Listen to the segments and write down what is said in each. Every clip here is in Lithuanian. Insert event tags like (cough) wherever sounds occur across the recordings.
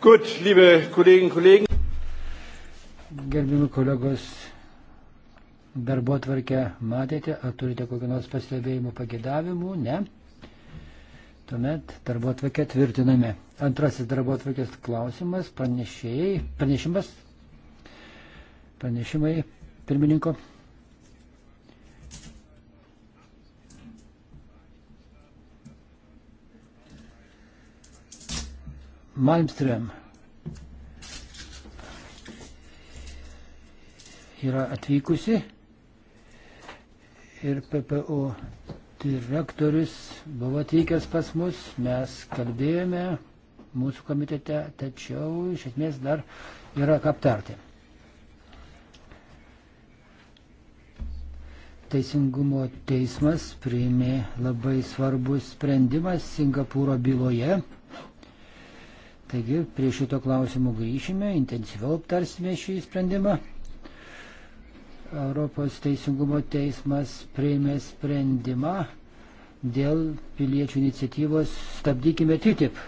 Gut, liebe Kolleginnen und Kollegen. Gerbimi kolegos, darbo tvarkę matėte, ar turite kokių nors pastebėjimų, pagėdavimų? Ne. Tuomet darbo tvarkę tvirtiname. Antrasis darbo tvarkės klausimas, pranešėjai, pranešimas, pranešimai pirmininko. Malmström yra atvykusi ir PPO direktorius buvo atvykęs pas mus, mes kalbėjome mūsų komitete, tačiau iš esmės dar yra ką aptarti. Teisingumo teismas priėmė labai svarbus sprendimas Singapūro byloje Taigi prie šito klausimo grįšime, intensyviau aptarsime šį sprendimą. Europos Teisingumo teismas prieimė sprendimą dėl piliečių iniciatyvos Stabdykime TTIP.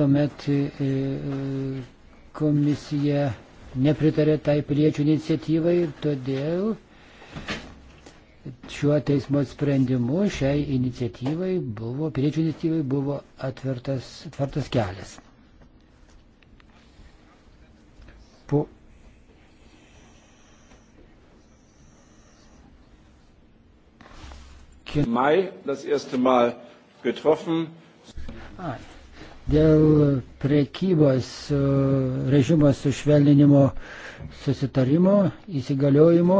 Tuomet e, e, komisija nepritarė tai piliečių iniciatyvai ir todėl šiuo teismo sprendimu šiai iniciatyvai buvo, piliečių iniciatyvai buvo atvertas, atvertas kelias. Po Mai das erste Mal getroffen. Ai. Dėl prekybos e, režimo sušvelninimo susitarimo įsigaliojimo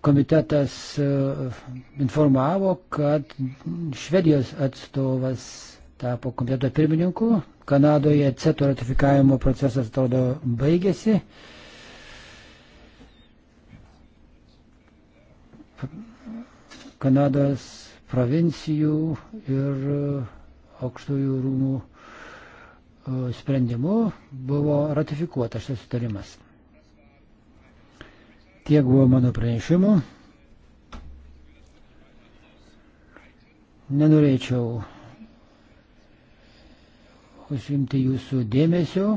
komitetas e, informavo, kad Švedijos atstovas tapo komiteto pirmininku, Kanadoje CETO ratifikavimo procesas atrodo baigėsi. Kanados provincijų ir aukštųjų rūmų e, sprendimu buvo ratifikuotas šis sutarimas. Tiek buvo mano pranešimų. Nenorėčiau užimti jūsų dėmesio,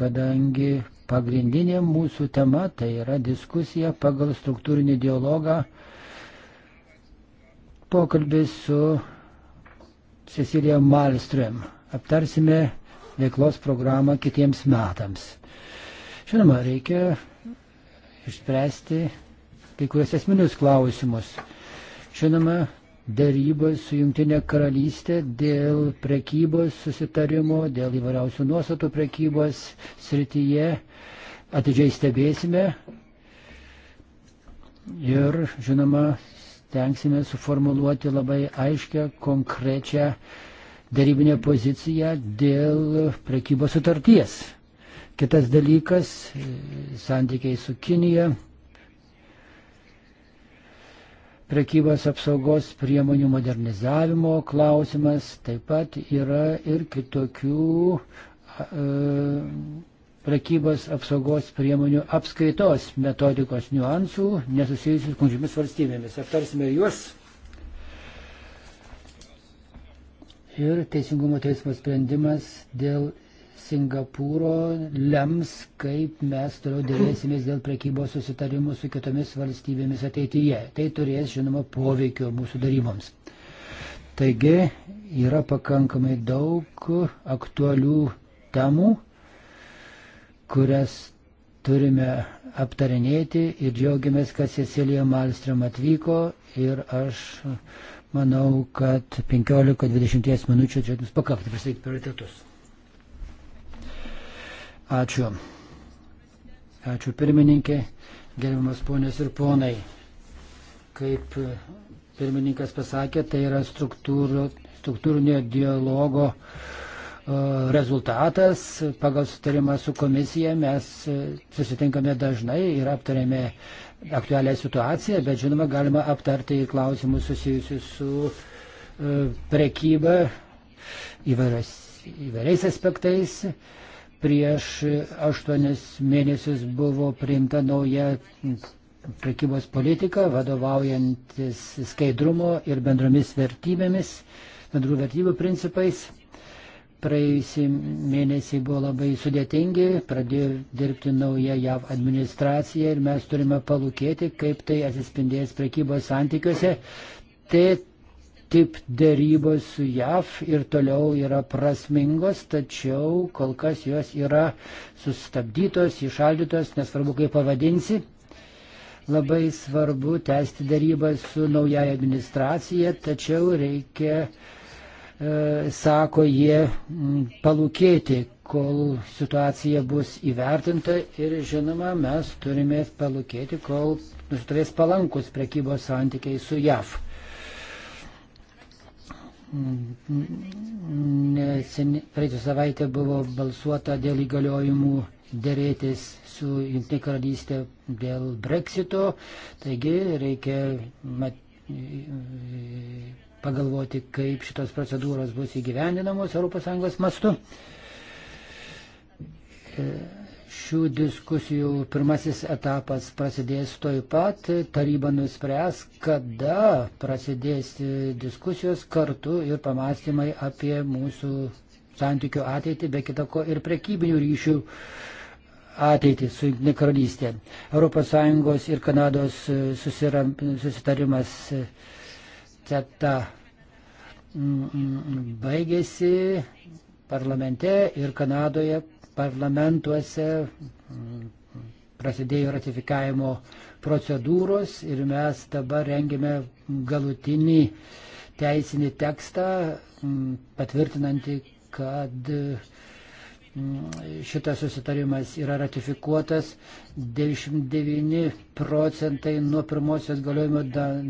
kadangi pagrindinė mūsų tema tai yra diskusija pagal struktūrinį dialogą, pokalbis su Cecilija Malström. Aptarsime veiklos programą kitiems metams. Žinoma, reikia išspręsti kai kurios esminius klausimus. Žinoma, dėrybos su Junktinė karalystė dėl prekybos susitarimo, dėl įvairiausių nuostatų prekybos srityje atidžiai stebėsime ir, žinoma, stengsime suformuluoti labai aiškę, konkrečią darybinę poziciją dėl prekybos sutarties. Kitas dalykas - santykiai su Kinija, prekybos apsaugos priemonių modernizavimo klausimas, taip pat yra ir kitokių e, prekybos apsaugos priemonių apskaitos metodikos niuansų nesusijusių su konkrečiomis valstybėmis. Aptarsime juos. Ir Teisingumo teismo sprendimas dėl Singapūro lems, kaip mes toliau dėlėsimės dėl prekybos susitarimų su kitomis valstybėmis ateityje. Tai turės, žinoma, poveikio mūsų daryboms. Taigi yra pakankamai daug aktualių temų, kurias turime aptarinėti ir džiaugiamės, kad Cecilija Malstrom atvyko ir aš manau, kad 15-20 minučių čia jums pakaktų pristatyti prioritetus. Ačiū. Ačiū pirmininkė, gerbiamas ponės ir ponai. Kaip pirmininkas pasakė, tai yra struktūrinio dialogo e, rezultatas. Pagal sutarimą su komisija mes e, susitinkame dažnai ir aptarėme aktualią situaciją, bet žinoma, galima aptarti klausimus susijusius su e, prekyba įvairios, įvairiais aspektais. Prieš aštuonis mėnesius buvo priimta nauja prekybos politika, vadovaujantis skaidrumo ir bendromis vertybėmis, bendrų vertybių principais. Praėjusį mėnesį buvo labai sudėtingi, pradėjo dirbti nauja JAV administracija ir mes turime palūkėti, kaip tai atsispindės prekybos santykiuose. Tai kaip dėrybos su JAV ir toliau yra prasmingos, tačiau kol kas jos yra sustabdytos, išaldytos, nesvarbu kaip pavadinsi. Labai svarbu tęsti dėrybas su naujaja administracija, tačiau reikia, e, sako jie, palūkėti, kol situacija bus įvertinta ir žinoma, mes turime palūkėti, kol nustovės palankus prekybos santykiai su JAV. Praėjusią savaitę buvo balsuota dėl įgaliojimų dėrėtis su Junktinė karalystė dėl breksito, taigi reikia mat, pagalvoti, kaip šitos procedūros bus įgyvendinamos ES mastu. E, Šių diskusijų pirmasis etapas prasidės toj pat, taryba nuspręs, kada prasidės diskusijos kartu ir pamastymai apie mūsų santykių ateitį, be kitako ir prekybinių ryšių ateitį su Junktinė karalystė. ES ir Kanados susiram, susitarimas CETA mm, mm, baigėsi parlamente ir Kanadoje parlamentuose mm, prasidėjo ratifikavimo procedūros ir mes dabar rengiame galutinį teisinį tekstą mm, patvirtinantį, kad mm, šitas susitarimas yra ratifikuotas 99 procentai nuo pirmosios galiojimo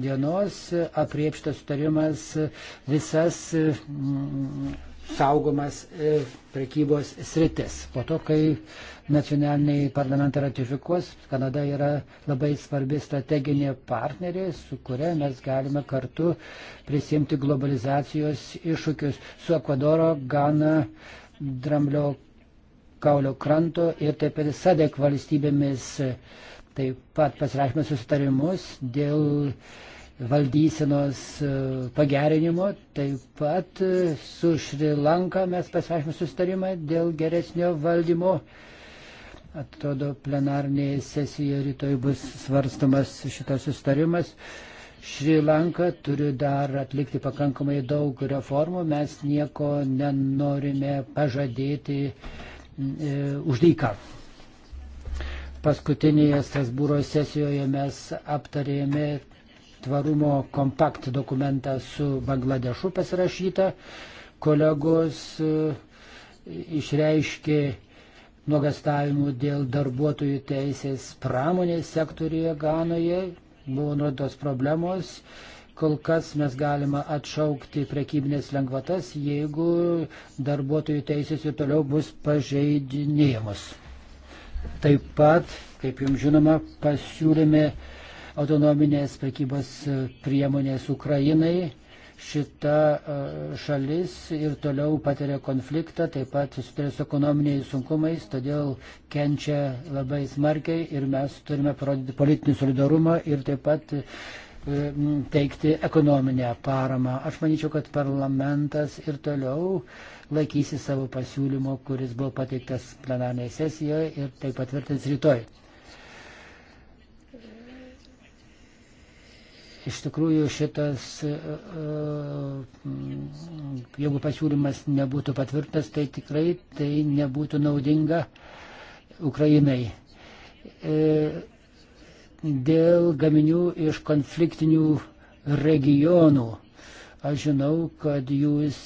dienos apriepštas sutarimas visas saugomas e, prekybos sritis. Po to, kai nacionaliniai parlamentai ratifikuos, Kanada yra labai svarbi strateginė partnerė, su kuria mes galime kartu prisimti globalizacijos iššūkius su Ekvadoro, Gana, Dramblio kaulio kranto ir taip ir SADEK valstybėmis. Taip pat pasirašėme susitarimus dėl uh, valdysenos e, pagerinimo. Taip pat e, su Šri Lanka mes pasirašėme sustarimą dėl geresnio valdymo. Atrodo, plenarnėje sesijoje rytoj bus svarstamas šitas sustarimas. Šri Lanka turi dar atlikti pakankamai daug reformų, mes nieko nenorime pažadėti e, už dyką. Paskutinėje Strasbūro sesijoje mes aptarėme tvarumo kompakt dokumentą su Bangladešu pasirašytą. Kolegos e, išreiškė nuogastavimų dėl darbuotojų teisės pramonės sektorijoje Ganoje. Buvo nuodos problemos. Kol kas mes galime atšaukti prekybinės lengvatas, jeigu darbuotojų teisės ir toliau bus pažeidinėjamos. Taip pat, kaip jums žinoma, pasiūlėme autonominės prekybos e, priemonės Ukrainai. Šita e, šalis ir toliau patiria konfliktą, taip pat susiduria su ekonominiais sunkumais, todėl kenčia labai smarkiai ir mes turime parodyti politinį solidarumą ir taip pat e, teikti ekonominę paramą. Aš manyčiau, kad parlamentas ir toliau laikysi savo pasiūlymo, kuris buvo pateiktas plenarnėje sesijoje ir tai patvirtins rytoj. Iš tikrųjų šitas, e, e, jeigu pasiūlymas nebūtų patvirtas, tai tikrai tai nebūtų naudinga Ukrainai. E, dėl gaminių iš konfliktinių regionų. Aš žinau, kad jūs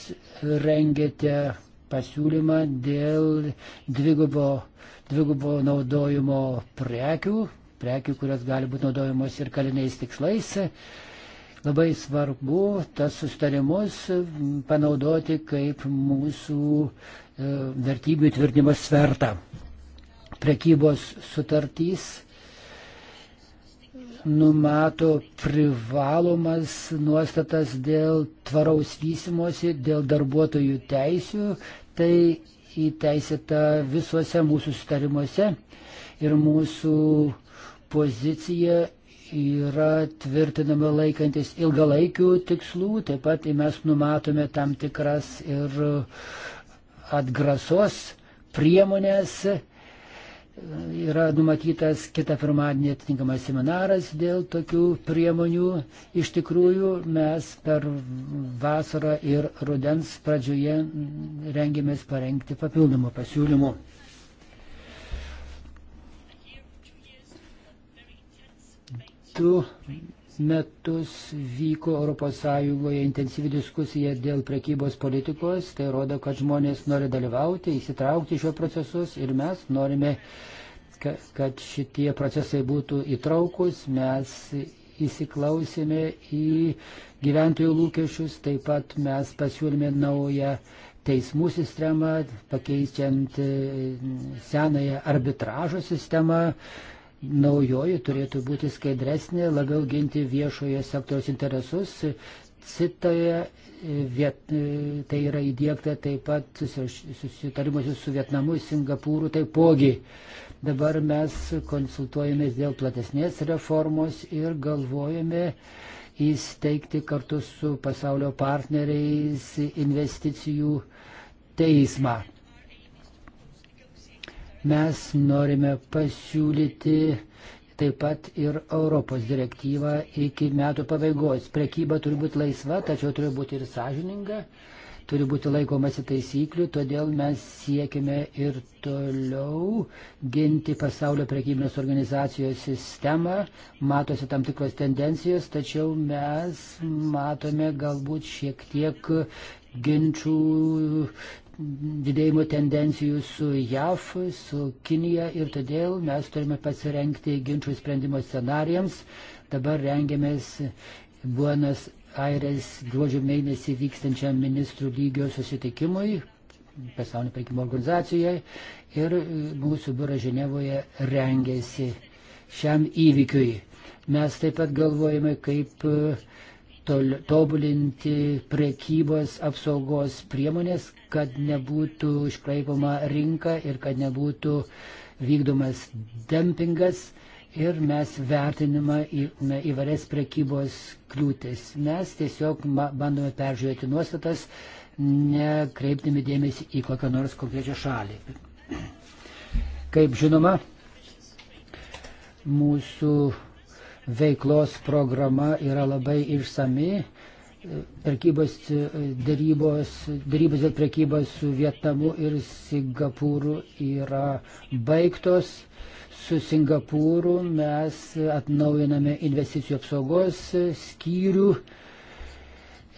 rengėte pasiūlymą dėl dvigubo, dvigubo naudojimo prekių prekių, kurios gali būti naudojamos ir kaliniais tikslais. Labai svarbu tas sustarimus panaudoti kaip mūsų e, vertybių tvirtinimo svertą. Prekybos sutartys numato privalomas nuostatas dėl tvaraus vystimosi, dėl darbuotojų teisių, tai įteisėta visuose mūsų sutarimuose ir mūsų pozicija yra tvirtinama laikantis ilgalaikių tikslų, taip pat tai mes numatome tam tikras ir atgrasos priemonės. Yra numatytas kitą pirmadienį atitinkamas seminaras dėl tokių priemonių. Iš tikrųjų, mes per vasarą ir rudens pradžioje rengiamės parengti papildomų pasiūlymų. du metus vyko ES intensyvi diskusija dėl prekybos politikos. Tai rodo, kad žmonės nori dalyvauti, įsitraukti šio procesus ir mes norime, kad šitie procesai būtų įtraukus. Mes įsiklausėme į gyventojų lūkesčius, taip pat mes pasiūlėme naują teismų sistemą, pakeičiant e, senąją arbitražo sistemą naujoji turėtų būti skaidresnė, labiau ginti viešojo sektoriaus interesus. Citoje e, viet, e, tai yra įdėkta taip pat susitarimuose su Vietnamu, Singapūru taipogi. Dabar mes konsultuojamės dėl platesnės reformos ir galvojame įsteigti kartu su pasaulio partneriais investicijų teismą. Mes norime pasiūlyti taip pat ir Europos direktyvą iki metų pabaigos. Prekyba turi būti laisva, tačiau turi būti ir sąžininga, turi būti laikomasi taisyklių, todėl mes siekime ir toliau ginti pasaulio prekybinės organizacijos sistemą. Matosi tam tikros tendencijos, tačiau mes matome galbūt šiek tiek ginčių didėjimo tendencijų su JAF, su Kinija ir todėl mes turime pasirenkti ginčių sprendimo scenarijams. Dabar rengiamės Buenos Aires gruodžio mėnesį vykstančiam ministrų lygio susitikimui pasaulio prekimo organizacijoje ir mūsų biura Ženevoje rengėsi šiam įvykiui. Mes taip pat galvojame, kaip tol, tobulinti priekybos apsaugos priemonės, kad nebūtų iškraipama rinka ir kad nebūtų vykdomas dempingas. Ir mes vertinimą įvairias priekybos kliūtis. Mes tiesiog bandome peržiūrėti nuostatas, nekreipdami dėmesį į kokią nors konkrečią šalį. Kaip žinoma, mūsų veiklos programa yra labai išsami. Prekybos dėrybos, dėrybos dėl prekybos su Vietnamu ir Singapūru yra baigtos. Su Singapūru mes atnaujiname investicijų apsaugos skyrių.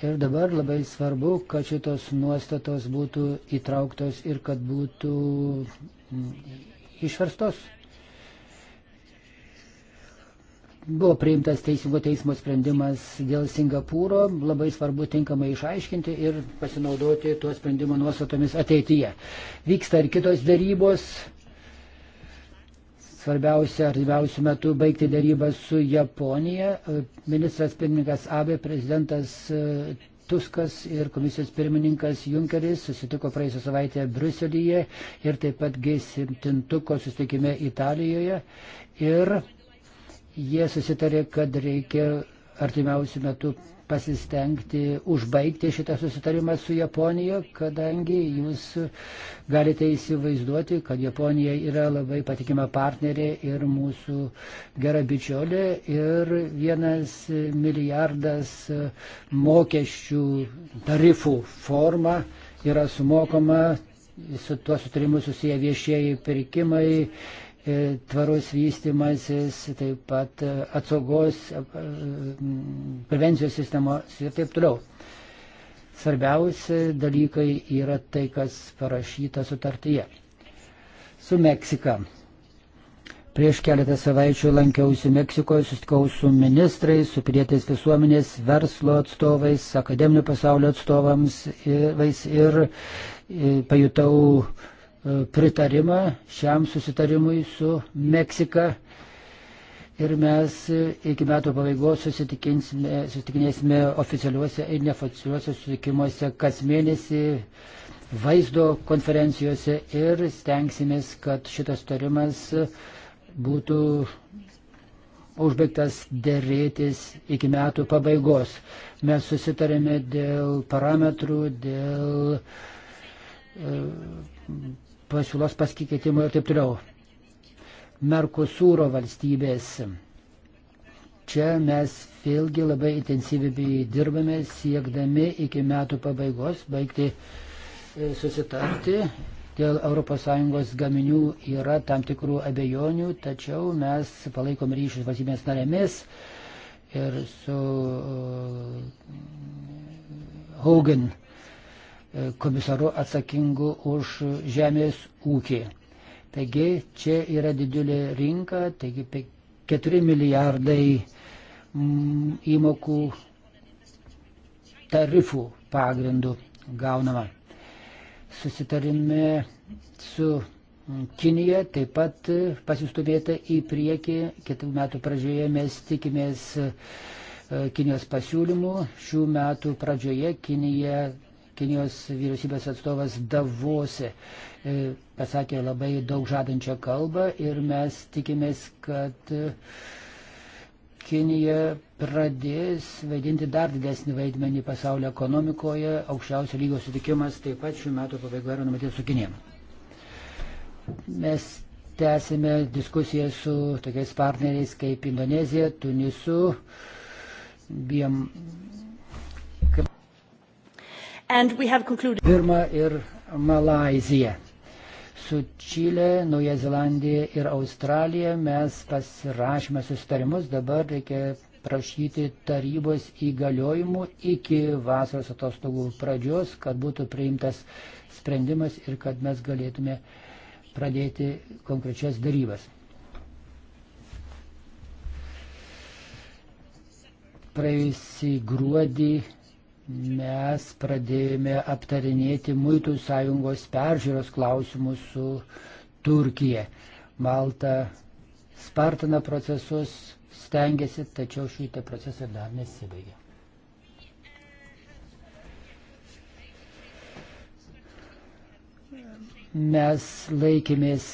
Ir dabar labai svarbu, kad šitos nuostatos būtų įtrauktos ir kad būtų mm, išverstos Buvo priimtas teisingo teismo sprendimas dėl Singapūro, labai svarbu tinkamai išaiškinti ir pasinaudoti tuo sprendimo nuostatomis ateityje. Vyksta ir kitos darybos. Svarbiausia artimiausių metų baigti darybą su Japonija. Ministras pirmininkas Abe, prezidentas e, Tuskas ir komisijos pirmininkas Junkeris susitiko praėjusią savaitę Bruselėje ir taip pat G7 susitikime Italijoje. Ir Jie susitarė, kad reikia artimiausių metų pasistengti užbaigti šitą susitarimą su Japonija, kadangi jūs galite įsivaizduoti, kad Japonija yra labai patikima partnerė ir mūsų gera bičiulė ir vienas milijardas mokesčių tarifų forma yra sumokama, su tuo sutarimu susiję viešieji pirkimai E, tvarus vystimasis, taip pat e, atsaugos e, prevencijos sistemos ir taip toliau. Svarbiausi dalykai yra tai, kas parašyta sutartyje. Su Meksika. Prieš keletą savaičių lankiausi Meksikoje, susitikau su ministrais, su pilietės visuomenės, verslo atstovais, akademinio pasaulio atstovams ir, ir, ir pajutau uh, E, pritarimą šiam susitarimui su Meksika. Ir mes e, iki metų pabaigos susitikinėsime oficialiuose ir neoficialiuose susitikimuose kas mėnesį vaizdo konferencijose ir stengsimės, kad šitas tarimas būtų užbaigtas dėrėtis iki metų pabaigos. Mes susitarėme dėl parametrų, dėl e, pasiūlos pasikeitimų ir taip toliau. Merkusūro valstybės. Čia mes vėlgi labai intensyviai dirbame, siekdami iki metų pabaigos baigti e, susitarti. Dėl ES gaminių yra tam tikrų abejonių, tačiau mes palaikom ryšius valstybės narėmis ir su e, Hogan. Uh, E, komisaru atsakingu už žemės ūkį. Taigi čia yra didžiulė rinka, taigi 4 milijardai mm, įmokų tarifų pagrindų gaunama. Susitarime su mm, Kinija taip pat pasistumėta į priekį. Kitų metų pradžioje mes tikimės e, Kinijos pasiūlymų. Šių metų pradžioje Kinija Kinijos vyriausybės atstovas Davose e, pasakė labai daug žadančią kalbą ir mes tikimės, kad e, Kinija pradės vaidinti dar didesnį vaidmenį pasaulio ekonomikoje. Aukščiausio lygio sutikimas taip pat šių metų pabaigoje yra numatytas su Kinėm. Mes tęsime diskusiją su tokiais partneriais kaip Indonezija, Tunisu, Biem, Concluded... Birma ir Malazija. Su Čilė, Nauja Zelandija ir Australija mes pasirašėme susitarimus, dabar reikia prašyti tarybos įgaliojimų iki vasaros atostogų pradžios, kad būtų priimtas sprendimas ir kad mes galėtume pradėti konkrečias darybas. Praėjusį gruodį mes pradėjome aptarinėti Muitų sąjungos peržiūros klausimus su Turkija. Malta spartina procesus, stengiasi, tačiau šitą procesą dar nesibaigė. Mes laikėmės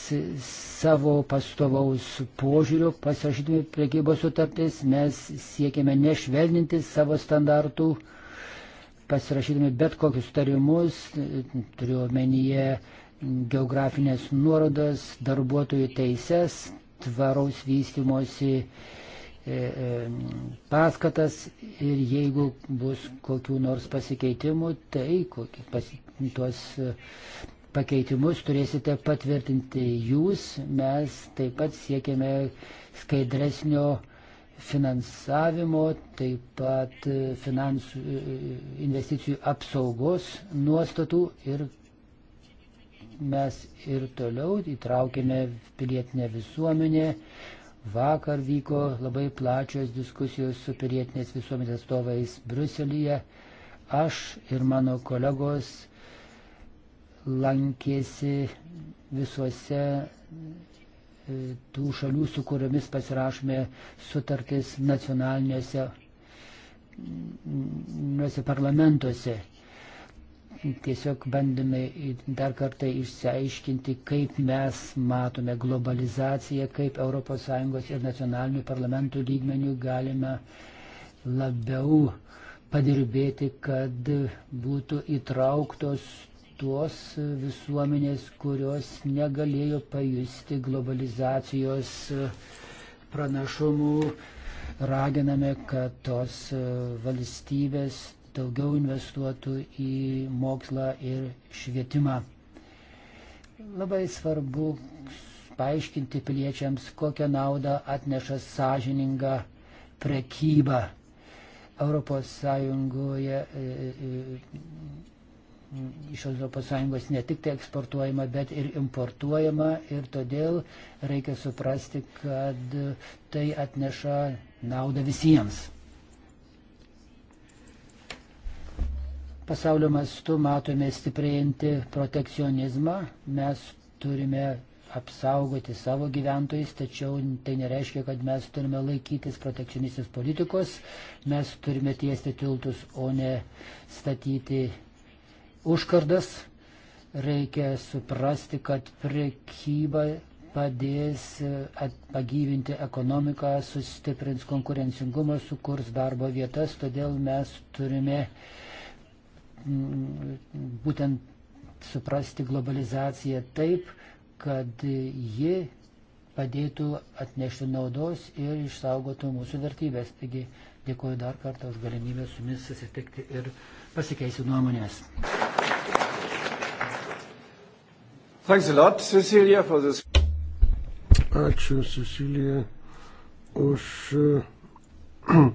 savo pastovaus požiūrių, pasirašydami priekybos sutartis, mes siekėme nešvelninti savo standartų, uh, pasirašydami bet kokius tarimus, turiu omenyje geografinės nuorodas, darbuotojų teises, tvaraus vystimosi e, e, paskatas ir jeigu bus kokių nors pasikeitimų, tai kokie, pas, tuos e, pakeitimus turėsite patvirtinti jūs. Mes taip pat siekėme skaidresnio finansavimo, taip pat e, finansų, e, e, investicijų apsaugos nuostatų ir mes ir toliau įtraukėme pilietinę visuomenę. Vakar vyko labai plačios diskusijos su pilietinės visuomenės atstovais Bruselėje. Aš ir mano kolegos lankėsi visuose tų šalių, su kuriomis pasirašome sutartis nacionaliniuose nuose parlamentuose. Tiesiog bandome dar kartą išsiaiškinti, kaip mes matome globalizaciją, kaip ES ir nacionalinių parlamentų lygmenių galime labiau padirbėti, kad būtų įtrauktos tuos visuomenės, kurios negalėjo pajusti globalizacijos pranašumų. Raginame, kad tos valstybės daugiau investuotų į mokslą ir švietimą. Labai svarbu paaiškinti piliečiams, kokią naudą atneša sąžininga prekyba. Europos Sąjungoje e, e, iš ES ne tik tai eksportuojama, bet ir importuojama ir todėl reikia suprasti, kad tai atneša naudą visiems. Pasaulio mastu matome stiprėjantį protekcionizmą, mes turime apsaugoti savo gyventojus, tačiau tai nereiškia, kad mes turime laikytis protekcionistės politikos, mes turime tiesti tiltus, o ne statyti užkardas. Reikia suprasti, kad prekyba padės e, pagyvinti ekonomiką, sustiprins konkurencingumą, sukurs darbo vietas, todėl mes turime mm, būtent suprasti globalizaciją taip, kad ji padėtų atnešti naudos ir išsaugotų mūsų vertybės. Taigi dėkuoju dar kartą už galimybę su jumis susitikti ir pasikeisiu nuomonės. Thanks a lot, Cecilia, for this. Ačiū, Cecilija, už (clears throat)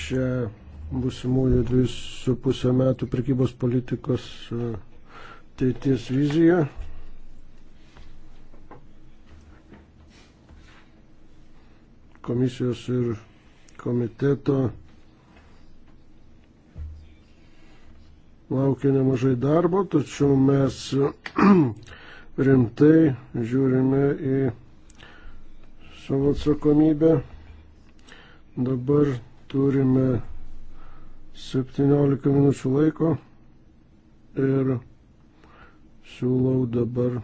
šią būsimųjų 2,5 metų prekybos politikos e, ateities viziją. komisijos ir komiteto laukia nemažai darbo, tačiau mes (clears throat) rimtai žiūrime į savo atsakomybę. Dabar turime 17 minučių laiko ir siūlau dabar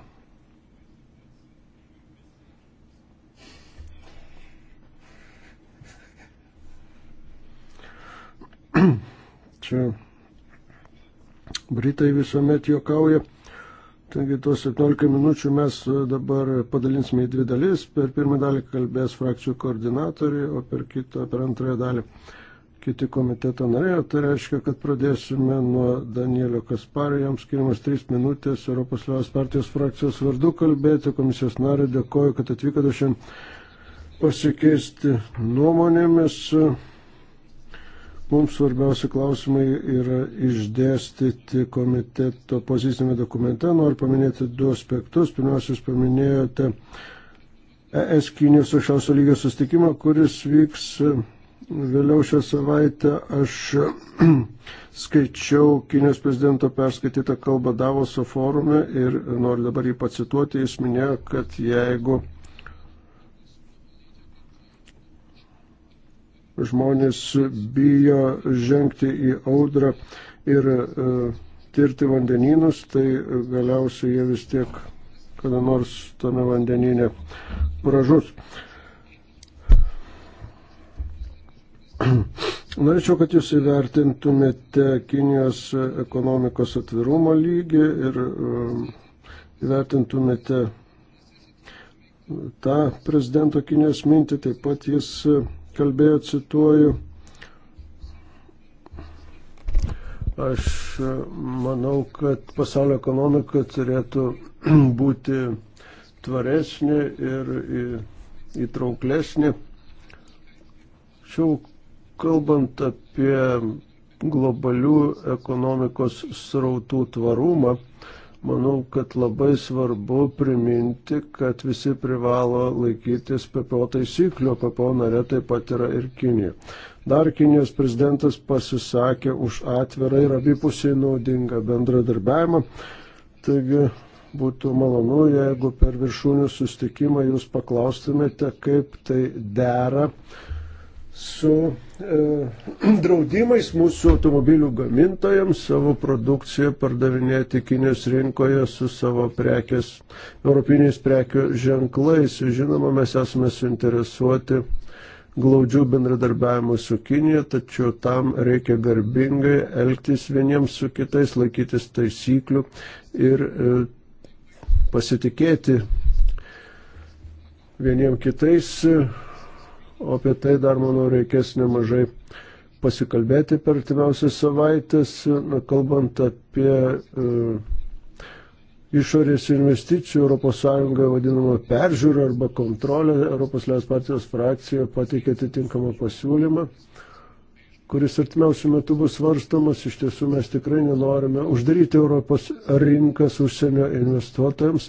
Čia Britai visuomet juokauja. Taigi tuos 17 minučių mes dabar padalinsime į dvi dalis. Per pirmą dalį kalbės frakcijų koordinatoriai, o per kitą, per antrąją dalį kiti komiteto nariai. Tai reiškia, kad pradėsime nuo Danielio Kaspario, jam skiriamas 3 minutės Europos Liaus partijos frakcijos vardu kalbėti. Komisijos nariai dėkoju, kad atvykote šiandien pasikeisti nuomonėmis. Mums svarbiausi klausimai yra išdėstyti komiteto pozicinėme dokumente. Noriu paminėti du aspektus. Pirmiausia, jūs paminėjote ES Kinijos aukščiausio lygio sustikimą, kuris vyks e, vėliau šią savaitę. Aš (clears throat) skaičiau Kinijos prezidento perskaitytą kalbą Davoso forume ir noriu dabar jį pacituoti. Jis minėjo, kad jeigu žmonės bijo žengti į audrą ir e, tirti vandenynus, tai galiausiai jie vis tiek kada nors tame vandenyne pražus. Norėčiau, kad jūs įvertintumėte Kinijos ekonomikos atvirumo lygį ir e, įvertintumėte tą prezidento Kinijos mintį, taip pat jis kalbėjo, cituoju, aš e, manau, kad pasaulio ekonomika turėtų (clears throat) būti tvaresnė ir įtrauklesnė. Šiau kalbant apie globalių ekonomikos srautų tvarumą, Manau, kad labai svarbu priminti, kad visi privalo laikytis PPO taisyklių, PPO narė taip pat yra ir Kinija. Dar Kinijos prezidentas pasisakė už atvirą ir abipusiai naudingą bendradarbiavimą. Taigi būtų malonu, jeigu per viršūnių sustikimą jūs paklaustumėte, kaip tai dera su e, (clears throat) draudimais mūsų automobilių gamintojams savo produkciją pardavinėti Kinijos rinkoje su savo prekės, europiniais prekių ženklais. Žinoma, mes esame suinteresuoti glaudžių bendradarbiavimų su Kinija, tačiau tam reikia garbingai elgtis vieniems su kitais, laikytis taisyklių ir e, pasitikėti vieniems kitais. E, O apie tai dar, manau, reikės nemažai pasikalbėti per artimiausias savaitės, na, kalbant apie uh, išorės investicijų ES vadinamą peržiūrą arba kontrolę. Europos Liaudės partijos frakcija pateikė atitinkamą pasiūlymą kuris artimiausių metų bus svarstamas, iš tiesų mes tikrai nenorime uždaryti Europos rinkas užsienio investuotojams,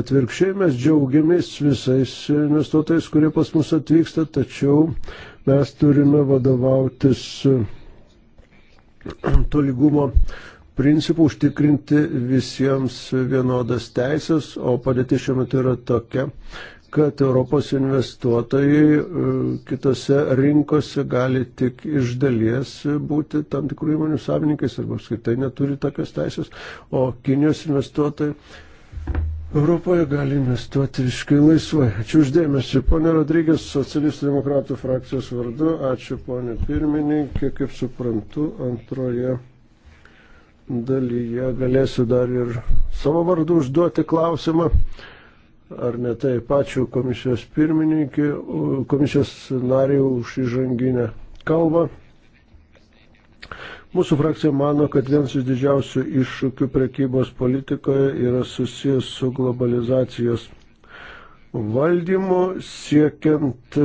Atvirkščiai mes džiaugiamės visais investuotojais, kurie pas mus atvyksta, tačiau mes turime vadovautis tolygumo principų užtikrinti visiems vienodas teisės, o padėtis šiuo metu yra tokia, kad Europos investuotojai e, kitose rinkose gali tik iš dalies būti tam tikrų įmonių savininkais arba apskritai neturi tokios teisės, o Kinijos investuotojai Europoje gali investuoti visiškai laisvai. Ačiū uždėmesi. Pone Rodrygės, socialistų demokratų frakcijos vardu. Ačiū, ponė pirmininkė. Kaip suprantu, antroje dalyje galėsiu dar ir savo vardu užduoti klausimą. Ar ne taip, ačiū komisijos pirmininkė, komisijos nariai už įžanginę kalbą. Mūsų frakcija mano, kad vienas iš didžiausių iššūkių prekybos politikoje yra susijęs su globalizacijos valdymu, siekiant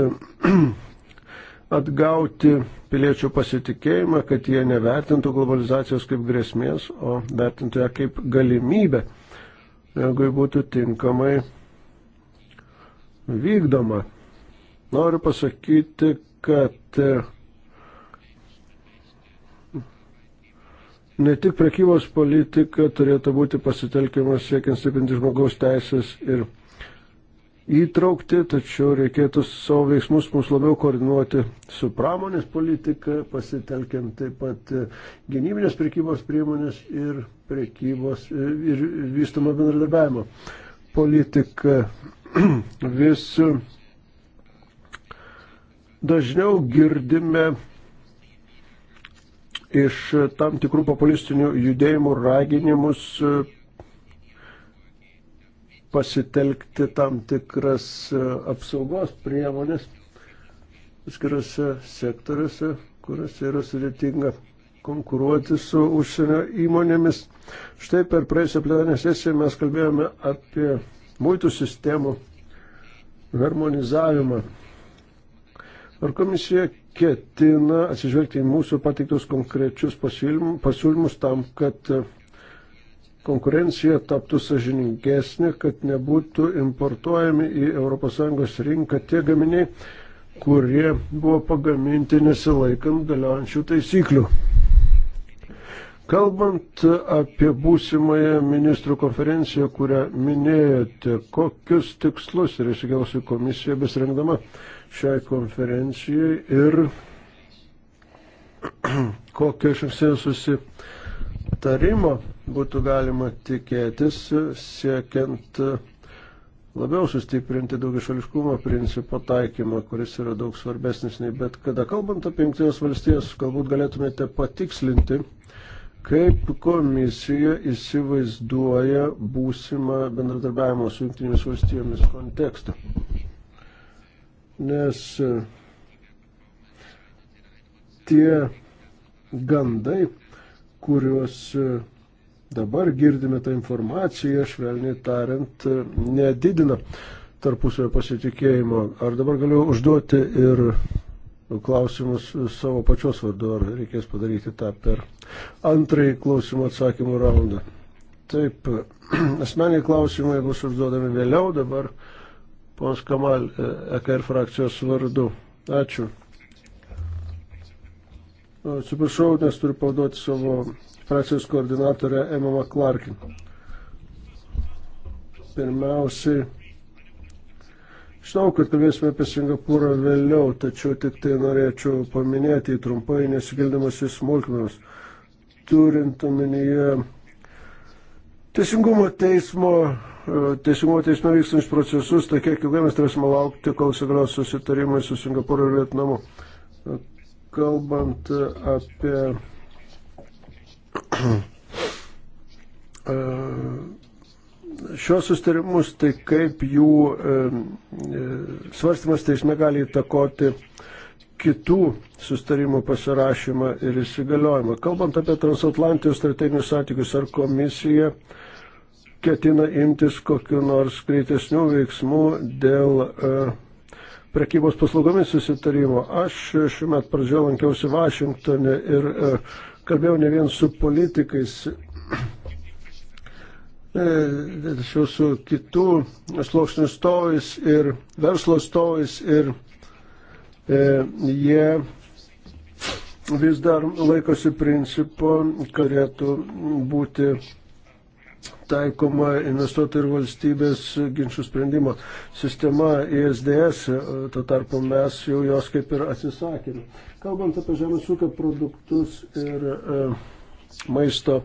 (clears throat) atgauti piliečių pasitikėjimą, kad jie nevertintų globalizacijos kaip grėsmės, o vertintų ją kaip galimybę, jeigu ji būtų tinkamai vykdoma. Noriu pasakyti, kad Ne tik prekybos politika turėtų būti pasitelkiama siekiant stiprinti žmogaus teisės ir įtraukti, tačiau reikėtų savo veiksmus mums labiau koordinuoti su pramonės politika, pasitelkiant taip pat e, gynybinės prekybos priemonės ir prekybos e, ir vystomo bendradarbiavimo politika. (clears throat) Vis dažniau girdime iš tam tikrų populistinių judėjimų raginimus e, pasitelkti tam tikras e, apsaugos priemonės atskirose sektoriuose, kuriuose yra sudėtinga konkuruoti su užsienio įmonėmis. Štai per praėjusią plenarinę sesiją mes kalbėjome apie muitų sistemų harmonizavimą. Ar komisija ketina atsižvelgti į mūsų pateiktus konkrečius pasiūlymus tam, kad e, konkurencija taptų sažiningesnė, kad nebūtų importuojami į ES rinką tie gaminiai, kurie buvo pagaminti nesilaikant galiojančių taisyklių. Kalbant apie būsimąją ministrų konferenciją, kurią minėjote, kokius tikslus ir išsikėlusi komisija besirengdama šiai konferencijai ir (clears throat) kokio iš anksinio susitarimo būtų galima tikėtis siekiant labiau sustiprinti daugišališkumo principo taikymą, kuris yra daug svarbesnis nei bet kada. Kalbant apie Junktinės valstijas, galbūt galėtumėte patikslinti, kaip komisija įsivaizduoja būsimą bendradarbiavimo su Junktinėmis valstijomis kontekstą nes tie gandai, kuriuos dabar girdime tą informaciją, švelniai tariant, nedidina tarpusavio pasitikėjimo. Ar dabar galiu užduoti ir klausimus savo pačios vardu, ar reikės padaryti tą per antrąjį klausimų atsakymų raundą. Taip, (clears throat) asmeniai klausimai bus užduodami vėliau, dabar Pons Kamal, e, EKR frakcijos vardu. Ačiū. E, atsiprašau, nes turiu pavaduoti savo frakcijos koordinatorę Emma Clarkin. Pirmiausiai, žinau, kad kalbėsime apie Singapūrą vėliau, tačiau tik tai norėčiau paminėti trumpai, nesigildamas į smulkmenus, turint omenyje Teisingumo teismo teisingumo teisme vykstančius procesus, tai kiek ilgai mes turėsime laukti, kol įsigalios susitarimai su Singapūru ir Vietnamu. Kalbant apie (clears throat) šios sustarimus, tai kaip jų e, e, svarstymas teisme gali įtakoti kitų sustarimų pasirašymą ir įsigaliojimą. Kalbant apie transatlantijos strateginius santykius, ar komisija uh, ketina imtis kokiu nors greitesnių veiksmų dėl e, prekybos paslaugomis susitarimo. Aš šiuo metu pradžioje lankiausi Vašingtonė ir e, kalbėjau ne vien su politikais, e, tačiau su kitų sluoksnių stovais ir verslo stovais ir jie vis dar laikosi principo, turėtų būti taikoma investuotojų ir valstybės ginčių sprendimo sistema ISDS, to tarpu mes jau jos kaip ir atsisakėme. Kalbant apie žemės ūkio produktus ir e, maisto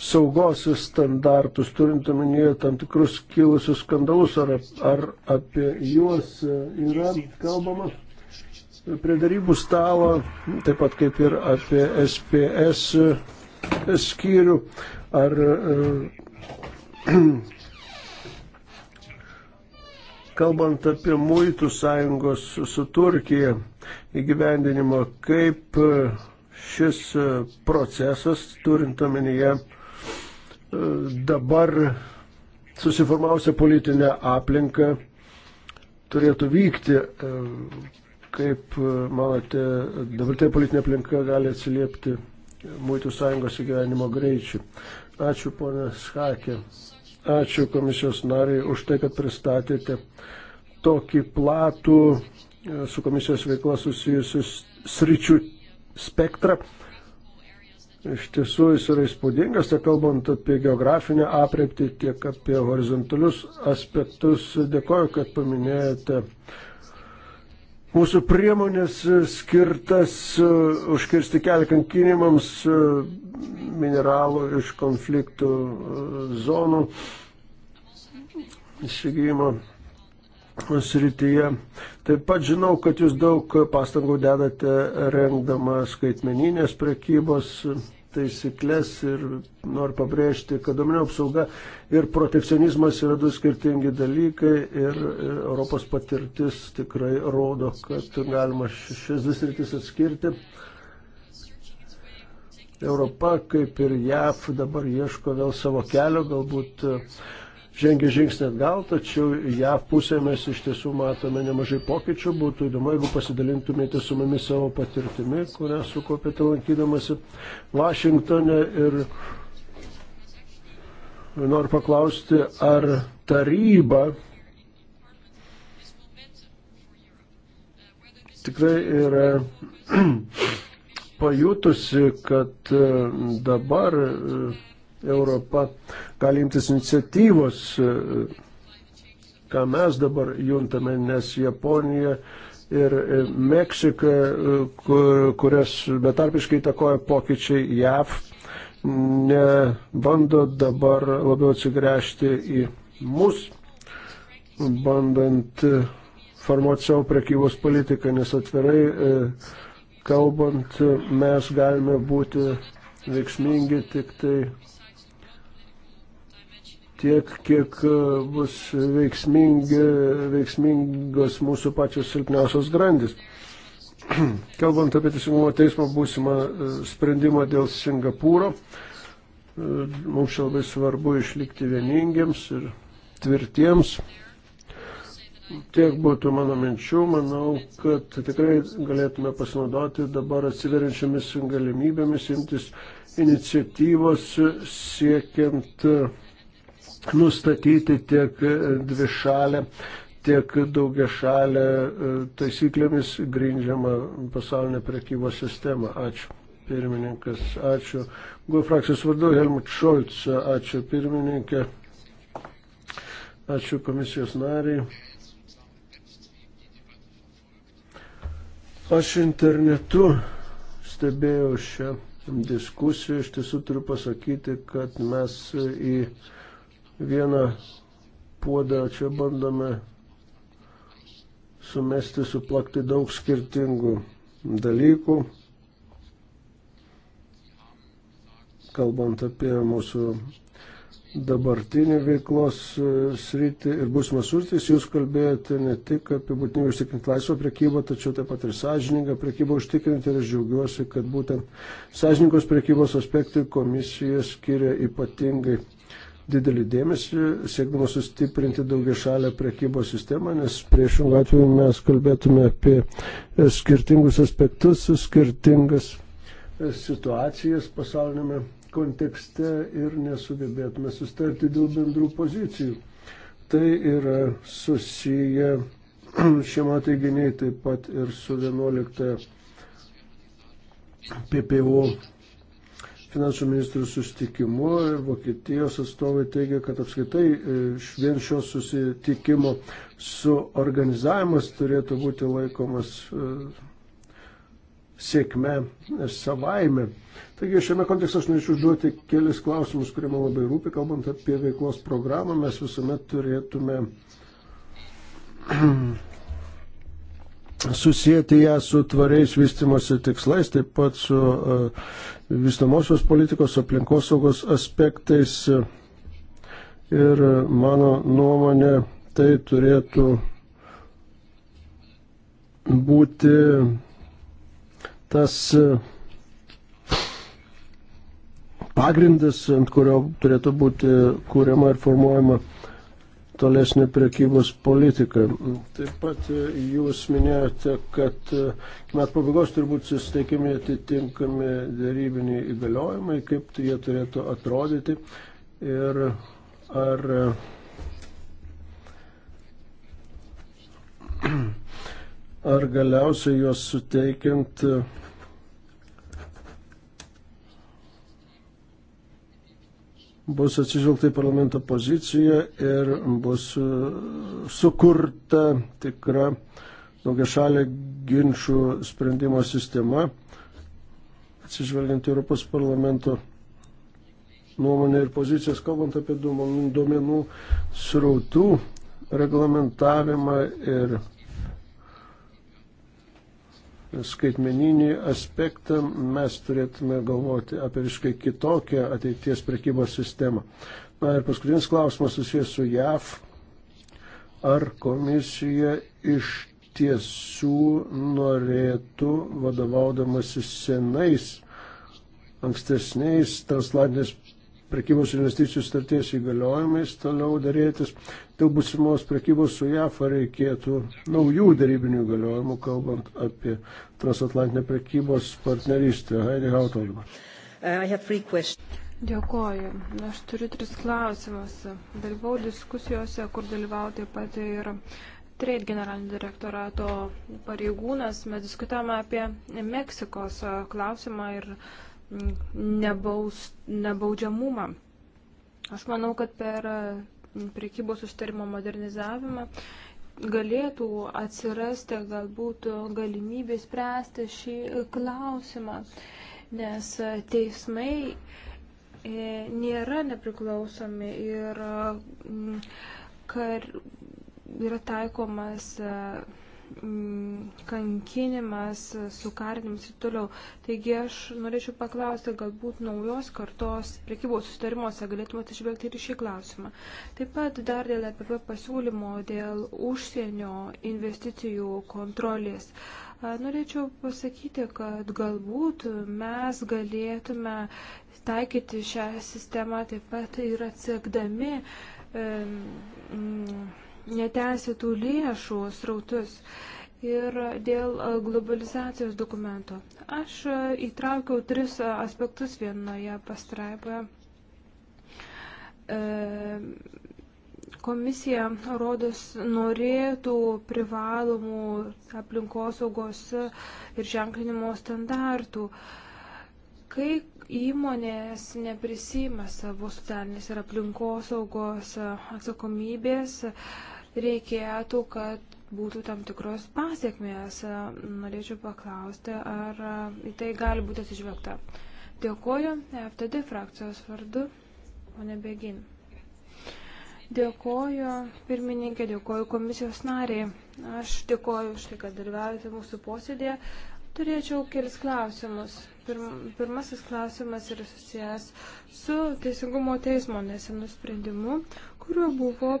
saugos standartus, turint omenyje tam tikrus kilusius skandalus, ar, ar apie juos e, yra kalbama prie darybų stalo, taip pat kaip ir apie SPS e, skyrių, ar e, (clears throat) Kalbant apie muitų sąjungos su, su Turkija įgyvendinimo, kaip šis procesas, turint omenyje dabar susiformavusią politinę aplinką, turėtų vykti, kaip manote, dabartinė politinė aplinka gali atsiliepti Muitų sąjungos įgyvenimo greičių. Ačiū, ponė Schakė. Ačiū komisijos nariai už tai, kad pristatėte tokį platų e, su komisijos veikla susijusius sričių spektrą. Iš tiesų jis yra įspūdingas, tiek kalbant apie geografinę apreiptį, tiek apie horizontalius aspektus. Dėkoju, kad paminėjote uh, Mūsų priemonės e, skirtas e, užkirsti kelią kankinimams e, mineralų iš konfliktų zonų įsigijimo srityje. Taip pat žinau, kad jūs daug pastangų dedate rengdama skaitmeninės prekybos taisyklės ir noriu pabrėžti, kad duomenų apsauga ir protekcionizmas yra du skirtingi dalykai ir Europos patirtis tikrai rodo, kad galima šias dvi sritis atskirti. Europa, kaip ir JAF, dabar ieško vėl savo kelio, galbūt žengia žingsnį atgal, tačiau ją pusę mes iš tiesų matome nemažai pokyčių. Būtų įdomu, jeigu pasidalintumėte su mumis savo patirtimi, kurią sukopėte lankydamasi Vašingtone ir noriu paklausti, ar taryba tikrai yra pajutusi, kad dabar Europa gali imtis iniciatyvos, e, ką mes dabar juntame, nes Japonija ir e, Meksika, e, kur, kurias betarpiškai įtakoja pokyčiai JAV, nebando dabar labiau atsigręžti į mus, bandant formuoti savo prekybos politiką, nes atvirai kalbant mes galime būti veiksmingi tik tai tiek, kiek e, bus veiksmingi, veiksmingos mūsų pačios silpniausios grandis. (clears throat) Kalbant apie teisingumo teismo būsimą e, sprendimą dėl Singapūro, e, mums čia labai svarbu išlikti vieningiems ir tvirtiems. Tiek būtų mano minčių, manau, kad tikrai galėtume pasinaudoti dabar atsiveriančiamis galimybėmis imtis iniciatyvos siekiant uh, nustatyti tiek dvišalę, tiek daugia šalę e, taisyklėmis grindžiamą pasaulinę prekybos sistemą. Ačiū. Pirmininkas, ačiū. Guo e frakcijos vardu Helmut Šolc, ačiū pirmininkė. Ačiū komisijos nariai. Aš internetu stebėjau šią diskusiją. Iš tiesų turiu pasakyti, kad mes į vieną puodą, o čia bandome sumesti, suplakti daug skirtingų dalykų. Kalbant apie mūsų dabartinį veiklos sritį ir būsimas sritis, jūs kalbėjote ne tik apie būtinybę užtikrinti laisvą priekybą, tačiau taip pat ir sąžiningą priekybą užtikrinti ir aš džiaugiuosi, kad būtent sąžiningos priekybos aspektui komisija skiria ypatingai didelį dėmesį, siekdama sustiprinti daugia šalę priekybos sistemą, nes priešingų atveju mes kalbėtume apie skirtingus aspektus, skirtingas situacijas pasaulinėme kontekste ir nesugebėtume sustarti dėl bendrų pozicijų. Tai yra susiję (clears throat) šiame teiginiai taip pat ir su 11 PPO finansų ministrų sustikimu ir Vokietijos atstovai teigia, kad apskaitai e, vien šio susitikimo su organizavimas turėtų būti laikomas e, sėkme e, savaime. Taigi šiame kontekste aš norėčiau užduoti kelis klausimus, kurie man labai rūpi, kalbant apie veiklos programą, mes visuomet turėtume (clears throat) susijęti ją su tvariais vystimosi tikslais, taip pat su e, vystamosios politikos aplinkosaugos aspektais. Ir mano nuomonė, tai turėtų būti tas e, pagrindas, ant kurio turėtų būti kūriama ir formuojama tolesnę prekybos politiką. Taip pat e, jūs minėjote, kad e, met pabaigos turbūt susiteikiami atitinkami dėrybiniai įgaliojimai, kaip tai jie turėtų atrodyti ir ar e, (clears throat) ar galiausiai juos suteikiant bus atsižvelgta į parlamento poziciją ir bus e, sukurta tikra daugia šalia ginčių sprendimo sistema, atsižvelgiant į Europos parlamento nuomonę ir pozicijas, kalbant apie duomenų srautų reglamentavimą ir skaitmeninį aspektą mes turėtume galvoti apie visiškai kitokią ateities prekybos sistemą. Na ir paskutinis klausimas susijęs su JAV. Ar komisija iš tiesų norėtų vadovaudamasi senais ankstesniais transatlantinės prekybos investicijų starties įgaliojimais toliau darėtis. Dėl busimos prekybos su JAF reikėtų naujų darybinių įgaliojimų, kalbant apie transatlantinę prekybos partnerystę. Heidi Hautolma. Uh, Dėkoju. Aš turiu tris klausimus. Dalyvau diskusijose, kur dalyvau taip pat ir Trade generalinio direktorato pareigūnas. Mes diskutavome apie Meksikos uh, klausimą ir uh, nebaus, nebaudžiamumą. Aš manau, kad per mm, priekybos sustarimo modernizavimą galėtų atsirasti galbūt galimybė spręsti šį klausimą, nes teismai e, nėra nepriklausomi ir mm, kar, yra taikomas Mm, kankinimas, sukarinimas ir toliau. Taigi aš norėčiau paklausti, galbūt naujos kartos priekybos sustarimuose galėtume atsižvelgti ir šį klausimą. Taip pat dar dėl EPP pasiūlymo dėl užsienio investicijų kontrolės. Norėčiau pasakyti, kad galbūt mes galėtume taikyti šią sistemą taip pat ir atsiekdami. E, mm, neteisėtų lėšų srautus ir dėl e, globalizacijos dokumento. Aš e, įtraukiau tris e, aspektus vienoje pastraipoje. Komisija, rodos, norėtų privalomų aplinkosaugos ir ženklinimo standartų. Kai įmonės neprisima savo socialinės ir aplinkosaugos atsakomybės, reikėtų, kad būtų tam tikros pasiekmės. Norėčiau paklausti, ar į tai gali būti atsižvelgta. Dėkoju FTD frakcijos vardu, o nebegin. Dėkoju pirmininkė, dėkoju komisijos nariai. Aš dėkoju už tai, kad dalyvaujate mūsų posėdėje. Turėčiau kelis klausimus. Pirm, pirmasis klausimas yra susijęs su Teisingumo teismo nesenu sprendimu, kuriuo buvo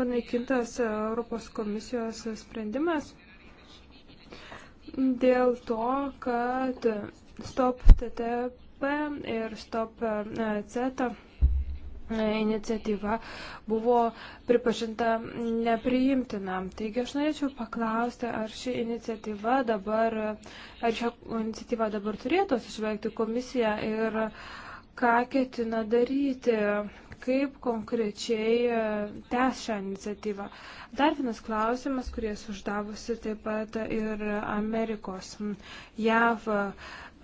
panaikintas Europos komisijos sprendimas dėl to, kad stop TTP ir stop e, CETA iniciatyva buvo pripažinta nepriimtina. Taigi aš norėčiau paklausti, ar ši iniciatyva dabar, ar šią iniciatyvą dabar turėtų atsižvelgti komisija ir ką ketina daryti, kaip konkrečiai e, tęs šią iniciatyvą. Dar vienas klausimas, kurį esu uždavusi taip pat ir Amerikos JAV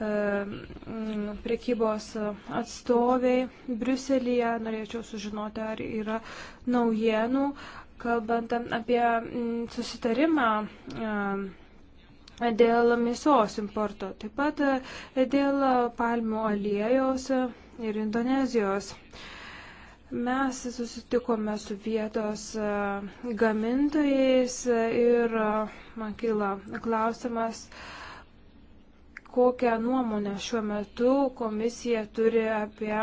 E, priekybos atstoviai Briuselėje. Norėčiau sužinoti, ar yra naujienų, kalbant apie susitarimą e, dėl mėsos importo, taip pat e, dėl palmių aliejos ir Indonezijos. Mes susitikome su vietos gamintojais ir man kyla klausimas, uh, kokią nuomonę šiuo metu komisija turi apie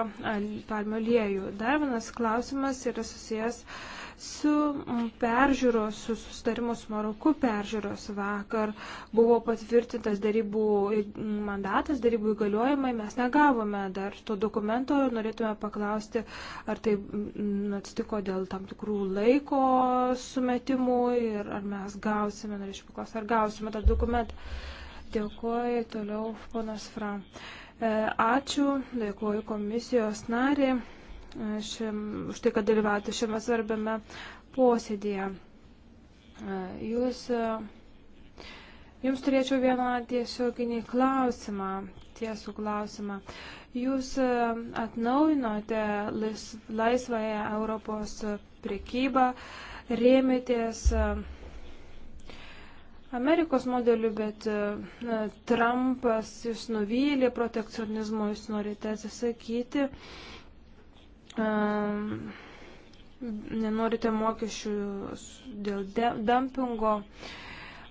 palmių aliejų. Dar vienas klausimas yra susijęs su mm, peržiūros, su sustarimo su Maroku peržiūros vakar. Buvo patvirtintas darybų mandatas, darybų įgaliojimai, mes negavome dar to dokumento ir norėtume paklausti, ar tai mm, atsitiko dėl tam tikrų laiko sumetimų ir ar mes gausime, norėčiau paklausti, ar gausime tą dokumentą. Dėkuoju toliau, ponas Fra. E, ačiū, dėkuoju komisijos nariai e, šiam, už tai, kad dalyvavote šiame svarbiame posėdėje. E, jūs, jums turėčiau vieną tiesioginį klausimą, tiesų klausimą. Jūs atnaujinote laisvąją Europos prekybą, rėmėtės Amerikos modeliu, bet e, na, Trumpas jis nuvylė protekcionizmo, jūs norite atsisakyti, a, nenorite mokesčių dėl de, dumpingo.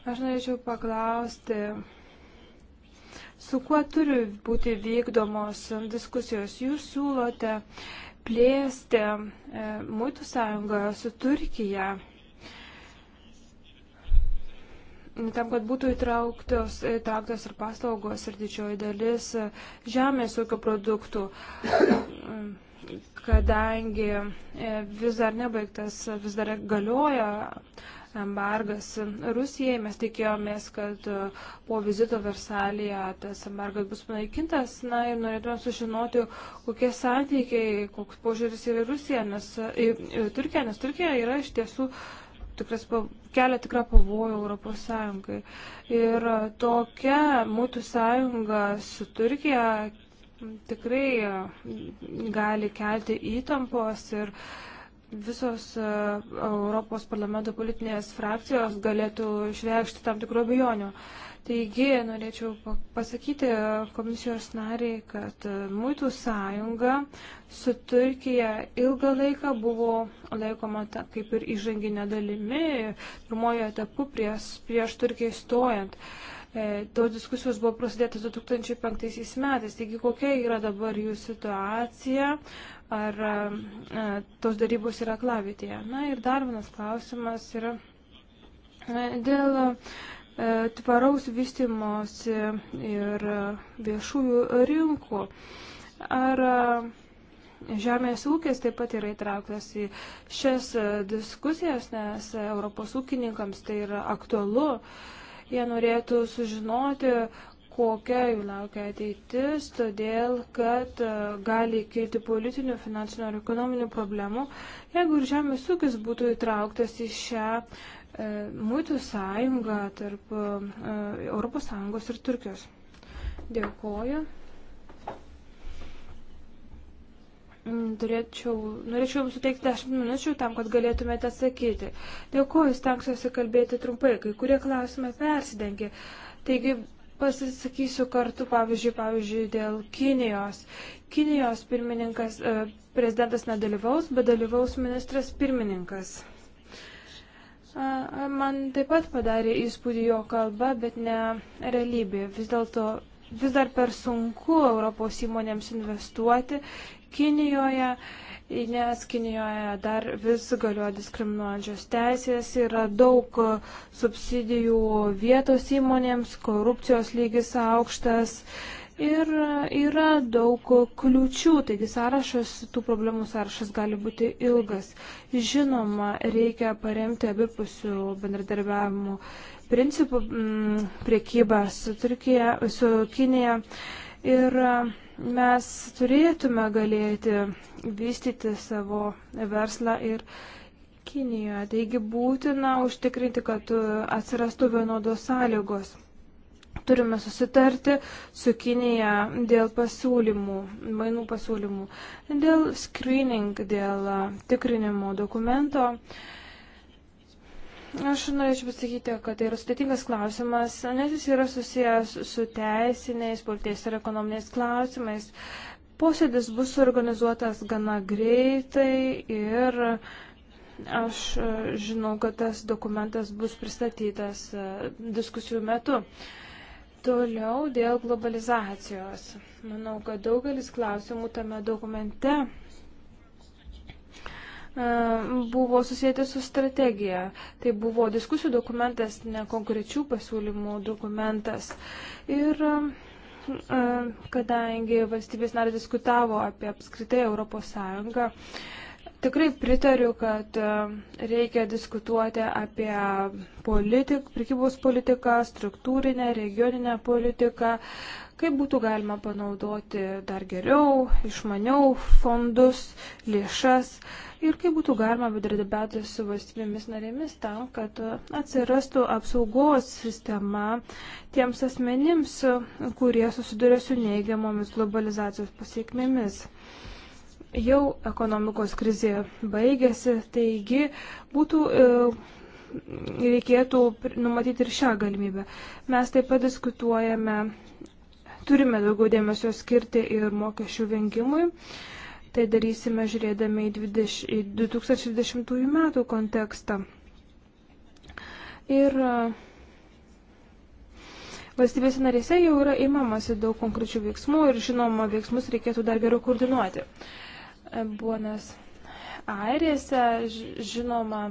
Aš norėčiau paklausti, su kuo turi būti vykdomos diskusijos? Jūs siūlote plėsti e, muitų sąjungą su Turkija tam, kad būtų įtrauktos, įtrauktos ir paslaugos ir didžioji dalis e, žemės ūkio produktų, kadangi e, vis dar nebaigtas, vis dar galioja embargas Rusijai. Mes tikėjomės, kad e, po vizito Versalėje tas embargas bus panaikintas. Na ir norėtume sužinoti, kokie santykiai, koks požiūris yra Rusija, nes, į, į Turkija, nes Turkija yra iš tiesų tikras, kelia tikrą pavojų Europos Sąjungai. Ir e, tokia mūtų sąjunga su Turkija tikrai e, gali kelti įtampos ir uh, visos e, Europos parlamento politinės frakcijos galėtų išreikšti tam tikrų abejonių. Taigi, norėčiau pasakyti e, komisijos nariai, kad e, Muitų sąjunga su Turkija ilgą laiką buvo laikoma ta, kaip ir įžanginė dalimi, pirmojo etapu prieš, prieš Turkiją įstojant. Tos diskusijos buvo prasidėtas 2005 metais. Taigi, kokia yra dabar jų situacija? E, ar e, tos darybos yra klavitėje. Na ir dar vienas klausimas yra e, dėl e, tvaraus vystimosi ir viešųjų rinkų. Ar Žemės ūkis taip pat yra įtrauktas į šias diskusijas, nes Europos ūkininkams tai yra aktualu. Jie norėtų sužinoti, kokia jų laukia ateitis, todėl kad e, gali kilti politinių, finansinių ar ekonominių problemų, jeigu ir žemės ūkis būtų įtrauktas į šią e, muitų sąjungą tarp e, ES ir Turkijos. Dėkoju. Turėčiau, norėčiau jums suteikti 10 minučių tam, kad galėtumėte atsakyti. Dėkuoju, stengsiuosi kalbėti trumpai, kai kurie klausimai persidengia. Taigi pasisakysiu kartu, pavyzdžiui, pavyzdžiui, dėl Kinijos. Kinijos pirmininkas, e, prezidentas nedalyvaus, bet dalyvaus ministras pirmininkas. Man taip pat padarė įspūdį jo kalba, bet ne realybė. Vis dėlto vis dar per sunku Europos įmonėms investuoti Kinijoje nes Kinijoje dar vis galioja diskriminuojančios teisės, yra daug e, subsidijų vietos įmonėms, korupcijos lygis aukštas ir e, yra daug kliučių, taigi sąrašas, tų problemų sąrašas gali būti ilgas. Žinoma, reikia paremti abipusių bendradarbiavimų principų priekybą su, Turkija, su Kinija ir e, mes turėtume galėti vystyti savo verslą ir Kinijoje. Taigi būtina užtikrinti, kad atsirastų vienodos sąlygos. Turime susitarti su Kinija dėl pasiūlymų, mainų pasiūlymų, dėl screening, dėl tikrinimo dokumento. Uh, Aš norėčiau pasakyti, kad tai yra sudėtingas klausimas, nes jis yra susijęs su teisiniais, politiais ir ekonominiais klausimais. Posėdis bus organizuotas gana greitai ir aš žinau, kad tas dokumentas bus pristatytas e, diskusijų metu. Toliau dėl globalizacijos. Manau, kad daugelis klausimų tame dokumente E, buvo susijęti su strategija. Tai buvo diskusijų dokumentas, ne konkrečių pasiūlymų dokumentas. Ir e, e, kadangi valstybės narė diskutavo apie apskritai Europos Sąjungą, tikrai pritariu, kad reikia diskutuoti apie politik, prikybos politiką, struktūrinę, regioninę politiką, kaip būtų galima panaudoti dar geriau, išmaniau fondus, lėšas ir kaip būtų galima bendradarbiauti su valstybėmis narėmis tam, kad atsirastų apsaugos sistema tiems asmenims, kurie susiduria su neigiamomis globalizacijos pasiekmėmis jau ekonomikos krizė baigėsi, taigi būtų e, reikėtų numatyti ir šią galimybę. Mes taip pat diskutuojame Turime daugiau dėmesio skirti ir mokesčių vengimui. Tai darysime žiūrėdami į, 20, į 2020 metų kontekstą. Ir e, valstybės narėse jau yra įmamasi daug konkrečių veiksmų ir žinoma, veiksmus reikėtų dar geriau koordinuoti. E, Buonas Airėse, žinoma,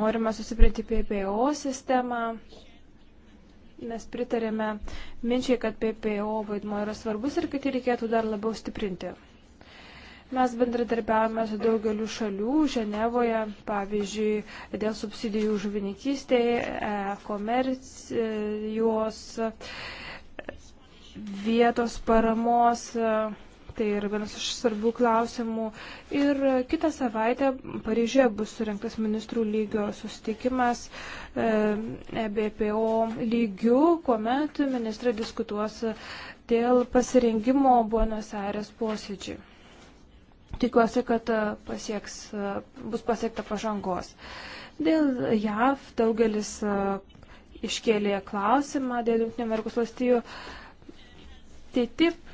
norima susiprinti PPO sistemą Mes pritarėme minčiai, kad PPO vaidmo yra svarbus ir kad jį reikėtų dar labiau stiprinti. Mes bendradarbiavame su daugeliu šalių, Ženevoje, pavyzdžiui, dėl subsidijų žuvininkystėje, e, komercijos, e, vietos paramos. E, tai yra vienas iš svarbių klausimų. Ir kitą savaitę Paryžėje bus surinktas ministrų lygio sustikimas e, e BPO lygių, kuomet ministrai diskutuos dėl pasirengimo Buenos Aires posėdžiui. Tikiuosi, kad e, pasieks, bus pasiekta pažangos. Dėl JAV daugelis iškėlė klausimą dėl Junktinių Amerikos valstijų. Tai taip,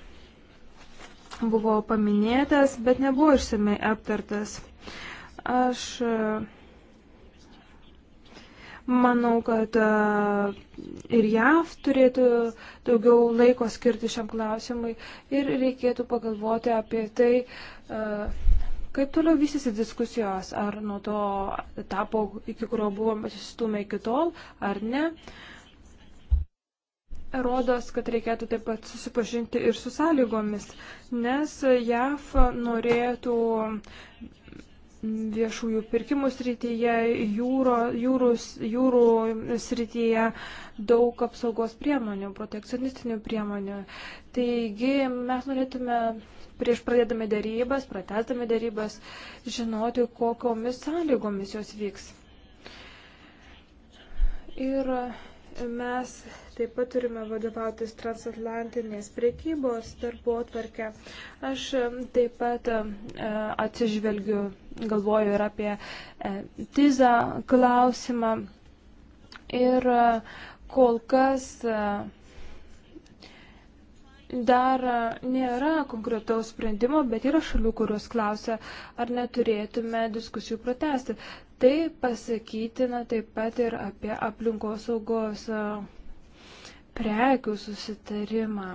buvo paminėtas, bet nebuvo išsamei aptartas. Aš e, manau, kad e, ir JAV turėtų daugiau laiko skirti šiam klausimui ir reikėtų pagalvoti apie tai, e, kaip toliau vystysi diskusijos, ar nuo to etapo, iki kurio buvome susistumę iki tol, ar ne. Uh, rodos, kad reikėtų taip pat susipažinti ir su sąlygomis, nes JAF norėtų viešųjų pirkimų srityje, jūro, jūrų, jūrų srityje daug apsaugos priemonių, protekcionistinių priemonių. Taigi mes norėtume prieš pradėdami darybas, pratesdami darybas, žinoti, kokiomis sąlygomis jos vyks. Ir mes Taip pat turime vadovautis transatlantinės priekybos darbo atvarkę. Aš e, taip pat e, e, atsižvelgiu, galvoju ir apie TIZA klausimą. Ir kol kas dar nėra konkretaus sprendimo, bet yra šalių, kurios klausia, ar neturėtume diskusijų pratesti. Tai pasakytina taip pat ir apie aplinkosaugos prekių susitarimą.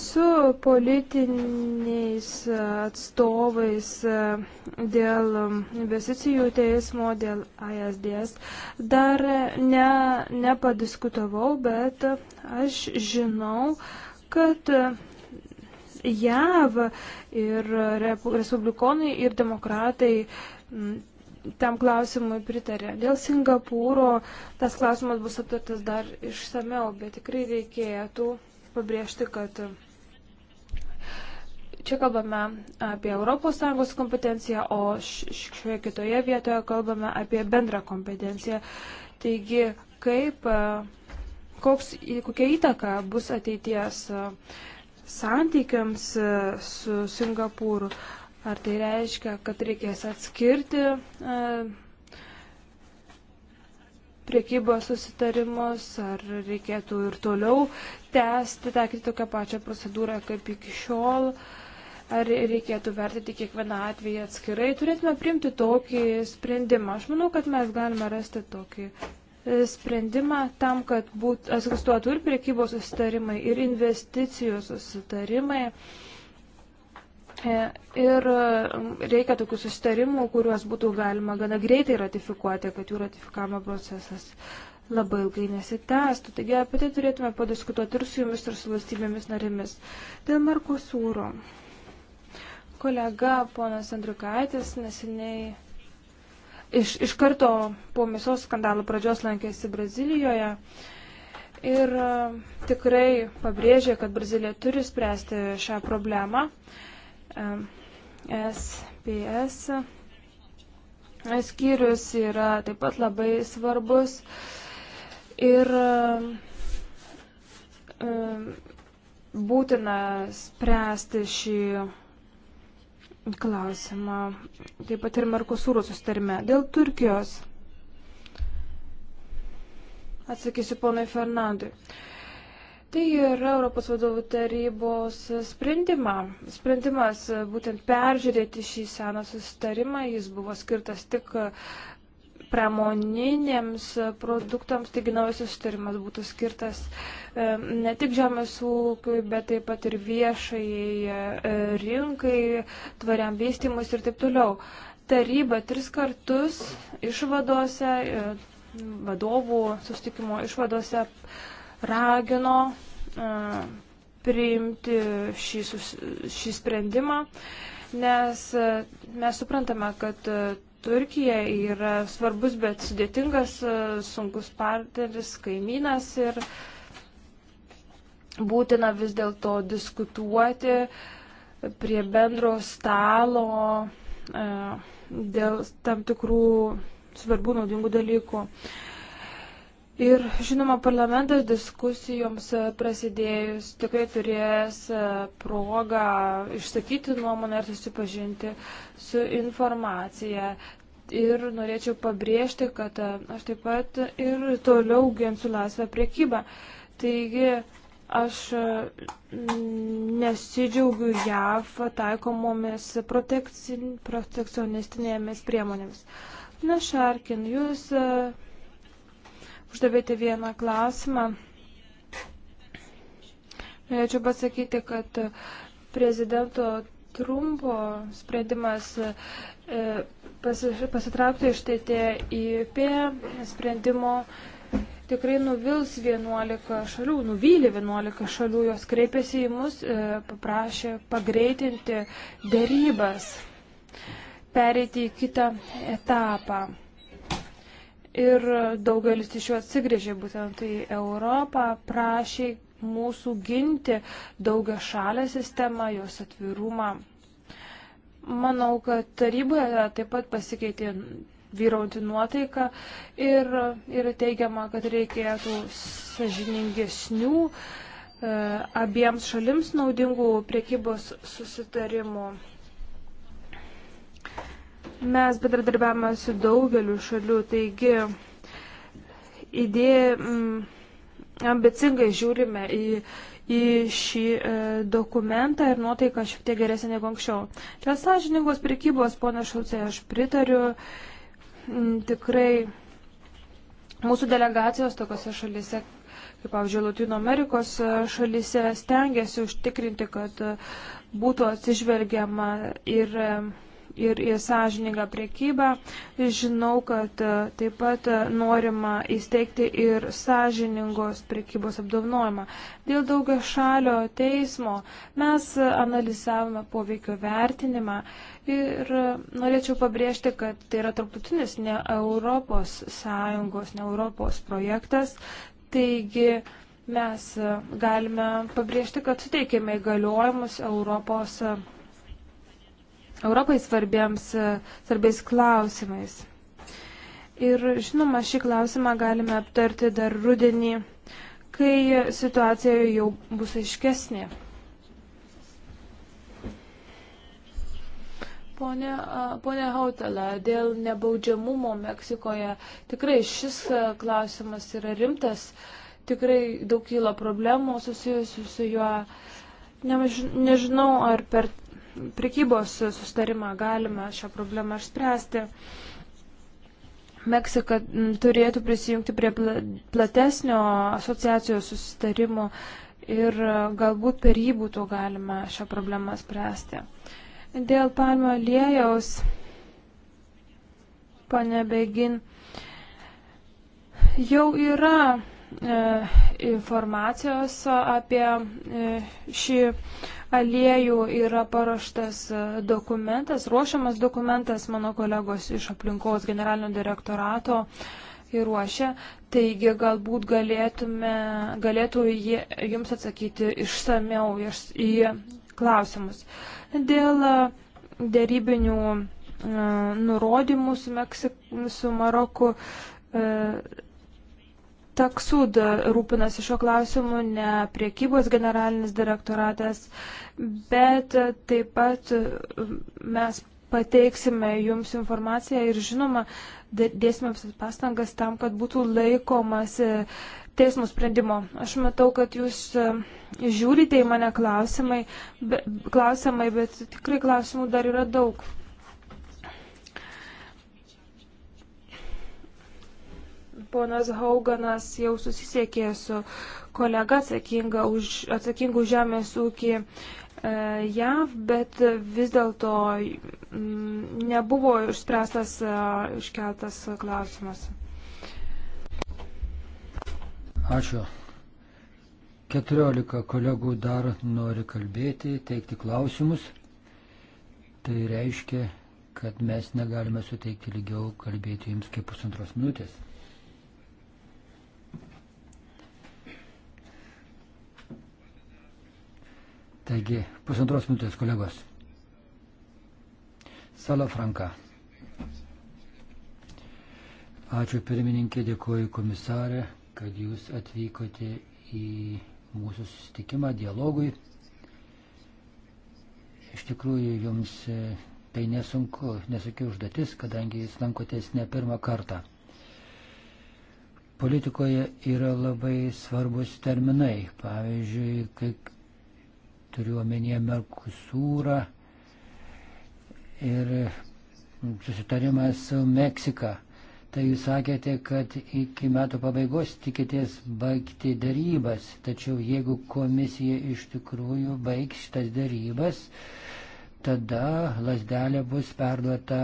su politiniais atstovais dėl investicijų teismo, dėl ISDS dar ne, nepadiskutavau, bet aš žinau, kad JAV ir respublikonai ir demokratai tam klausimui pritarė. Dėl Singapūro tas klausimas bus aptartas dar išsameu, bet tikrai reikėtų pabrėžti, kad čia kalbame apie ES kompetenciją, o šioje kitoje vietoje kalbame apie bendrą kompetenciją. Taigi, kaip, koks, kokia įtaka bus ateities santykiams e, su Singapūru. Ar tai reiškia, kad reikės atskirti e, priekybos susitarimus, ar reikėtų ir toliau tęsti taikyti tokią pačią procedūrą kaip iki šiol, ar reikėtų vertinti kiekvieną atvejį atskirai. Turėtume priimti tokį sprendimą. Aš manau, kad mes galime rasti tokį E, sprendimą tam, kad būt, egzistuotų ir priekybos susitarimai, ir investicijų susitarimai. E, ir e, reikia tokių susitarimų, kuriuos būtų galima gana greitai ratifikuoti, kad jų ratifikavimo procesas labai ilgai nesitęstų. Taigi apie tai turėtume padiskutuoti ir su jumis, ir su valstybėmis narėmis. Dėl Marko Sūro. Kolega ponas Andriukaitis neseniai iš, iš karto po mėsos skandalo pradžios lankėsi Brazilijoje ir e, tikrai pabrėžė, kad Brazilija turi spręsti šią problemą. SPS e, e, skyrius yra taip pat labai svarbus ir būtina spręsti šį klausimą, taip pat ir Merkosūro sustarime. Dėl Turkijos atsakysiu ponui Fernandui. Tai yra Europos vadovų tarybos sprendima. sprendimas būtent peržiūrėti šį seną susitarimą. Jis buvo skirtas tik pramoninėms produktams, taigi naujas susitarimas būtų skirtas e, ne tik žemės ūkiui, bet taip pat ir viešai e, rinkai, tvariam vystimus ir taip toliau. Taryba tris kartus išvadose, e, vadovų sustikimo išvadose ragino priimti šį, šį sprendimą, nes mes suprantame, kad Turkija yra svarbus, bet sudėtingas, e, sunkus partneris, kaimynas ir būtina vis dėlto diskutuoti prie bendro stalo e, dėl tam tikrų svarbių naudingų dalykų. Uh, Ir žinoma, parlamentas diskusijoms e, prasidėjus tikrai turės e, progą išsakyti nuomonę ir susipažinti su informacija. Ir norėčiau pabrėžti, kad e, aš taip pat ir toliau ginsiu laisvę priekybą. Taigi aš nesidžiaugiu JAV taikomomis protekcionistinėmis priemonėmis. Na, Šarkin, jūs uždavėte vieną klausimą. Norėčiau pasakyti, kad e, prezidento Trumpo sprendimas e, pasitraukti iš TTIP sprendimo tikrai nuvils 11 šalių, nuvylė 11 šalių, jos kreipėsi į mus, e, paprašė pagreitinti darybas, pereiti į kitą etapą ir daugelis iš jų atsigrėžė būtent į Europą, prašė mūsų ginti daugia šalę sistemą, jos atvirumą. Manau, kad taryboje taip pat pasikeitė vyrauti nuotaika ir yra teigiama, kad reikėtų sažiningesnių e, abiems šalims naudingų priekybos susitarimų. Mes bendradarbiavame su daugeliu šalių, taigi idėja m, mm, ambicingai žiūrime į, į šį e, dokumentą ir nuotaika šiek tiek geresnė negu anksčiau. Dėl sąžiningos prekybos, pona Šulcė, aš pritariu. M, mm, tikrai mūsų delegacijos tokiose šalise kaip pavyzdžiui, Latino Amerikos e, šalyse stengiasi užtikrinti, kad būtų atsižvelgiama ir e, ir į sąžiningą priekybą. Žinau, kad e, taip pat e, norima įsteigti ir sąžiningos priekybos apdovanojimą. Dėl daugia šalio teismo mes analizavome poveikio vertinimą ir e, norėčiau pabrėžti, kad tai yra tarptautinis ne Europos Sąjungos, ne Europos projektas. Taigi, mes galime pabrėžti, kad suteikėme įgaliojimus Europos Europai svarbiems, e, svarbiais klausimais. Ir žinoma, šį klausimą galime aptarti dar rudenį, kai situacija jau bus aiškesnė. Pone, pone Hautala, dėl nebaudžiamumo Meksikoje tikrai šis e, klausimas yra rimtas, tikrai daug kyla problemų susijusių su juo. Než, nežinau, ar per prekybos sustarimą galima šią problemą išspręsti. Meksika turėtų prisijungti prie platesnio asociacijos susitarimo ir e, galbūt per jį būtų galima šią problemą spręsti. Dėl palmių aliejaus, pane Begin, jau yra E, informacijos apie e, šį aliejų yra paruoštas e, dokumentas, ruošiamas dokumentas mano kolegos iš aplinkos generalinio direktorato ruošia. Taigi galbūt galėtume, galėtų jums atsakyti išsameu į klausimus. Dėl dėrybinių nurodymų su, Meksik, su Maroku. E, Taksud rūpinasi šio klausimu, ne priekybos generalinis direktoratas, bet taip pat e, mes pateiksime jums informaciją ir žinoma, dėsime pastangas tam, kad būtų laikomas e, teismų sprendimo. Aš matau, kad jūs e, žiūrite į mane klausimai, be, klausimai bet tikrai klausimų dar yra daug. ponas Hauganas jau susisiekė su kolega atsakinga už, atsakingu žemės ūkį e, JAV, bet vis dėlto mm, nebuvo išspręstas e, iškeltas klausimas. Ačiū. 14 kolegų dar nori kalbėti, teikti klausimus. Tai reiškia, kad mes negalime suteikti lygiau kalbėti jums kaip pusantros minutės. Taigi, pusantros minutės kolegos. Sala Franka. Ačiū pirmininkė, dėkuoju komisarė, kad jūs atvykote į mūsų susitikimą dialogui. Iš tikrųjų, jums e, tai nesunku, nesukia užduotis, kadangi jūs lankotės ne pirmą kartą. Politikoje yra labai svarbus terminai. Pavyzdžiui, kaip turiu omenyje Merkusūrą ir susitarimą su Meksika. Tai jūs sakėte, kad iki metų pabaigos tikitės baigti darybas, tačiau jeigu komisija iš tikrųjų baigs šitas darybas, tada lasdelė bus perduota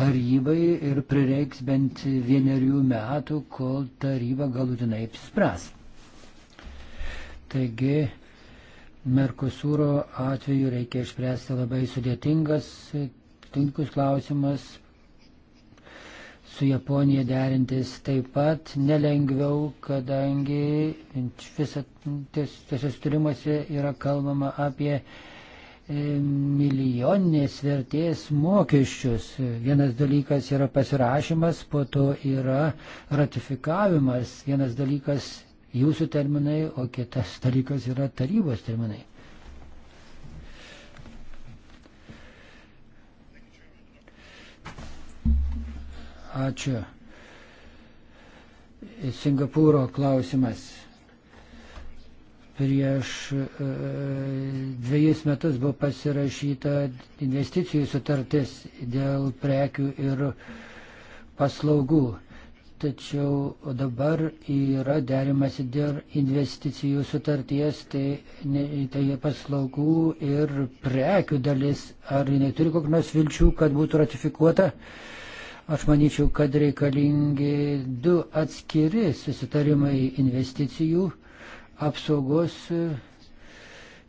tarybai ir prireiks bent vienerių metų, kol taryba galutinai apsispręs. Taigi Merkosūro atveju reikia išspręsti labai sudėtingas, tinkus klausimas. Su Japonija derintis taip pat nelengviau, kadangi visą susitarimuose yra kalbama apie e, milijoninės vertės mokesčius. Vienas dalykas yra pasirašymas, po to yra ratifikavimas, vienas dalykas jūsų terminai, o kitas dalykas yra tarybos terminai. Ačiū. Singapūro klausimas. Prieš e, dviejus metus buvo pasirašyta investicijų sutartis dėl prekių ir paslaugų. Tačiau dabar yra derimasi dėl investicijų sutarties, tai, ne, tai paslaugų ir prekių dalis. Ar jinai turi kokių nors vilčių, kad būtų ratifikuota? Aš manyčiau, kad reikalingi du atskiri susitarimai investicijų, apsaugos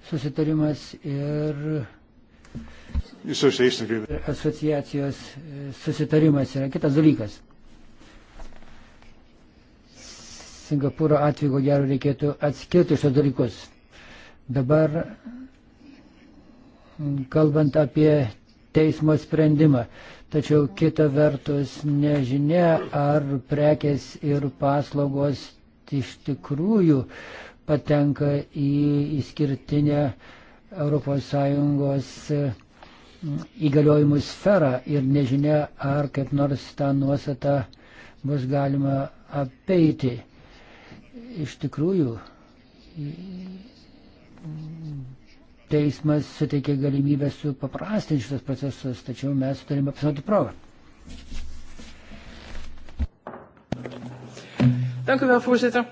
susitarimas ir asociacijos susitarimas yra kitas dalykas. Singapūro atveju, ko gero, reikėtų atskirti šios dalykus. Dabar, kalbant apie teismo sprendimą, tačiau kita vertus nežinia, ar prekės ir paslaugos iš tikrųjų patenka į įskirtinę ES mm, įgaliojimų sferą ir nežinia, ar kaip nors tą nuostatą bus galima apeiti iš tikrųjų teismas suteikė galimybę supaprastinti šitas procesas, tačiau mes turime apsauti progą. Dank u wel, voorzitter.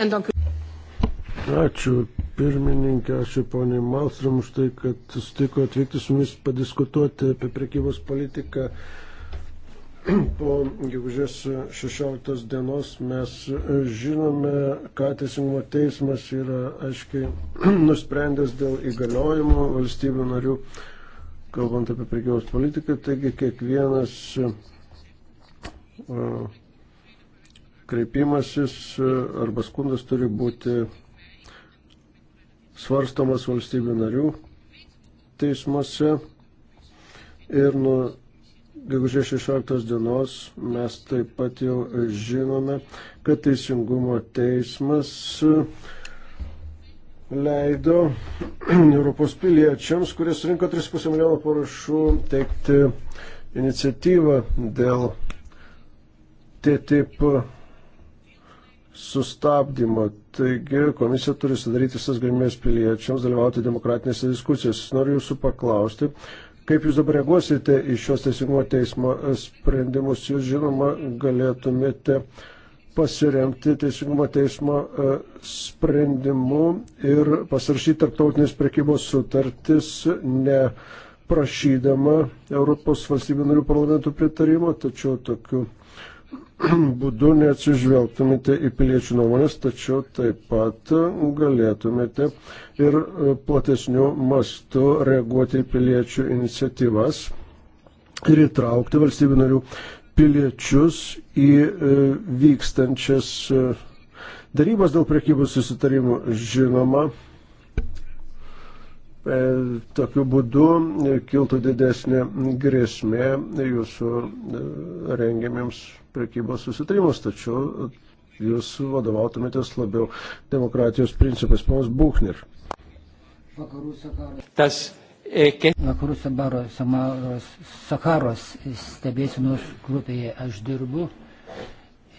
En dank u. Ačiū pirmininkė, ačiū poniai Malstrom už tai, kad sutiko atvykti su mumis padiskutuoti apie prekybos politiką (clears throat) po gegužės 16 dienos mes žinome, ką teisingumo teismas yra aiškiai (clears throat) nusprendęs dėl įgaliojimų valstybių narių, kalbant apie prekybos politiką. Taigi kiekvienas e, kreipimasis e, arba skundas turi būti svarstomas valstybių narių teismuose ir nuo gegužės 16 dienos mes taip pat jau žinome, kad Teisingumo teismas leido Europos piliečiams, kurie surinko 3,5 milijono parašų, teikti iniciatyvą dėl TTIP sustabdymo. Taigi komisija turi sudaryti visas galimybės piliečiams dalyvauti demokratinėse diskusijose. Noriu jūsų paklausti, Kaip jūs dabar reaguosite į šios teisingumo teismo sprendimus? Jūs žinoma galėtumėte pasiremti teisingumo teismo e, sprendimu ir pasirašyti tarptautinės prekybos sutartis ne prašydama Europos valstybių narių parlamentų pritarimo, tačiau tokiu būdu neatsižvelgtumėte į piliečių nuomonės, tačiau taip pat galėtumėte ir e, platesnių mastų reaguoti į piliečių iniciatyvas ir įtraukti valstybių narių piliečius į e, vykstančias e, darybas dėl prekybos susitarimų. Žinoma, E, tokiu būdu kiltų didesnė grėsmė jūsų e, rengiamiems prekybos susitarimus, tačiau jūs vadovautumėtės labiau demokratijos principais, ponas Buchner. Vakarų Sabaros, e, Samaros, Sakaros stebėsinos grupėje aš dirbu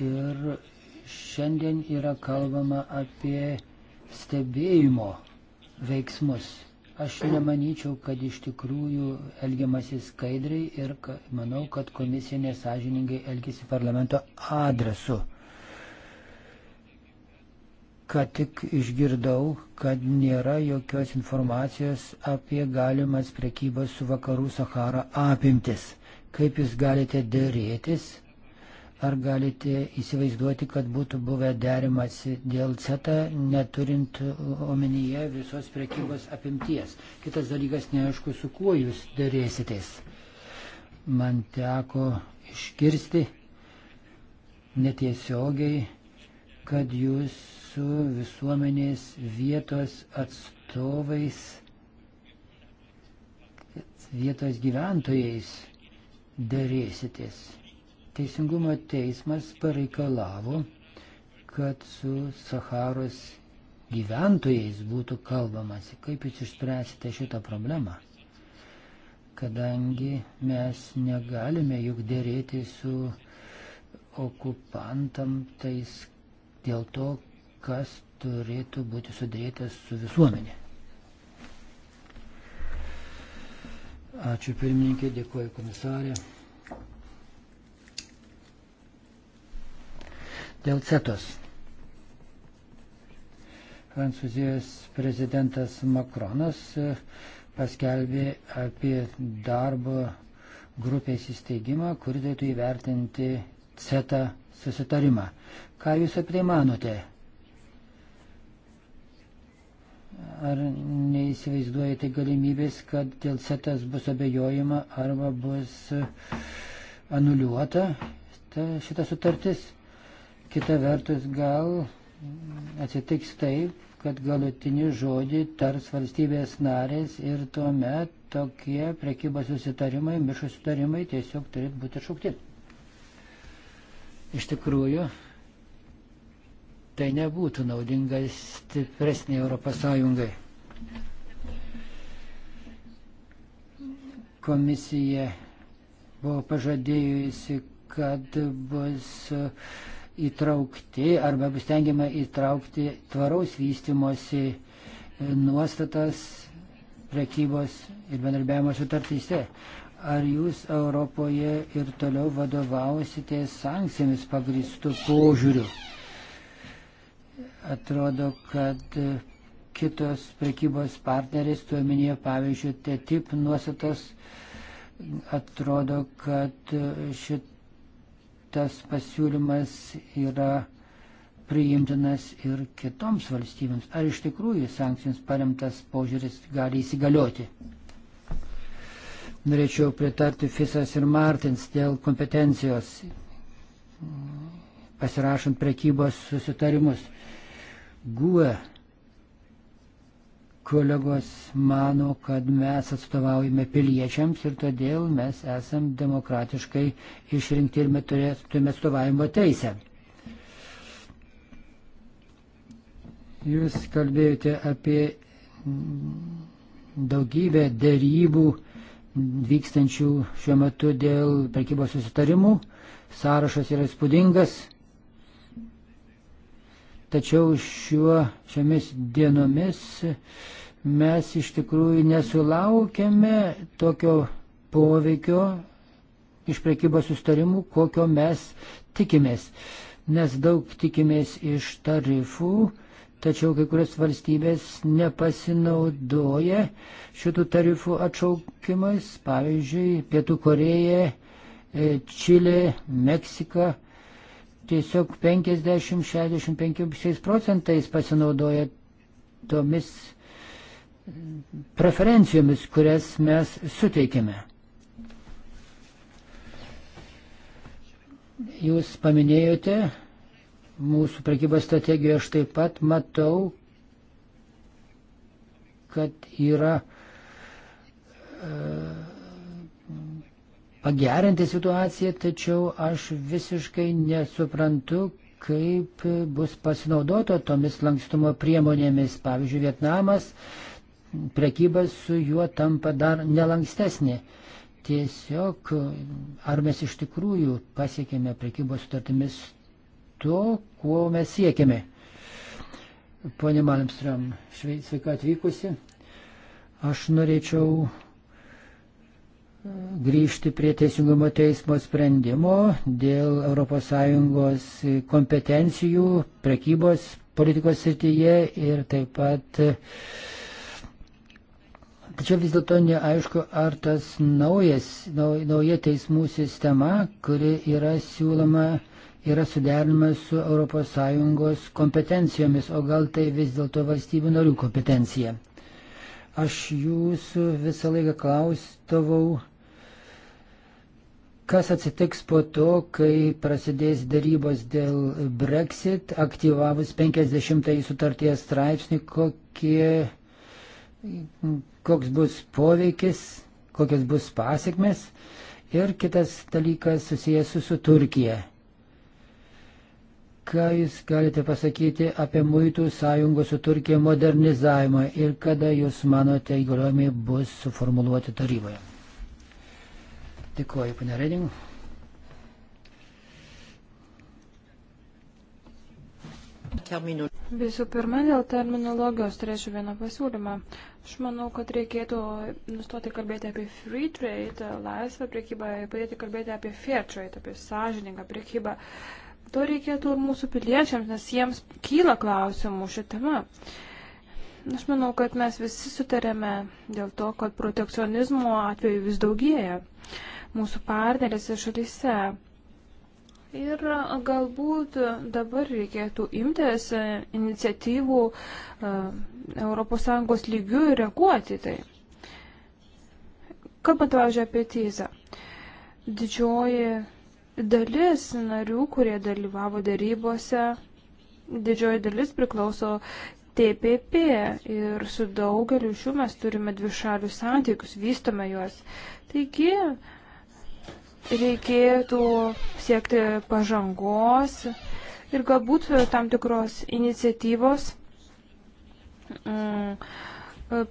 ir šiandien yra kalbama apie stebėjimo veiksmus Aš nemanyčiau, kad iš tikrųjų elgiamasi skaidriai ir manau, kad komisija nesažiningai elgėsi parlamento adresu. Ką tik išgirdau, kad nėra jokios informacijos apie galimas prekybos su vakarų Sahara apimtis. Kaip jūs galite dėrėtis Ar galite įsivaizduoti, kad būtų buvę derimasi dėl CETA, neturint omenyje visos prekybos apimties? Kitas dalykas, neaišku, su kuo jūs dėrėsitės. Man teko iškirsti netiesiogiai, kad jūs su visuomenės vietos atstovais, vietos gyventojais dėrėsitės Teisingumo teismas pareikalavo, kad su Saharos gyventojais būtų kalbamasi, kaip jūs išspręsite šitą problemą. Kadangi mes negalime juk dėrėti su okupantam tais dėl to, kas turėtų būti sudėtas su visuomenė. Ačiū pirmininkė, dėkuoju komisarė. dėl CETOS. Prancūzijos prezidentas Makronas e, paskelbė apie darbo grupės įsteigimą, kuri turėtų įvertinti CETA susitarimą. Ką Jūs apie tai manote? Ar neįsivaizduojate galimybės, kad dėl setas bus abejojama arba bus e, anuliuota ta, šita sutartis? Kita vertus, gal atsitiks taip, kad galutinį žodį tars valstybės narės ir tuomet tokie prekybos susitarimai, mišų susitarimai tiesiog turėtų būti atšaukti. Iš tikrųjų, tai nebūtų naudinga stipresnė Europos Sąjungai. Komisija buvo pažadėjusi, kad bus uh, įtraukti arba bus tengiama įtraukti tvaraus vystimosi e, nuostatas prekybos ir bendarbiavimo sutartyse. Ar jūs Europoje ir toliau vadovausite sankcijomis pagristų požiūrių? Atrodo, kad e, kitos prekybos partneris, tuomenyje pavyzdžiui, TTIP nuostatos, atrodo, kad e, šit tas pasiūlymas yra priimtinas ir kitoms valstybėms. Ar iš tikrųjų sankcijams paremtas požiūris gali įsigalioti? Norėčiau pritarti Fisas ir Martins dėl kompetencijos pasirašant prekybos susitarimus. GUE Kolegos mano, kad mes atstovaujame piliečiams ir todėl mes esam demokratiškai išrinkti ir turime atstovavimo teisę. Jūs kalbėjote apie daugybę dėrybų vykstančių šiuo metu dėl prekybos susitarimų. Sąrašas yra spūdingas. Tačiau šiuo, šiomis dienomis mes iš tikrųjų nesulaukiame tokio poveikio iš prekybos sustarimų, kokio mes tikimės. Nes daug tikimės iš tarifų, tačiau kai kurios valstybės nepasinaudoja šitų tarifų atšaukimais, pavyzdžiui, Pietų Koreja, e, Čilė, Meksika tiesiog 50-65 procentais pasinaudoja tomis preferencijomis, kurias mes suteikėme. Jūs paminėjote mūsų prekybos strategijoje, aš taip pat matau, kad yra e, pagerinti situaciją, tačiau aš visiškai nesuprantu, kaip bus pasinaudota tomis lankstumo priemonėmis. Pavyzdžiui, Vietnamas prekyba su juo tampa dar nelankstesnė. Tiesiog, ar mes iš tikrųjų pasiekėme prekybos sutartimis to, kuo mes siekėme. Pone Malmström, sveika atvykusi. Aš norėčiau grįžti prie Teisingumo teismo sprendimo dėl ES kompetencijų prekybos politikos srityje ir taip pat. Tačiau vis dėlto neaišku, ar tas naujas, nauja teismų sistema, kuri yra siūloma, yra suderinama su ES kompetencijomis, o gal tai vis dėlto valstybių narių kompetencija. Aš jūsų visą laiką klausdavau, Kas atsitiks po to, kai prasidės darybos dėl Brexit, aktyvavus 50-ąjį sutarties straipsnį, kokie, koks bus poveikis, kokios bus pasiekmes. Ir kitas dalykas susijęs su, su Turkija. Ką jūs galite pasakyti apie muitų sąjungos su Turkija modernizavimą ir kada jūs manote įgaliojimai bus suformuluoti taryboje? Dėkuoju, pane Redingu. Visų pirma, dėl terminologijos turėčiau vieną pasiūlymą. Aš manau, kad reikėtų nustoti kalbėti apie free trade, laisvą priekybą, pradėti kalbėti apie fair trade, apie sąžiningą priekybą. To reikėtų ir mūsų piliečiams, nes jiems kyla klausimų šią temą. Aš manau, kad mes visi sutarėme dėl to, kad protekcionizmo atveju vis daugėja. Uh, mūsų partnerėse šalyse. Ir galbūt dabar reikėtų imtis iniciatyvų ES lygių ir reaguoti tai. Kalbant, pavyzdžiui, apie tyzą. Didžioji dalis narių, kurie dalyvavo darybose, didžioji dalis priklauso TPP ir su daugeliu šių mes turime dvišalius santykius, vystome juos. Taigi, reikėtų siekti pažangos ir galbūt tam tikros iniciatyvos mm,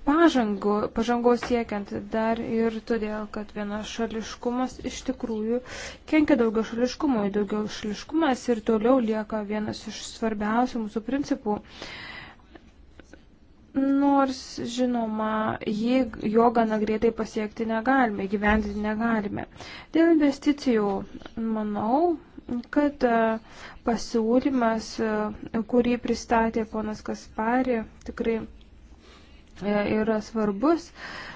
pažangų, pažangos siekiant dar ir todėl, kad vienašališkumas iš tikrųjų kenkia daugia šališkumui. Daugia šališkumas ir toliau lieka vienas iš svarbiausių mūsų principų. Uh, Nors, žinoma, jį, jo gana greitai pasiekti negalime, gyventi negalime. Dėl investicijų, manau, kad e, pasiūlymas, e, kurį pristatė ponas Kasparė, tikrai e, yra svarbus.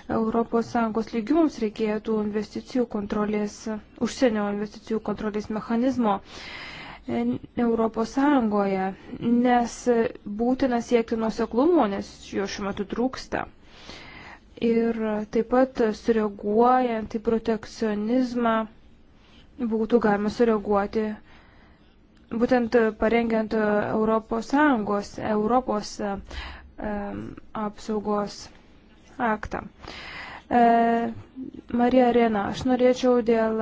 ES lygių mums reikėtų investicijų kontrolės, užsienio investicijų kontrolės mechanizmo. Uh, Europos Sąjungoje, nes būtina siekti nuoseklumo, nes jo šiuo metu trūksta. Ir taip pat sureaguojant į protekcionizmą būtų galima sureaguoti būtent parengiant Europos Sąjungos, Europos apsaugos aktą. E, Marija Rena, aš norėčiau dėl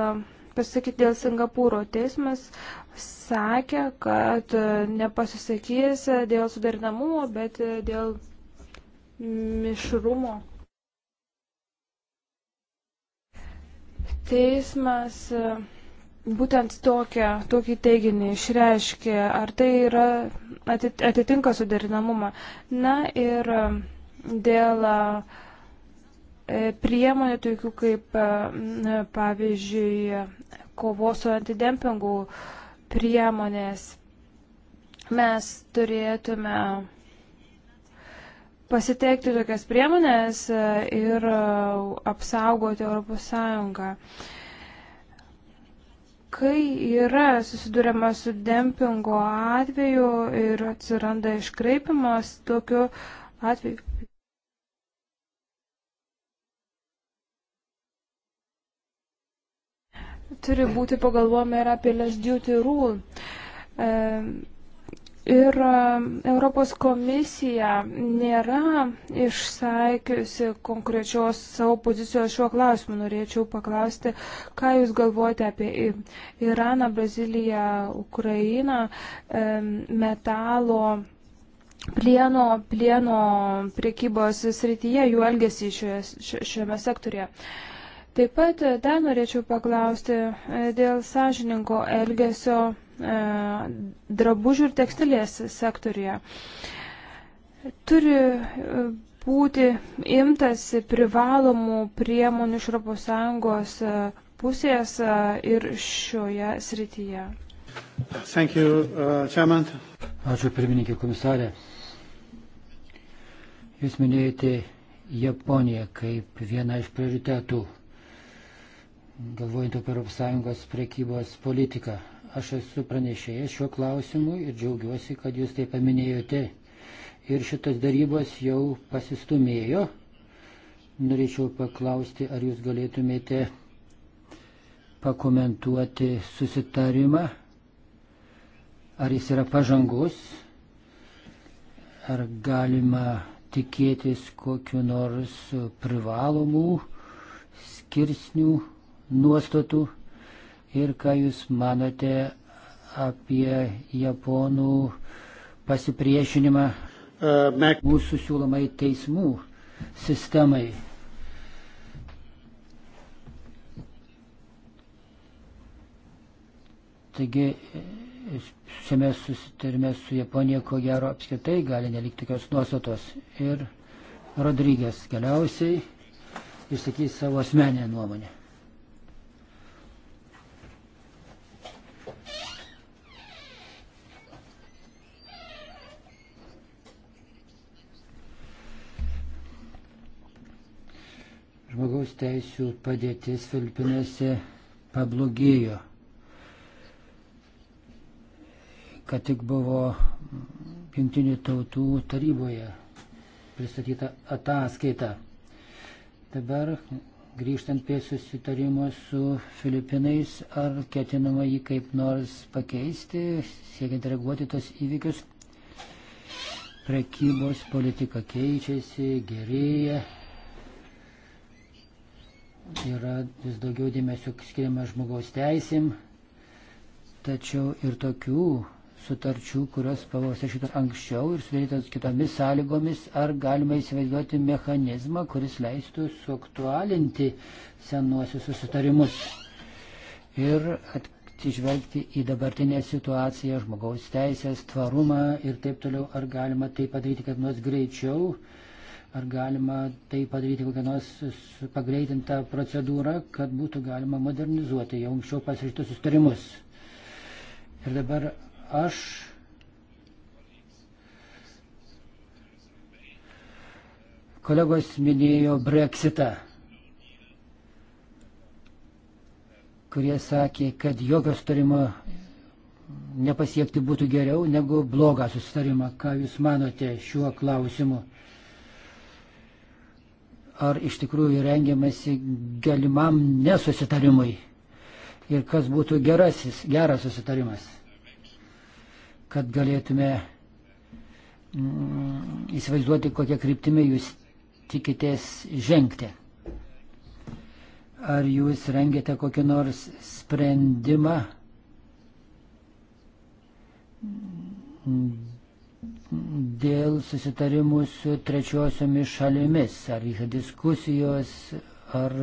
pasakyti dėl Singapūro teismas sakė, kad e, nepasisakys dėl suderinamumo, bet e, dėl mišrumo. Teismas e, būtent tokią, tokį teiginį išreiškė, ar tai yra, atitinka suderinamumą. Na ir dėl priemonių tokių kaip, pavyzdžiui, kovos su antidempingu uh, priemonės. Mes turėtume pasiteikti tokias priemonės e, ir e, apsaugoti ES. Kai yra susidurima su dempingo atveju ir atsiranda iškreipimas, tokiu atveju turi būti pagalvojama ir apie less duty rule. Ir Europos komisija nėra išsaikiusi konkrečios savo pozicijos šiuo klausimu. Norėčiau paklausti, ką Jūs galvojate apie Iraną, Braziliją, Ukrainą, metalo plieno, plieno priekybos srityje, jų elgesį šioje, šiame sektorėje. Taip pat e, dar norėčiau paklausti e, dėl sąžininko elgesio e, drabužių ir tekstilės sektorija. Turi būti imtasi privalomų priemonių iš ES pusės ir šioje srityje. Thank you, uh, Chairman. Ačiū pirmininkė komisarė. Jūs minėjote Japoniją kaip vieną iš prioritetų galvojant apie ES priekybos politiką. Aš esu pranešėjęs šiuo klausimu ir džiaugiuosi, kad jūs tai paminėjote. Ir šitas darybos jau pasistumėjo. Norėčiau paklausti, ar jūs galėtumėte pakomentuoti susitarimą, ar jis yra pažangus, ar galima tikėtis kokiu nors privalomų skirsnių nuostatų ir ką Jūs manote apie japonų pasipriešinimą uh, mūsų siūlomai teismų sistemai. Taigi šiame susitarime su Japonija ko gero apskritai gali nelikti tokios nuostatos. Ir Rodrygės galiausiai išsakys savo asmeninę nuomonę. žmogaus teisų padėtis Filipinėse pablogėjo. Kad tik buvo Junktinių tautų taryboje pristatyta ataskaita. Dabar grįžtant prie susitarimo su Filipinais, ar ketinama jį kaip nors pakeisti, siekiant reaguoti tos įvykius? Prekybos politika keičiasi, gerėja, yra vis daugiau dėmesio skiriama žmogaus teisėm, tačiau ir tokių sutarčių, kurios pavosėšytos anksčiau ir sudarytos kitomis sąlygomis, ar galima įsivaizduoti mechanizmą, kuris leistų suaktualinti senuosius susitarimus ir atsižvelgti į dabartinę situaciją, žmogaus teisės, tvarumą ir taip toliau, ar galima tai padaryti kaip nors greičiau Ar galima tai padaryti kokią nors pagreitintą procedūrą, kad būtų galima modernizuoti jau anksčiau pasirištus sustarimus. Ir dabar aš Kolegos minėjo breksitą, kurie sakė, kad jokio sutarimo nepasiekti būtų geriau negu blogą susitarimą. Ką Jūs manote šiuo klausimu? ar iš tikrųjų rengiamasi galimam nesusitarimui ir kas būtų gerasis, geras susitarimas, kad galėtume mm, įsivaizduoti, kokią kryptimį jūs tikitės žengti. Ar jūs rengiate kokį nors sprendimą dėl susitarimų su trečiosiomis šalimis. Ar vyko diskusijos, ar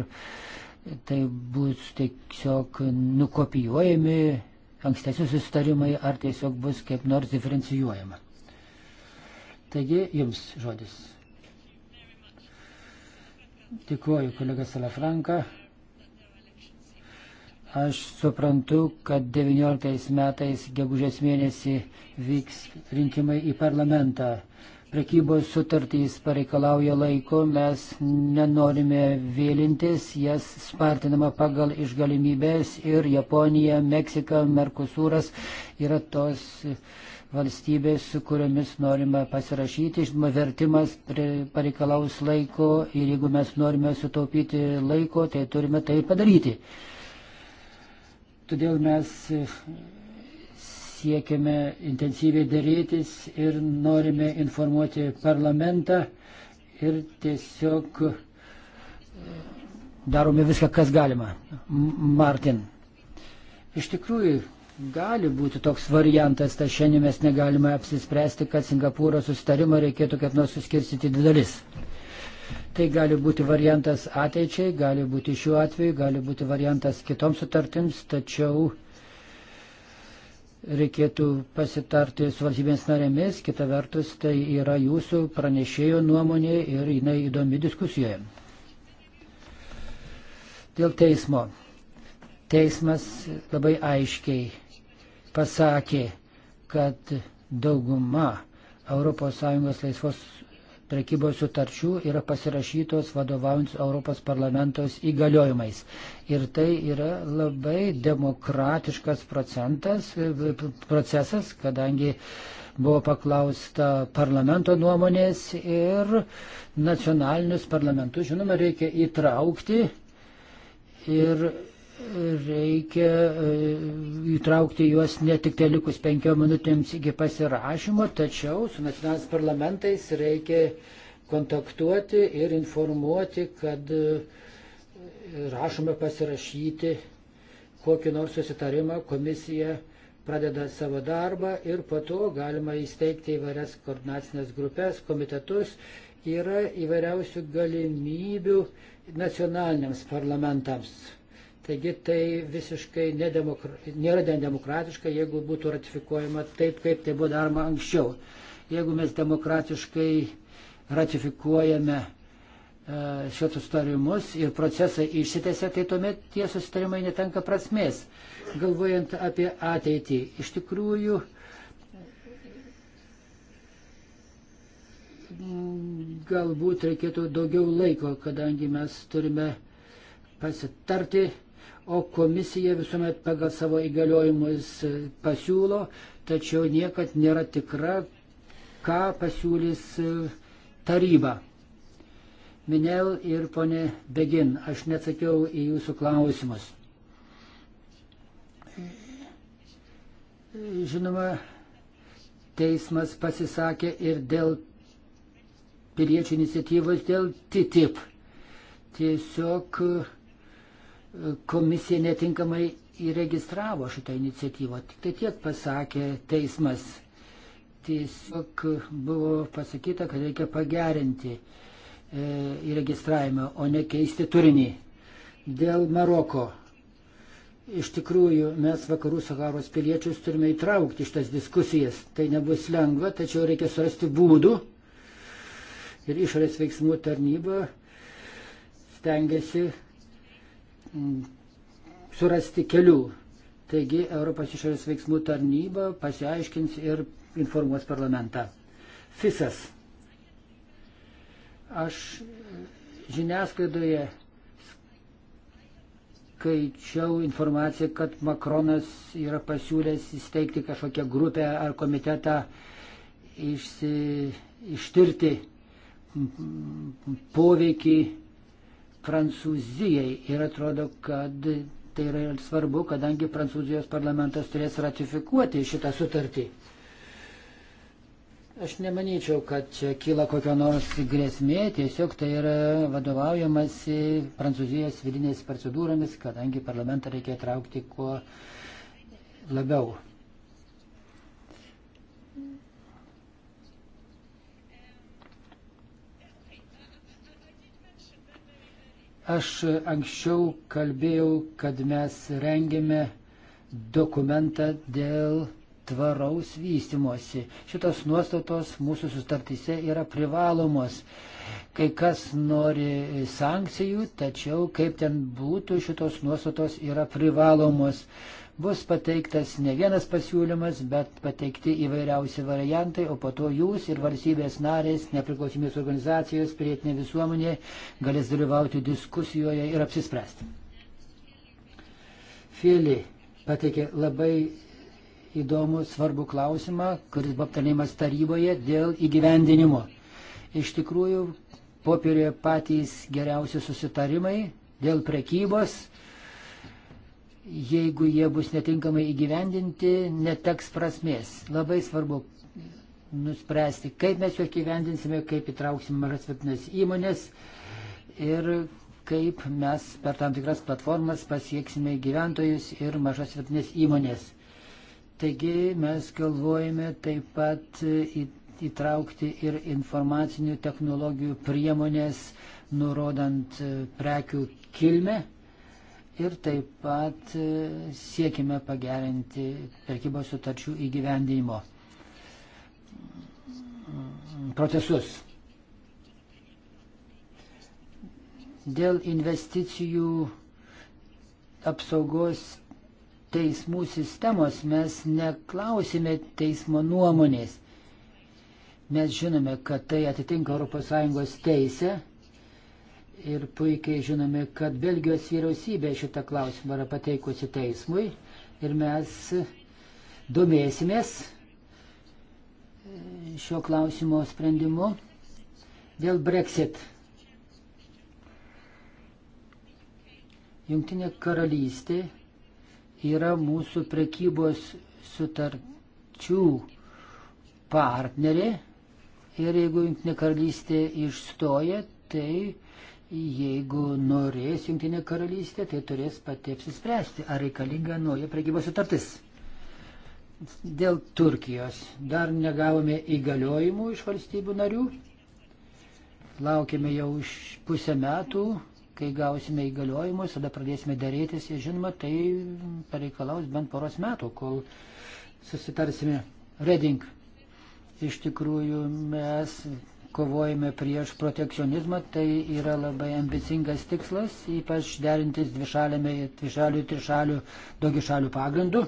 tai bus tiesiog nukopijuojami ankstesni susitarimai, ar tiesiog bus kaip nors diferencijuojama. Taigi, jums žodis. Dėkuoju, kolega Salafranka. Aš suprantu, kad 19 metais gegužės mėnesį vyks rinkimai į parlamentą. Prekybos sutartys pareikalauja laiko, mes nenorime vėlintis, jas spartinama pagal išgalimybės ir Japonija, Meksika, Merkusūras yra tos valstybės, su kuriomis norime pasirašyti. Žinoma, vertimas pareikalaus laiko ir jeigu mes norime sutaupyti laiko, tai turime tai padaryti. Todėl mes e, siekiame intensyviai darytis ir norime informuoti parlamentą ir tiesiog e, darome viską, kas galima. Martin. Iš tikrųjų, gali būti toks variantas, tai šiandien mes negalime apsispręsti, kad Singapūro susitarimą reikėtų kaip nors suskirstyti dvi dalis. Tai gali būti variantas ateičiai, gali būti šiuo atveju, gali būti variantas kitoms sutartims, tačiau reikėtų pasitarti su valstybės narėmis, kita vertus tai yra jūsų pranešėjo nuomonė ir jinai įdomi diskusijoje. Dėl teismo. Teismas labai aiškiai pasakė, kad dauguma ES laisvos prekybos sutarčių yra pasirašytos vadovaujant Europos parlamentos įgaliojimais. Ir tai yra labai demokratiškas procesas, kadangi buvo paklausta parlamento nuomonės ir nacionalinius parlamentus, žinoma, reikia įtraukti ir reikia e, įtraukti juos ne tik tai likus penkiom minutėms iki pasirašymo, tačiau su nacionalinis parlamentais reikia kontaktuoti ir informuoti, kad e, rašome pasirašyti kokį nors susitarimą, komisija pradeda savo darbą ir po to galima įsteigti įvairias koordinacinės grupės, komitetus, yra įvairiausių galimybių nacionaliniams parlamentams. Taigi tai visiškai nedemokra... nėra demokratiška, jeigu būtų ratifikuojama taip, kaip tai buvo daroma anksčiau. Jeigu mes demokratiškai ratifikuojame e, šios sustarimus ir procesai išsitėse, tai tuomet tie sustarimai netenka prasmės. Galvojant apie ateitį, iš tikrųjų galbūt reikėtų daugiau laiko, kadangi mes turime pasitarti o komisija visuomet pagal savo įgaliojimus e, pasiūlo, tačiau niekad nėra tikra, ką pasiūlys e, taryba. Minel ir ponė Begin, aš neatsakiau į jūsų klausimus. Žinoma, teismas pasisakė ir dėl piliečių iniciatyvos, dėl TTIP. Tiesiog uh, komisija netinkamai įregistravo šitą iniciatyvą. Tik tai tiek pasakė teismas. Tiesiog buvo pasakyta, kad reikia pagerinti e, įregistravimą, o ne keisti turinį. Dėl Maroko. Iš tikrųjų, mes vakarų Saharos piliečius turime įtraukti šitas diskusijas. Tai nebus lengva, tačiau reikia surasti būdų. Ir išorės veiksmų tarnyba stengiasi surasti kelių. Taigi Europos išorės veiksmų tarnyba pasiaiškins ir informuos parlamentą. FISAS. Aš žiniasklaidoje skaičiau informaciją, kad Makronas yra pasiūlęs įsteigti kažkokią grupę ar komitetą išsi, ištirti poveikį Prancūzijai ir atrodo, kad tai yra svarbu, kadangi Prancūzijos parlamentas turės ratifikuoti šitą sutartį. Aš nemanyčiau, kad čia kyla kokia nors grėsmė, tiesiog tai yra vadovaujamasi Prancūzijos vidinės procedūromis, kadangi parlamentą reikia traukti kuo labiau. Aš anksčiau kalbėjau, kad mes rengėme dokumentą dėl tvaraus vystimosi. Šitos nuostatos mūsų sustartyse yra privalomos. Kai kas nori sankcijų, tačiau kaip ten būtų, šitos nuostatos yra privalomos bus pateiktas ne vienas pasiūlymas, bet pateikti įvairiausi variantai, o po to jūs ir valstybės narės, nepriklausomybės organizacijos, pilietinė visuomenė galės dalyvauti diskusijoje ir apsispręsti. Fėlį pateikė labai įdomų svarbų klausimą, kuris buvo aptarnimas taryboje dėl įgyvendinimo. Iš tikrųjų, popierioje patys geriausi susitarimai dėl prekybos, jeigu jie bus netinkamai įgyvendinti, neteks prasmės. Labai svarbu nuspręsti, kaip mes juos įgyvendinsime, kaip įtrauksime mažas vidinės įmonės ir kaip mes per tam tikras platformas pasieksime gyventojus ir mažas vidinės įmonės. Taigi mes galvojame taip pat įtraukti ir informacinių technologijų priemonės, nurodant e, prekių kilmę ir taip pat e, siekime pagerinti prekybos sutarčių įgyvendinimo mm, procesus. Dėl investicijų apsaugos teismų sistemos mes neklausime teismo nuomonės. Mes žinome, kad tai atitinka ES teisę ir puikiai žinome, kad Belgijos vyriausybė šitą klausimą yra pateikusi teismui ir mes domėsimės e, šio klausimo sprendimu dėl Brexit. Jungtinė karalystė yra mūsų prekybos sutarčių partnerė ir jeigu Jungtinė karalystė išstoja, tai Jeigu norės Junktinė karalystė, tai turės pati apsispręsti, ar reikalinga nauja prekybos sutartis. Dėl Turkijos dar negavome įgaliojimų iš valstybių narių. Laukime jau už pusę metų, kai gausime įgaliojimus, tada pradėsime darytis ir žinoma, tai pareikalaus bent poros metų, kol susitarsime. Reding. Iš tikrųjų, mes kovojame prieš protekcionizmą, tai yra labai ambicingas tikslas, ypač derintis dvišalėme, dvišalių, trišalių, daugišalių pagrindų.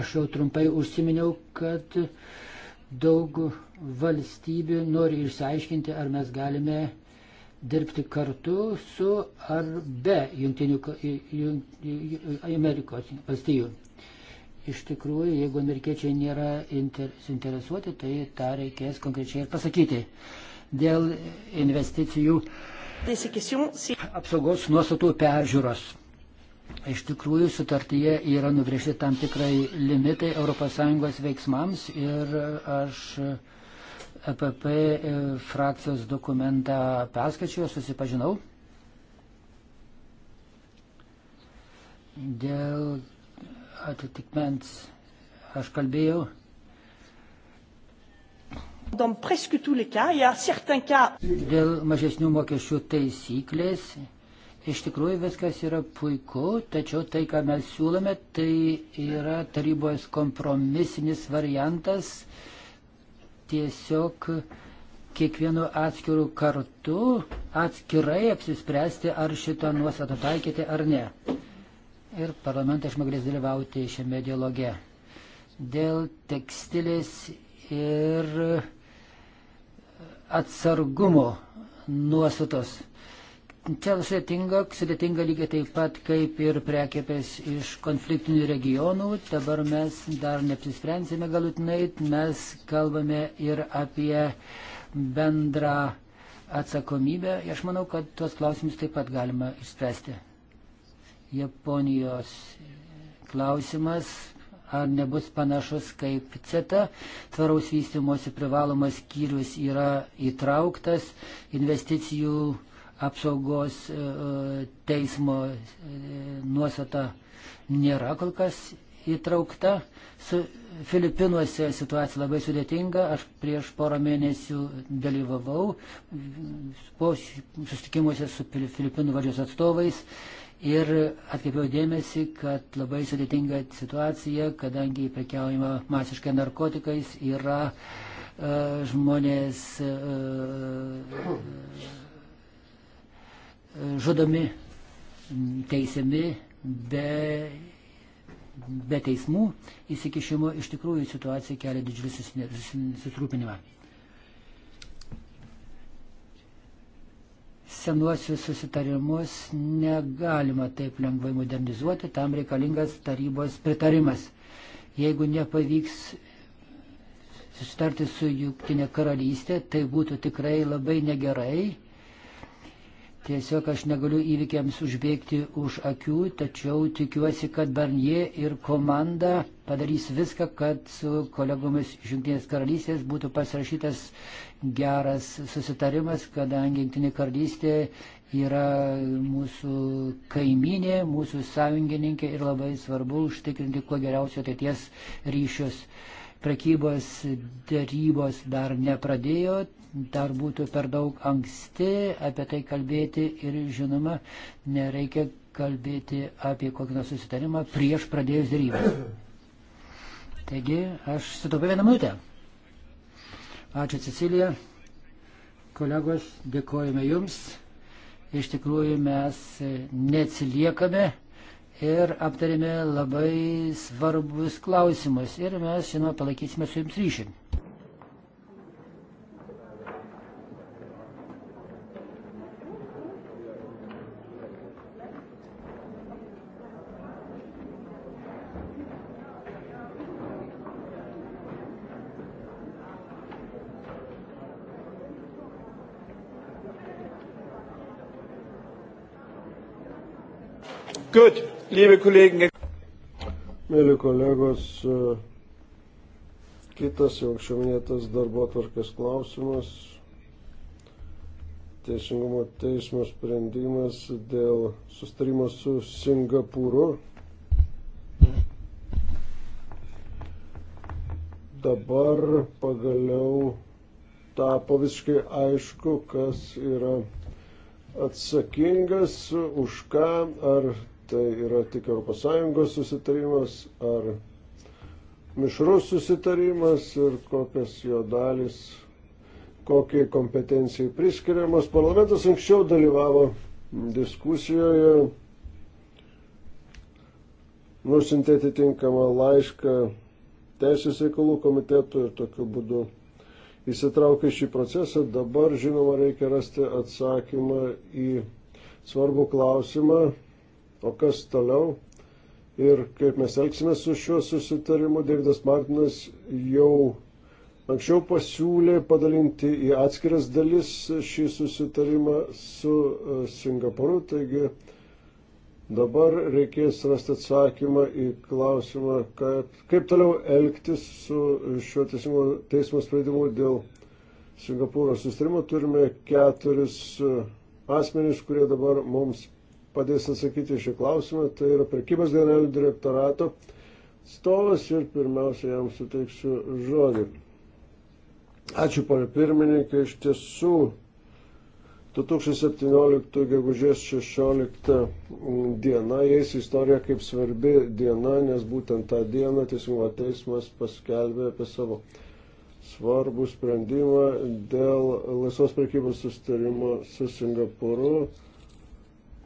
Aš jau trumpai užsiminiau, kad daug valstybių nori išsiaiškinti, ar mes galime dirbti kartu su ar be Junktinių Amerikos valstybių. Iš tikrųjų, jeigu amerikiečiai nėra suinteresuoti, tai tą reikės konkrečiai ir pasakyti. Dėl investicijų apsaugos nuostatų peržiūros. Iš tikrųjų, sutartyje yra nubrėžti tam tikrai limitai ES veiksmams ir aš EPP frakcijos dokumentą perskačiau, susipažinau. Dėl atitikmens aš kalbėjau. Dėl mažesnių mokesčių taisyklės iš tikrųjų viskas yra puiku, tačiau tai, ką mes siūlome, tai yra tarybos kompromisinis variantas. Tiesiog kiekvienu atskiru kartu atskirai apsispręsti, ar šitą nuostatą taikyti ar ne ir parlamentas žmogus dalyvauti šiame dialoge. Dėl tekstilės ir atsargumo nuostatos. Čia sudėtinga, sudėtinga lygiai taip pat kaip ir prekėpės iš konfliktinių regionų. Dabar mes dar neapsisprendėme galutinai, mes kalbame ir apie bendrą atsakomybę. Aš manau, kad tuos klausimus taip pat galima išspręsti. Japonijos klausimas, ar nebus panašus kaip CETA. Tvaraus vystimosi privalomas skyrius yra įtrauktas investicijų apsaugos e, teismo e, nuostata nėra kol kas įtraukta. Su Filipinuose situacija labai sudėtinga. Aš prieš porą mėnesių dalyvavau po susitikimuose su Filipinų valdžios atstovais Ir atkreipiau dėmesį, kad labai sudėtinga situacija, kadangi prekiaujama masiškai narkotikais, yra uh, žmonės uh, žudomi, teisiami be, be teismų įsikišimo. Iš tikrųjų situacija kelia didžiulį susirūpinimą. senuosius susitarimus negalima taip lengvai modernizuoti, tam reikalingas tarybos pritarimas. Jeigu nepavyks susitarti su Jungtinė karalystė, tai būtų tikrai labai negerai. Tiesiog aš negaliu įvykiams užbėgti už akių, tačiau tikiuosi, kad Barnie ir komanda padarys viską, kad su kolegomis iš Junktinės karalystės būtų pasirašytas geras susitarimas, kadangi Jungtinė karalystė yra mūsų kaiminė, mūsų sąjungininkė ir labai svarbu užtikrinti kuo geriausio ateities ryšius. Prekybos darybos dar nepradėjo, dar būtų per daug anksti apie tai kalbėti ir žinoma, nereikia kalbėti apie kokį nors susitarimą prieš pradėjus darybą. Taigi, aš sutaupiau vieną minutę. Ačiū Cecilija. Kolegos, dėkojame Jums. Iš tikrųjų mes neatsiliekame ir aptarėme labai svarbus klausimus ir mes, žinoma, palaikysime su Jums ryšį. Gut, liebe Kollegen. Mėly kolegos, kitas jau anksčiau minėtas darbo tvarkės klausimas. Teisingumo teismo sprendimas dėl sustarimo su Singapūru. Dabar pagaliau tapo visiškai aišku, kas yra atsakingas už ką, ar tai yra tik ES susitarimas ar mišrus susitarimas ir kokias jo dalis, kokiai kompetencijai priskiriamas. Parlamentas anksčiau dalyvavo diskusijoje, nusintė atitinkamą laišką Teisės reikalų komitetų ir tokiu būdu įsitraukę šį procesą, dabar žinoma reikia rasti atsakymą į svarbų klausimą, o kas toliau ir kaip mes elgsime su šiuo susitarimu. Davidas Martinas jau anksčiau pasiūlė padalinti į atskiras dalis šį susitarimą su e, Singapūru, taigi Dabar reikės rasti atsakymą į klausimą, kad, kaip toliau elgtis su šiuo teismo, teismo sprendimu dėl Singapūro sustrimo. Turime keturis e, asmenys, kurie dabar mums padės atsakyti šį klausimą. Tai yra prekybos generalinio direktorato stovas ir pirmiausia jam suteiksiu žodį. Ačiū, ponė pirmininkė, iš tiesų 2017 gegužės 16 diena, jais istorija kaip svarbi diena, nes būtent tą dieną Teisingumo teismas paskelbė apie savo svarbų sprendimą dėl laisvos prekybos sustarimo su Singapūru.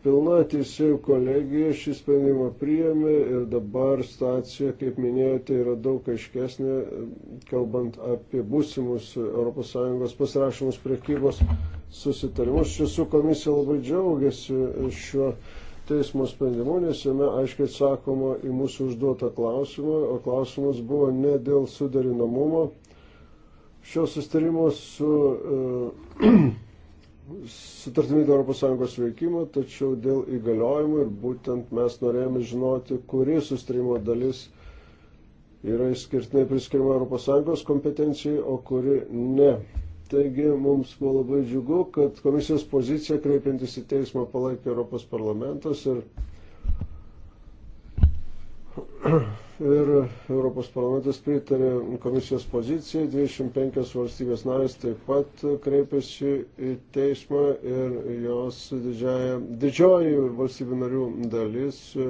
Pilna teisėjų kolegija šį sprendimą priėmė ir dabar stacija, kaip minėjote, yra daug aiškesnė, kalbant apie būsimus ES pasirašymus priekybos susitarimus. Šių komisija labai džiaugiasi šiuo teismo sprendimu, nes jame aiškiai atsakoma į mūsų užduotą klausimą, o klausimas buvo ne dėl suderinamumo šio sustarimo su uh, sutartimi dėl ES veikimo, tačiau dėl įgaliojimų ir būtent mes norėjome žinoti, kuri sustarimo dalis yra išskirtinai priskirima ES kompetencijai, o kuri ne. Taigi mums buvo labai džiugu, kad komisijos poziciją kreipiantis į teismą palaikė Europos parlamentas ir Ir Europos parlamentas pritarė komisijos pozicijai, 25 valstybės narės taip pat kreipėsi į teismą ir jos didžiaja, didžioji valstybių narių dalis e,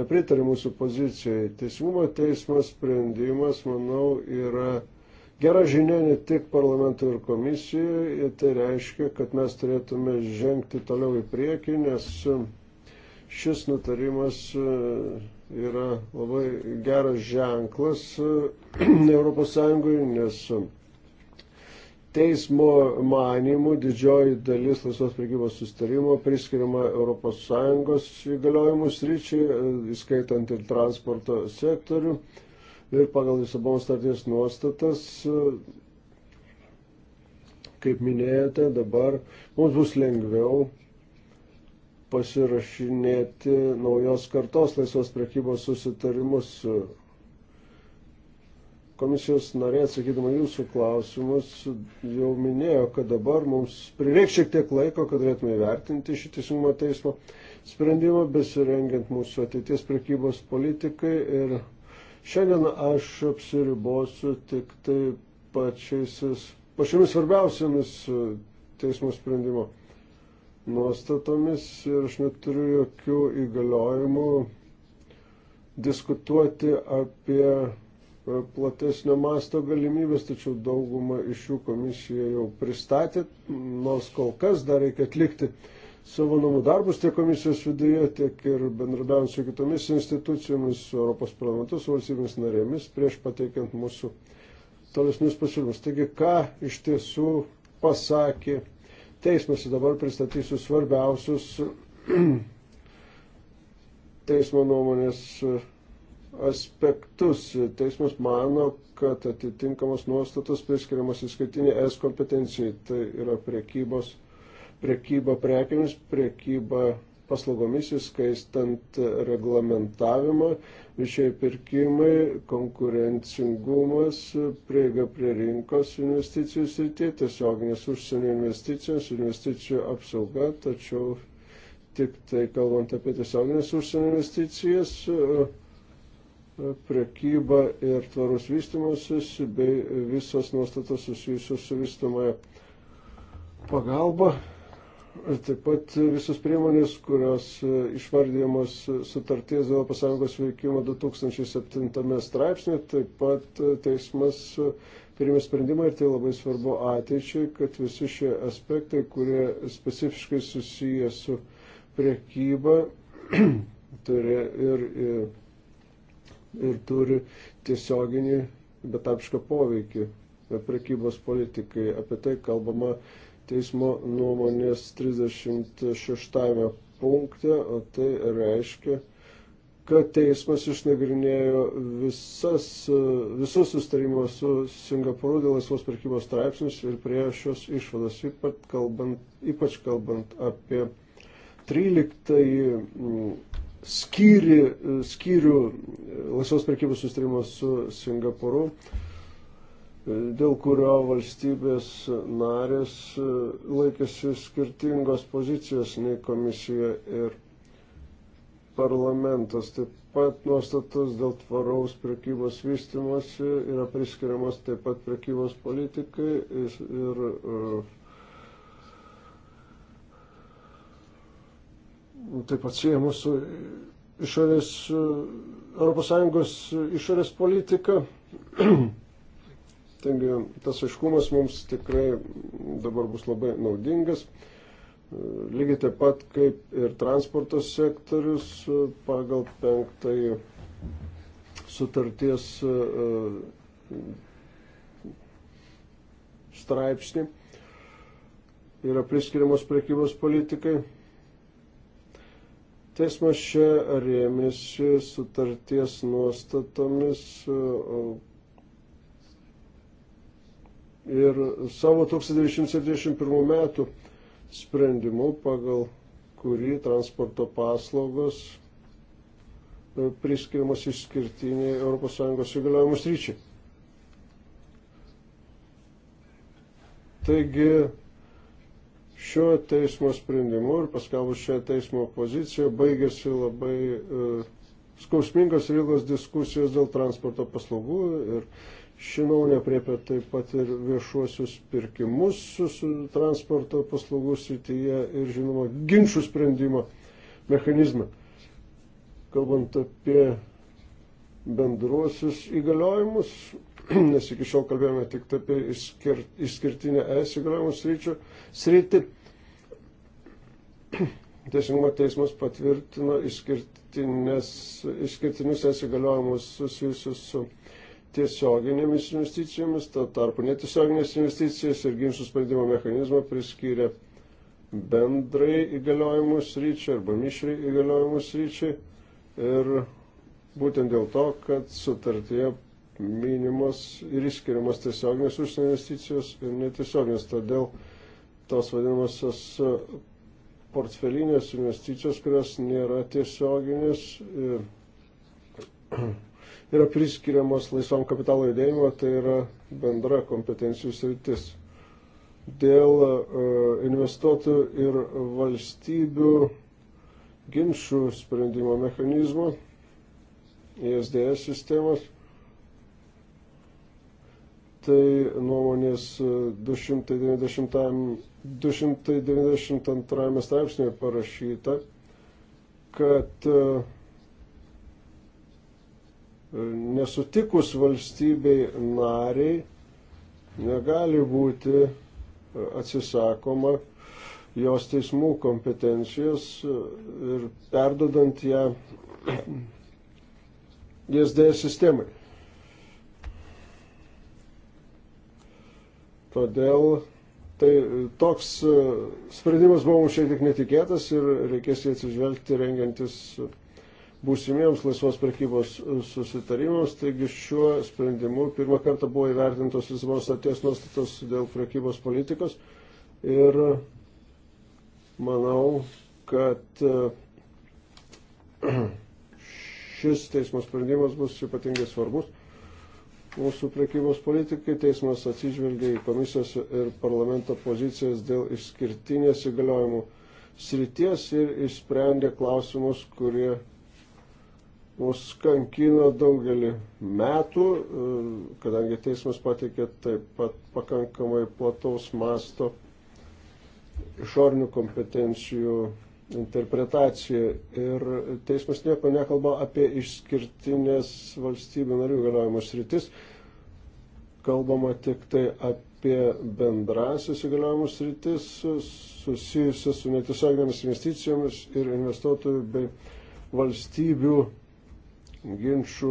nepritarė mūsų pozicijai. Teisingumo teismas sprendimas, manau, yra gera žinia ne tik parlamentui ir komisijai, tai reiškia, kad mes turėtume žengti toliau į priekį, nes Šis nutarimas e, yra labai geras ženklas ES, (clears throat) nes teismo manimų didžioji dalis laisvos prekybos sustarimo priskiriama ES įgaliojimų sryčiai, e, įskaitant ir transporto sektorių. Ir pagal Lisabono starties nuostatas, e, kaip minėjote, dabar mums bus lengviau pasirašinėti naujos kartos laisvos prekybos susitarimus. Komisijos narė, atsakydama jūsų klausimus, jau minėjo, kad dabar mums prireiks šiek tiek laiko, kad galėtume įvertinti šį teisingumo teismo sprendimą, besirengiant mūsų ateities prekybos politikai. Ir šiandien aš apsiribosiu tik tai pačiais, pačiomis svarbiausiamis teismo sprendimo nuostatomis ir aš neturiu jokių įgaliojimų diskutuoti apie e, platesnio masto galimybės, tačiau daugumą iš jų komisija jau pristatė, nors kol kas dar reikia atlikti savo namų darbus tiek komisijos viduje, tiek ir bendradarbiavant su kitomis institucijomis, su Europos parlamentu, su valstybėmis narėmis, prieš pateikiant mūsų tolesnius pasiūlymus. Taigi, ką iš tiesų pasakė teismas. Dabar pristatysiu svarbiausius (clears throat) teismo nuomonės aspektus. Teismas mano, kad atitinkamos nuostatos priskiriamas įskaitinė S kompetencijai. Tai yra priekybos, priekyba prekiamis, priekyba paslaugomis, įskaistant reglamentavimą, viešieji pirkimai, konkurencingumas, prieiga prie rinkos investicijų srityje, tiesioginės užsienio investicijos, investicijų apsauga, tačiau tik tai kalbant apie tiesioginės užsienio investicijas, prekyba ir tvarus vystimasis bei visos nuostatos susijusios su vystamąją pagalbą Taip pat visos priemonės, kurios e, išvardėjamos sutarties dėl pasąjungos veikimo 2007 straipsnė, taip pat e, teismas e, priėmė sprendimą ir tai labai svarbu ateičiai, kad visi šie aspektai, kurie specifiškai susiję su priekyba (clears throat) turi ir, ir, ir turi tiesioginį betapšką poveikį prekybos politikai. Apie tai kalbama teismo nuomonės 36 punkte, o tai reiškia, kad teismas išnagrinėjo visas, visus sustarimo su Singapūru dėl laisvos prekybos straipsnius ir prie šios išvados, ypač kalbant, ypač kalbant apie 13 mm, skyri, skyrių laisvos prekybos sustarimo su Singapūru dėl kurio valstybės narės e, laikėsi skirtingos pozicijos nei komisija ir parlamentas. Taip pat nuostatos dėl tvaraus prekybos vystimosi yra priskiriamos taip pat prekybos politikai ir, ir e, taip pat siejamos su išorės, ES išorės politika. (clears throat) Taigi tas aiškumas mums tikrai dabar bus labai naudingas. Lygiai taip pat kaip ir transporto sektorius pagal penktąjį sutarties e, straipsnį yra priskiriamos prekybos politikai. Teismas čia rėmėsi sutarties nuostatomis, e, ir savo 1971 metų sprendimu, pagal kurį transporto paslaugos e, priskiriamas išskirtiniai ES įgaliojimus ryčiai. Taigi šio teismo sprendimu ir paskelbus šią teismo poziciją baigėsi labai e, skausmingos ir ilgos diskusijos dėl transporto paslaugų ir Ši nuomonė priepia taip pat ir viešuosius pirkimus su, su transporto paslaugų srityje ir, žinoma, ginčių sprendimo mechanizmą. Kalbant apie bendruosius įgaliojimus, (clears throat) nes iki šiol kalbėjome tik apie išskir, išskirtinę es įgaliojimus sritį. (clears throat) Teisingumo teismas patvirtino išskirtinius es įgaliojimus susijusius su tiesioginėmis investicijomis, to tarpu netiesioginės investicijas ir ginčių sprendimo mechanizmą priskyrė bendrai įgaliojimus ryčiai arba mišriai įgaliojimus ryčiai. Ir būtent dėl to, kad sutartyje minimos ir išskiriamos tiesioginės užsienio investicijos ir netiesioginės. Todėl tos vadinamosios portfelinės investicijos, kurios nėra tiesioginės, yra priskiriamos laisvam kapitalo judėjimo, tai yra bendra kompetencijų sritis. Dėl e, investuotojų ir valstybių ginčių sprendimo mechanizmo, ESDS sistemos, tai nuomonės 290, 292 straipsnėje parašyta, kad uh, nesutikus valstybei nariai negali būti atsisakoma jos teismų kompetencijos ir perdodant ją JSD sistemai. Todėl tai toks sprendimas buvo mums šiek tiek netikėtas ir reikės jį atsižvelgti rengiantis būsimiems laisvos prekybos e, susitarimams. Taigi šiuo sprendimu pirmą kartą buvo įvertintos Lisabonos atės nuostatos dėl prekybos politikos ir manau, kad e, (clears throat) šis teismo sprendimas bus ypatingai svarbus. Mūsų prekybos politikai teismas atsižvelgia į komisijos ir parlamento pozicijas dėl išskirtinės įgaliojimų srities ir išsprendė klausimus, kurie mus kankino daugelį metų, e, kadangi teismas pateikė taip pat pakankamai plataus masto išorinių kompetencijų interpretaciją ir teismas nieko nekalba apie išskirtinės valstybių narių galiojimo sritis, kalbama tik tai apie bendrasis įgaliojimų sritis susijusias su netiesioginėmis investicijomis ir investuotojų bei valstybių ginčių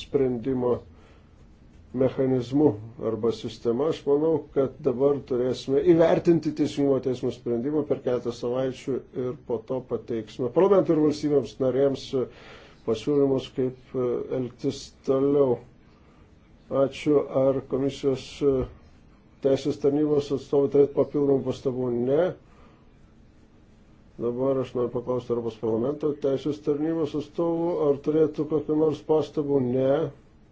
sprendimo mechanizmu arba sistema. Aš manau, kad dabar turėsime įvertinti teisingumo teismo sprendimą per keletą savaičių ir po to pateiksime parlamentui ir valstybėms narėms pasiūlymus, kaip e, elgtis toliau. Ačiū. Ar komisijos e, teisės tarnybos atstovai turėtų papildomų pastabų? Ne. Dabar aš noriu paklausti Europos parlamento teisės tarnybos atstovų, ar turėtų kokiu nors pastabu? Ne,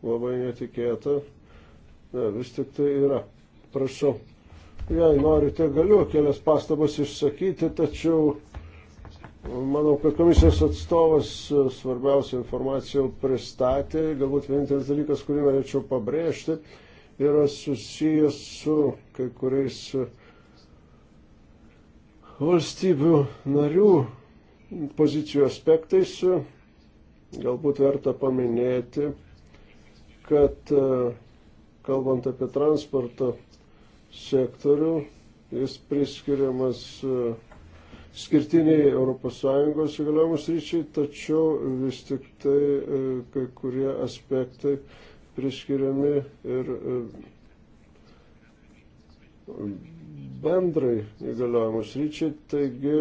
labai netikėta. Ne, vis tik tai yra. Prašau. Jei norite, galiu kelias pastabas išsakyti, tačiau manau, kad komisijos atstovas svarbiausią informaciją pristatė. Galbūt vienintelis dalykas, kurį norėčiau pabrėžti, yra susijęs su kai kuriais uh, valstybių narių pozicijų aspektais galbūt verta paminėti, kad e, kalbant apie transporto sektorių, jis priskiriamas e, skirtiniai ES įgaliojimus ryčiai, tačiau vis tik tai e, kai kurie aspektai priskiriami ir bendrai įgaliojimus ryčiai, taigi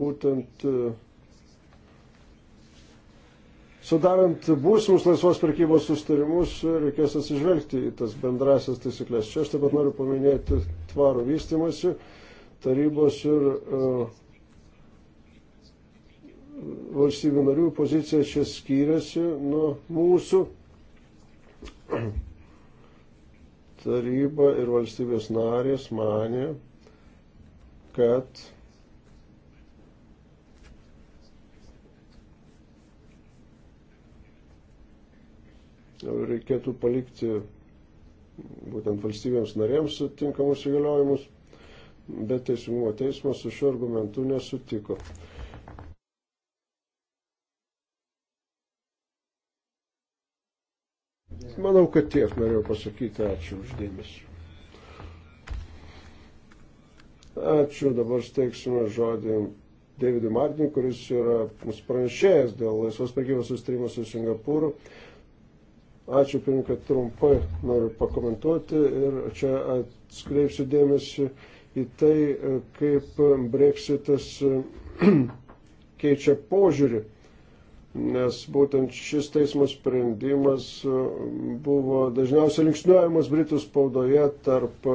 būtent sudarant būsimus laisvos prekybos sustarimus reikės atsižvelgti į tas bendrasias taisyklės. Čia aš taip pat noriu paminėti tvarų vystimasi tarybos ir uh, valstybių narių pozicija čia skiriasi nuo mūsų taryba ir valstybės narės mane, kad reikėtų palikti būtent valstybėms narėms tinkamus įgaliojimus, bet Teisingumo teismas su šiuo argumentu nesutiko. Manau, kad tiek norėjau pasakyti. Ačiū uždėmesi. Ačiū. Dabar steiksime žodį Davidui Martin, kuris yra mūsų pranešėjas dėl laisvos prekybos sustarimo su Singapūru. Ačiū, pirmininkai, trumpai noriu pakomentuoti ir čia atskleipsiu dėmesį į tai, kaip Brexitas (clears throat) keičia požiūrį nes būtent šis teismo sprendimas e, buvo dažniausiai linksniuojamas Britų spaudoje tarp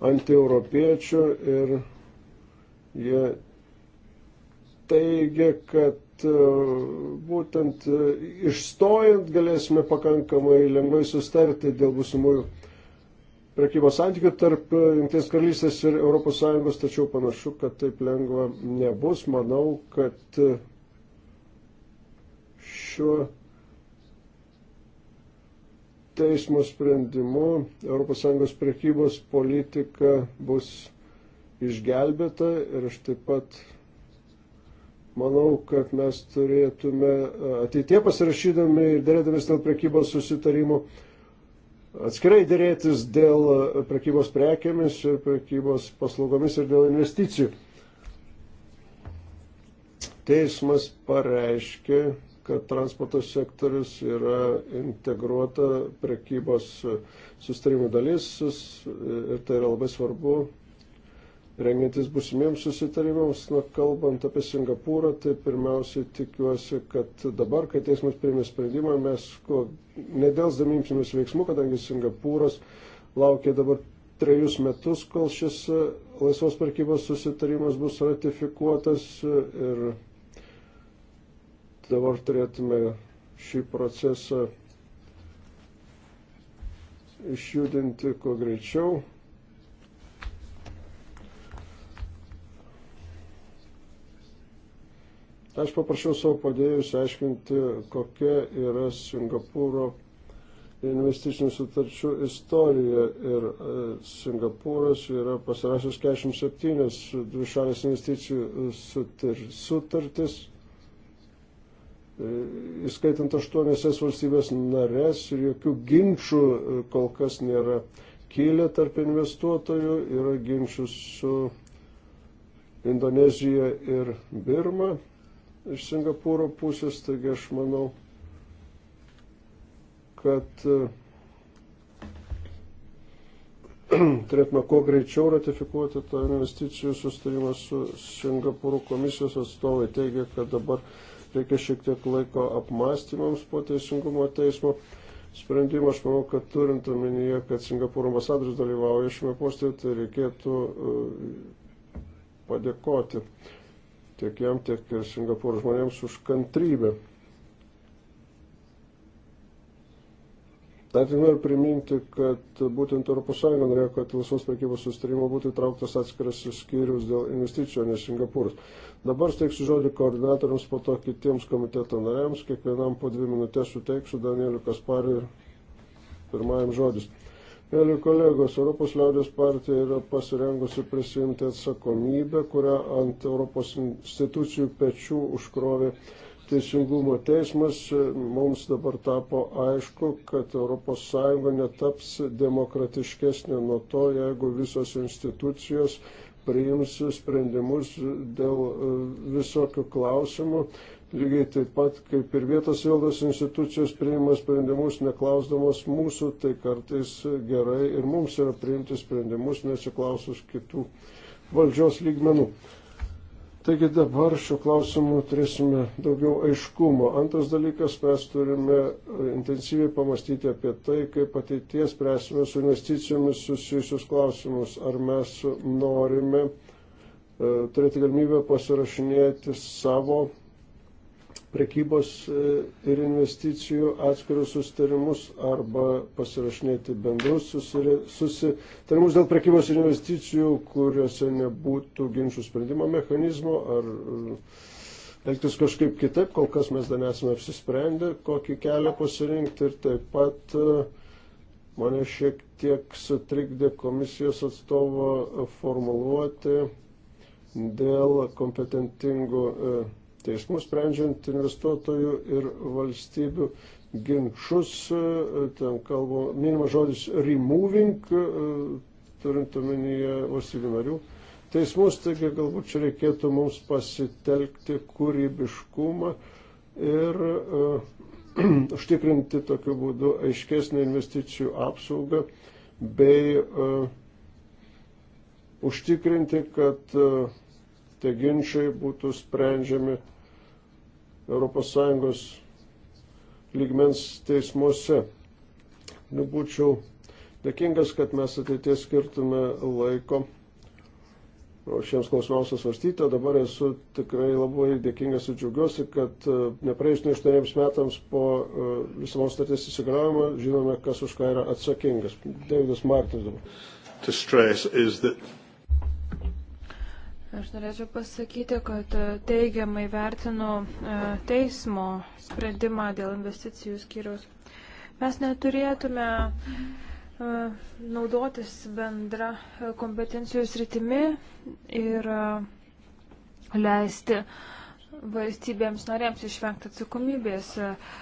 antieuropiečių ir jie teigia, kad e, būtent e, išstojant galėsime pakankamai lengvai sustarti dėl būsimųjų prekybos santykių tarp Junktinės karalystės ir ES, tačiau panašu, kad taip lengva nebus. Manau, kad Šiuo teismo sprendimu ES prekybos politika bus išgelbėta ir aš taip pat manau, kad mes turėtume ateitie pasirašydami ir dėrėdamės dėl prekybos susitarimų atskirai dėrėtis dėl prekybos prekiamis ir prekybos paslaugomis ir dėl investicijų. Teismas pareiškė, kad transporto sektorius yra integruota prekybos sustarimų dalis ir tai yra labai svarbu rengiantis busimiems susitarimams, na, kalbant apie Singapūrą, tai pirmiausiai tikiuosi, kad dabar, kai teismas priėmė sprendimą, mes nedelsdami imsimės veiksmų, kadangi Singapūras laukia dabar trejus metus, kol šis laisvos prekybos susitarimas bus ratifikuotas ir dabar turėtume šį procesą išjudinti kuo greičiau. Aš paprašiau savo padėjus aiškinti, kokia yra Singapūro investicinių sutarčių istorija. Ir e, Singapūras yra pasirašęs 47 dvišalės investicijų sutartis. E, įskaitant aštuoniasias valstybės narės ir jokių ginčių e, kol kas nėra kilę tarp investuotojų, yra ginčių su Indonezija ir Birma iš Singapūro pusės, taigi aš manau, kad e, (clears throat) turėtume kuo greičiau ratifikuoti tą investicijų sustarimą su Singapūrų komisijos atstovai teigia, kad dabar reikia šiek tiek laiko apmąstymams po teisingumo teismo sprendimo. Aš manau, kad turint omenyje, kad Singapūro ambasadoris dalyvauja šiame postėje, tai reikėtų uh, padėkoti tiek jam, tiek ir Singapūro žmonėms už kantrybę. Dar tik noriu priminti, kad būtent ES norėjo, kad laisvos prekybos sustarimo būtų įtrauktas atskiras skyrius dėl investicijų, ne Singapūras. Dabar steiksiu žodį koordinatoriams, po to kitiems komiteto nariams. Kiekvienam po dvi minutės suteiksiu Danieliu Kaspariui pirmajam žodis. Mėly kolegos, Europos liaudės partija yra pasirengusi prisimti atsakomybę, kurią ant Europos institucijų pečių užkrovė Teisingumo teismas e, mums dabar tapo aišku, kad ES netaps demokratiškesnė nuo to, jeigu visos institucijos priims sprendimus dėl e, visokių klausimų, lygiai taip pat kaip ir vietos valdos institucijos priima sprendimus neklausdamos mūsų, tai kartais gerai ir mums yra priimti sprendimus nesiklausus kitų valdžios lygmenų. Taigi dabar šiuo klausimu turėsime daugiau aiškumo. Antras dalykas, mes turime e, intensyviai pamastyti apie tai, kaip ateities spręsime su investicijomis susijusius klausimus. Ar mes norime e, turėti galimybę pasirašinėti savo prekybos e, ir investicijų atskirius sustarimus arba pasirašinėti bendrus susitarimus dėl prekybos ir investicijų, kuriuose nebūtų ginčių sprendimo mechanizmo ar e, elgtis kažkaip kitaip, kol kas mes dar nesame apsisprendę, kokį kelią pasirinkti ir taip pat e, mane šiek tiek sutrikdė komisijos atstovo formuluoti dėl kompetentingų teismų sprendžiant investuotojų ir valstybių ginčius. E, ten kalbu, minima žodis removing, e, turint omenyje valstybių narių teismus, taigi galbūt čia reikėtų mums pasitelkti kūrybiškumą ir e, (clears throat) užtikrinti tokiu būdu aiškesnį investicijų apsaugą bei uh, užtikrinti, kad uh, tie ginčiai būtų sprendžiami ES lygmens teismuose. Nebūčiau nu, dėkingas, kad mes ateitie skirtume laiko šiems klausimams svarstyti, o dabar esu tikrai labai dėkingas ir džiaugiuosi, kad e, nepraėjus nei aštuoniems metams po visamos e, statys įsigaliojimo žinome, kas už ką yra atsakingas. Davidas Martinas dabar. Aš norėčiau pasakyti, kad e, teigiamai vertinu e, teismo sprendimą dėl investicijų skyrius. Mes neturėtume e, naudotis bendra kompetencijų sritimi ir leisti valstybėms norėms išvengti atsakomybės. Uh,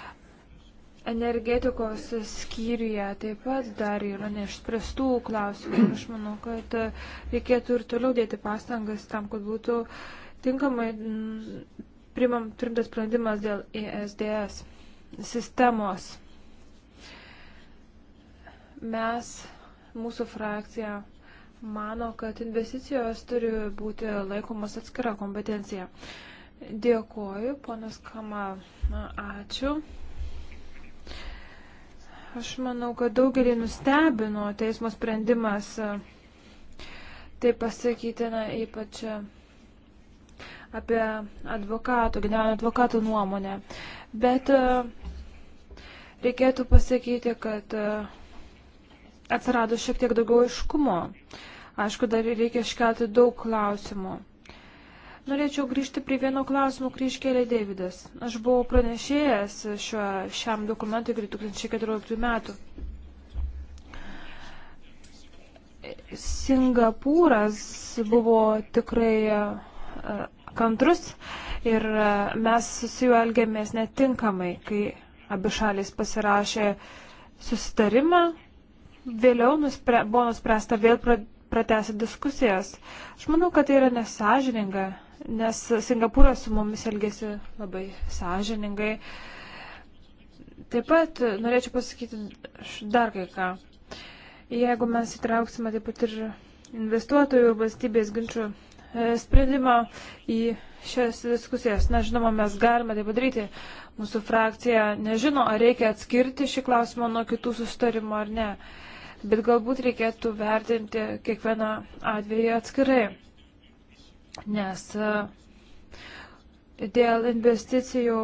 energetikos skyriuje taip pat dar yra neišspręstų klausimų ir aš manau, kad reikėtų ir toliau dėti pastangas tam, kad būtų tinkamai primam trimtas sprendimas dėl ESDS sistemos. Mes, mūsų frakcija, mano, kad investicijos turi būti laikomas atskira kompetencija. Dėkuoju, ponas Kama, ačiū. Aš manau, kad daugelį nustebino teismo sprendimas. Tai pasakytina ypač e, apie advokatų, generalinio advokatų nuomonę. Bet e, reikėtų pasakyti, kad atsirado šiek tiek daugiau aiškumo. Aišku, dar reikia iškelti daug klausimų. Norėčiau grįžti prie vieno klausimo, kurį iškėlė Davidas. Aš buvau pranešėjęs šio, šiam dokumentui 2014 metų. Singapūras buvo tikrai e, kantrus ir e, mes su juo elgėmės netinkamai, kai abi šalis pasirašė susitarimą. Vėliau nuspre, buvo nuspręsta vėl pratęsti diskusijas. Aš manau, kad tai yra nesažininga nes Singapūras su mumis elgėsi labai sąžiningai. Taip pat norėčiau pasakyti dar kai ką. Jeigu mes įtrauksime taip pat ir investuotojų ir valstybės ginčių e, sprendimą į šias diskusijas. Na, žinoma, mes galime tai padaryti. Mūsų frakcija nežino, ar reikia atskirti šį klausimą nuo kitų sustarimų ar ne. Bet galbūt reikėtų vertinti kiekvieną atvejį atskirai nes e, dėl investicijų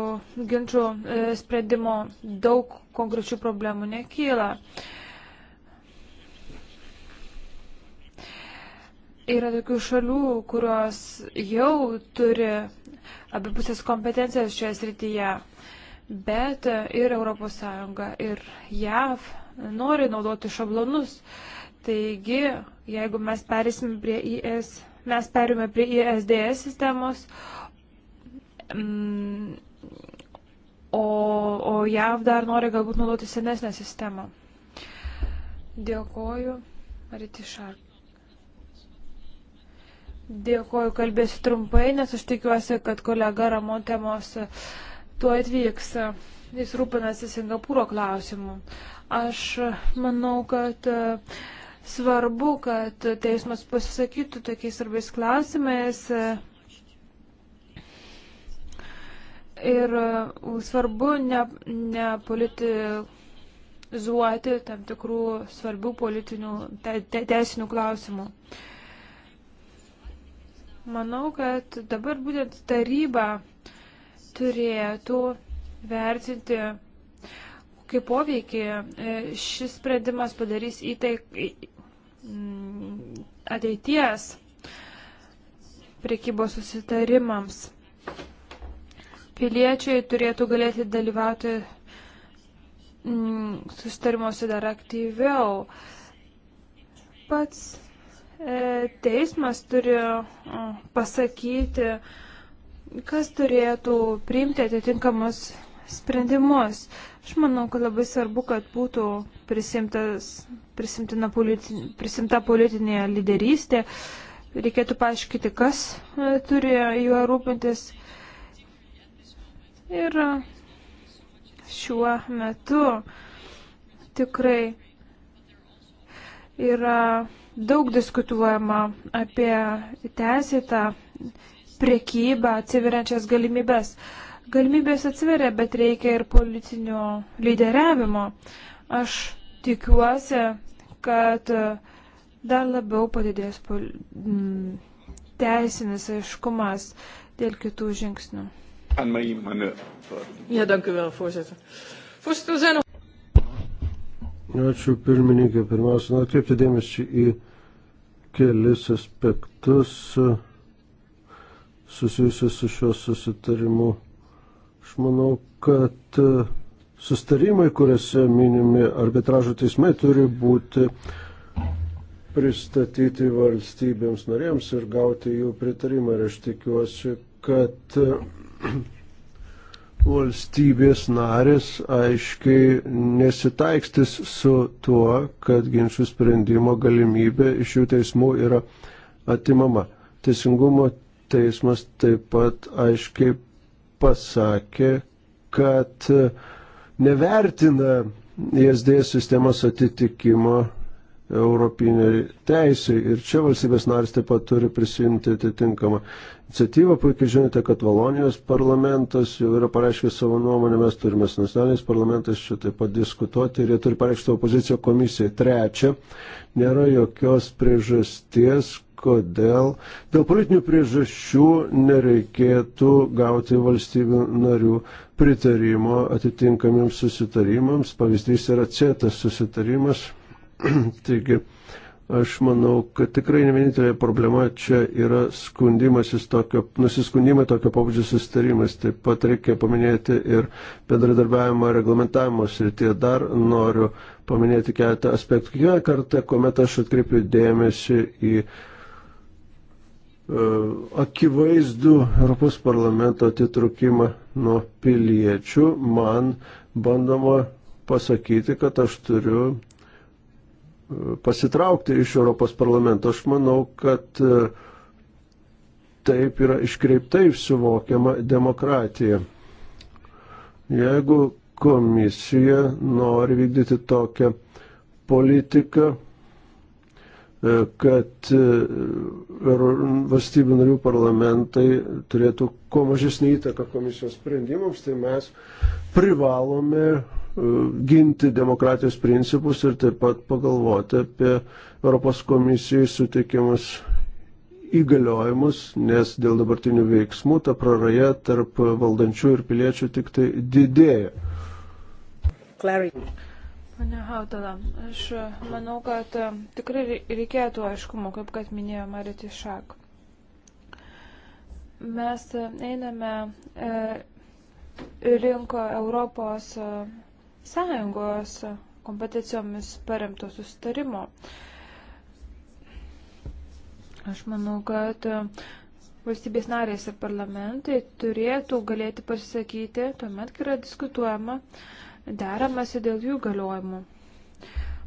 ginčių e, sprendimo daug konkrečių problemų nekyla. Yra tokių šalių, kurios jau turi abipusės kompetencijas šioje srityje, bet ir ES ir JAV nori naudoti šablonus. Taigi, jeigu mes perėsim prie ISD, mes perėjome prie ISDS sistemos, mm, o, o JAV dar nori galbūt naudoti senesnę sistemą. Dėkoju, Mariti Šark. Dėkoju, kalbėsiu trumpai, nes aš tikiuosi, kad kolega Ramontemos tuo atvyks. Jis rūpinasi Singapūro klausimu. Aš manau, kad uh, svarbu, kad teismas pasisakytų tokiais svarbiais klausimais. Ir svarbu nepolitizuoti ne, ne tam tikrų svarbių politinių te, te, teisinių klausimų. Manau, kad dabar būtent taryba turėtų vertinti kaip poveikį e, šis sprendimas padarys įtaik, Mm, ateities priekybos susitarimams. Piliečiai turėtų galėti dalyvauti mm, susitarimuose dar aktyviau. Pats e, teismas turi pasakyti, kas turėtų priimti atitinkamus sprendimus. Aš manau, kad labai svarbu, kad būtų prisimta politi, politinė lyderystė. Reikėtų paaiškinti, kas e, turi juo rūpintis. Ir e, šiuo metu tikrai yra daug diskutuojama apie teisėtą priekybą atsiveriančias galimybės. Uh, Galimybės atsiveria, bet reikia ir policinio lyderiavimo. Aš tikiuosi, kad e, dar labiau padidės pol... Mm, teisinis aiškumas dėl kitų žingsnių. Anne-Marie Maneur. Ja, dank u wel, voorzitter. Voorzitter, er zijn nog... Ačiū pirmininkė. Pirmiausia, noriu atkreipti dėmesį į kelis aspektus e, susijusius su šiuo susitarimu. Aš manau, kad e, sustarimai, kuriuose minimi arbitražo teismai, turi būti pristatyti valstybėms norėms ir gauti jų pritarimą. Ir aš tikiuosi, kad e, valstybės narės aiškiai nesitaikstis su tuo, kad ginčių sprendimo galimybė iš jų teismų yra atimama. Teisingumo teismas taip pat aiškiai pasakė, kad nevertina ISD e sistemos atitikimo europiniai teisai. Ir čia valstybės narys taip pat turi prisimti atitinkamą iniciatyvą. Puikiai žinote, kad Valonijos parlamentas jau yra pareiškęs savo nuomonę, mes turime su nacionaliniais parlamentais čia taip pat diskutuoti ir jie turi pareikšti savo poziciją komisijai. Trečia, nėra jokios priežasties, kodėl dėl politinių priežasčių nereikėtų gauti valstybių narių pritarimo atitinkamiems susitarimams. Pavyzdys yra CETAS susitarimas. (clears throat) Taigi, aš manau, kad tikrai ne vienintelė problema čia yra skundimasis tokio, nusiskundimai tokio pobūdžio susitarimas. Taip pat reikia paminėti ir bendradarbiavimo reglamentavimo srityje. Dar noriu paminėti keletą aspektų. Kiekvieną kartą, kuomet aš atkreipiu dėmesį į E, akivaizdų Europos parlamento atitrukimą nuo piliečių, man bandoma pasakyti, kad aš turiu e, pasitraukti iš Europos parlamento. Aš manau, kad e, taip yra iškreiptai suvokiama demokratija. Jeigu komisija nori vykdyti tokią politiką, E, kad e, valstybių narių parlamentai turėtų kuo mažesnį įtaką komisijos sprendimams, tai mes privalome e, ginti demokratijos principus ir taip pat pagalvoti apie Europos komisijai sutikiamus įgaliojimus, nes dėl dabartinių veiksmų ta praraja tarp valdančių ir piliečių tik tai didėja. Clarity. Pane Hautala, aš manau, kad e, tikrai reikėtų aiškumo, kaip kad minėjo Marit Išak. Mes einame e, rinko Europos e, Sąjungos kompeticijomis paremto sustarimo. Aš manau, kad valstybės narės ir parlamentai turėtų galėti pasisakyti tuomet, kai yra diskutuojama uh, deramasi dėl jų galiojimų.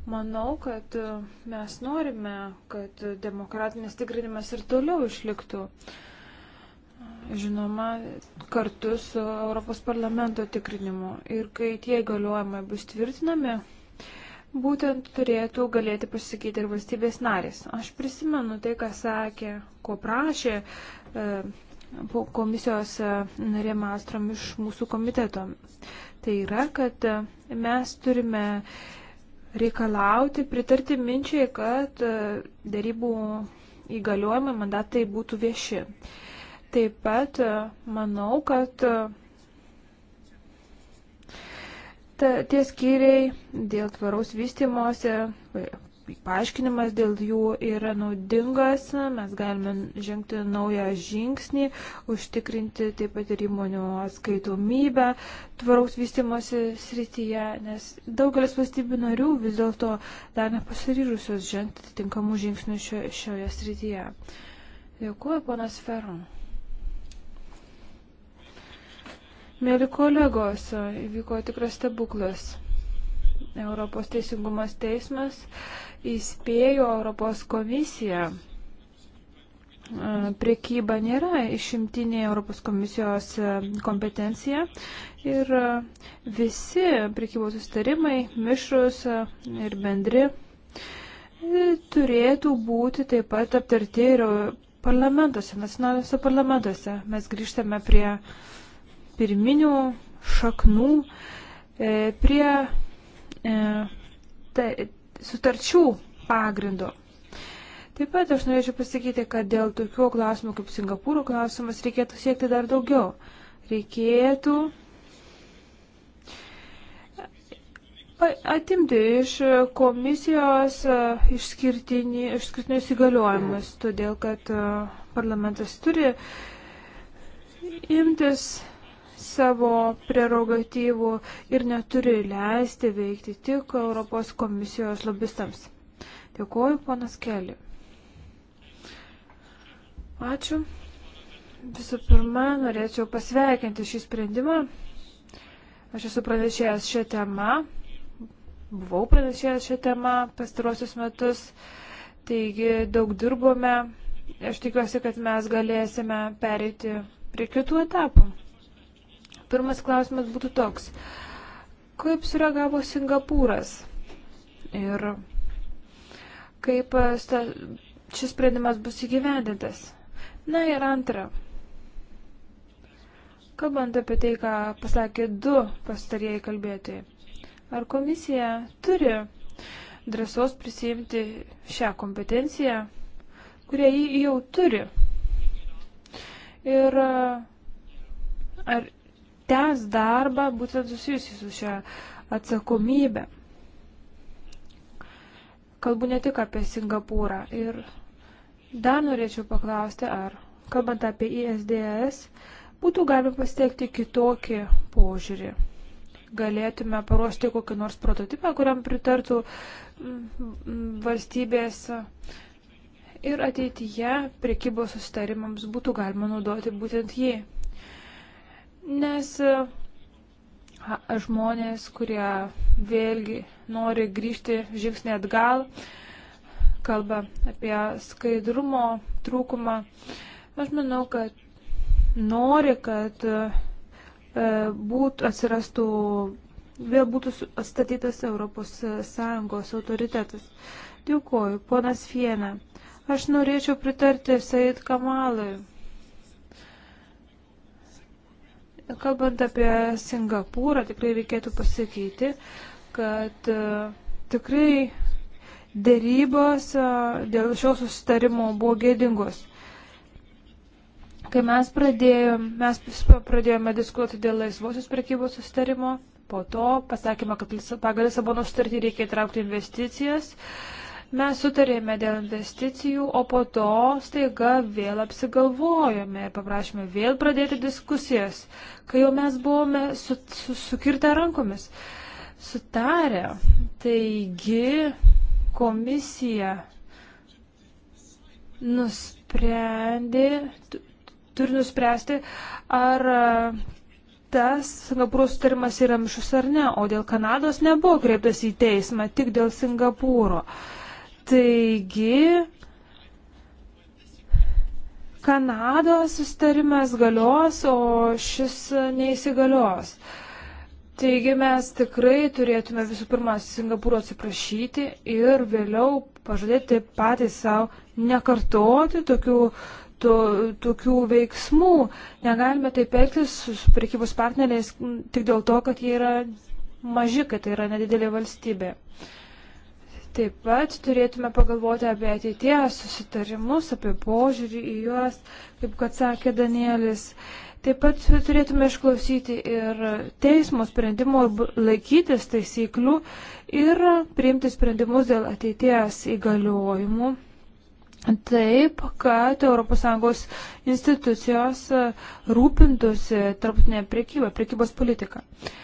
Manau, kad e, mes norime, kad demokratinis tikrinimas ir toliau išliktų. Žinoma, kartu su Europos parlamento tikrinimu. Ir kai tie galiojimai bus tvirtinami, būtent turėtų galėti pasakyti ir valstybės narės. Aš prisimenu tai, ką sakė, ko prašė e, komisijos e, narė Mastrom iš mūsų komiteto tai yra, kad mes turime reikalauti, pritarti minčiai, kad darybų įgaliojimai mandatai būtų vieši. Taip pat manau, kad ta, tie skyriai dėl tvaraus vystimosi, paaiškinimas dėl jų yra naudingas, mes galime žengti naują žingsnį, užtikrinti taip pat ir įmonių atskaitomybę tvaraus vystimosi srityje, nes daugelis valstybių narių vis dėlto dar nepasiryžusios žengti tinkamų žingsnių šio, šioje srityje. Dėkuoju, ponas Ferron. Mėly kolegos, įvyko tikras stebuklas. Europos teisingumas teismas įspėjo Europos komisiją. Priekyba nėra išimtinė Europos komisijos kompetencija ir visi priekybos sustarimai, mišrus ir bendri, e, turėtų būti taip pat aptarti ir parlamentuose, nacionaliniuose parlamentuose. Mes grįžtame prie pirminių šaknų, e, prie tai, sutarčių pagrindu. Taip pat aš norėčiau pasakyti, kad dėl tokių klausimų kaip Singapūro klausimas reikėtų siekti dar daugiau. Reikėtų atimti iš komisijos e, išskirtini, išskirtinius įgaliojimus, todėl kad e, parlamentas turi imtis savo prerogatyvų ir neturi leisti veikti tik Europos komisijos lobistams. Dėkuoju, ponas Keli. Ačiū. Visų pirma, norėčiau pasveikinti šį sprendimą. Aš esu pranešėjęs šią temą, buvau pranešėjęs šią temą pastarosius metus, taigi daug dirbome. Aš tikiuosi, kad mes galėsime pereiti prie kitų etapų. Pirmas klausimas būtų toks. Kaip sureagavo Singapūras? Ir kaip e, šis sprendimas bus įgyvendintas? Na ir antra. Kalbant apie tai, ką pasakė du pastarieji kalbėtojai. Ar komisija turi drąsos prisijimti šią kompetenciją, kurią jį jau turi? Ir e, ar tęs darbą būtent susijusi su šią atsakomybę. Kalbu ne tik apie Singapūrą. Ir dar norėčiau paklausti, ar, kalbant apie ISDS, būtų galima pasiekti kitokį požiūrį. Galėtume paruošti kokį nors prototipą, kuriam pritartų mm, mm, valstybės ir ateityje prekybos sustarimams būtų galima naudoti būtent jį nes e, žmonės, kurie vėlgi nori grįžti žingsnį atgal, kalba apie skaidrumo trūkumą. Aš manau, kad nori, kad e, būtų atsirastų, vėl būtų atstatytas ES e, autoritetas. Dėkuoju, ponas Fiena. Aš norėčiau pritarti Said Kamalui. Kalbant apie Singapūrą, tikrai reikėtų pasakyti, kad e, tikrai dėrybos e, dėl šio susitarimo buvo gėdingos. Kai mes pradėjome, mes pradėjome diskutuoti dėl laisvosios prekybos susitarimo, po to pasakėme, kad pagal Lisabono sutartį reikia įtraukti investicijas. Uh, Mes sutarėme dėl investicijų, o po to staiga vėl apsigalvojome ir paprašėme vėl pradėti diskusijas, kai jau mes buvome su, su, sukirtę rankomis, sutarę. Taigi komisija nusprendė, turi nuspręsti, ar uh, tas Singapūro sutarimas yra mišus ar ne, o dėl Kanados nebuvo kreiptas į teismą, tik dėl Singapūro. Uh, Taigi, Kanados sustarimas galios, o šis neįsigalios. Taigi mes tikrai turėtume visų pirma Singapūro atsiprašyti ir vėliau pažadėti patys savo nekartoti tokių, to, tokių veiksmų. Negalime taip elgtis su prekybos partneriais tik dėl to, kad jie yra maži, kad tai yra nedidelė valstybė. Uh, Taip pat turėtume pagalvoti apie ateities susitarimus, apie požiūrį į juos, kaip kad sakė Danielis. Taip pat turėtume išklausyti ir teismo sprendimo laikytis taisyklių ir priimti sprendimus dėl ateities įgaliojimų. Taip, kad ES institucijos e, rūpintųsi tarptautinė priekyba, priekybos politika. Uh,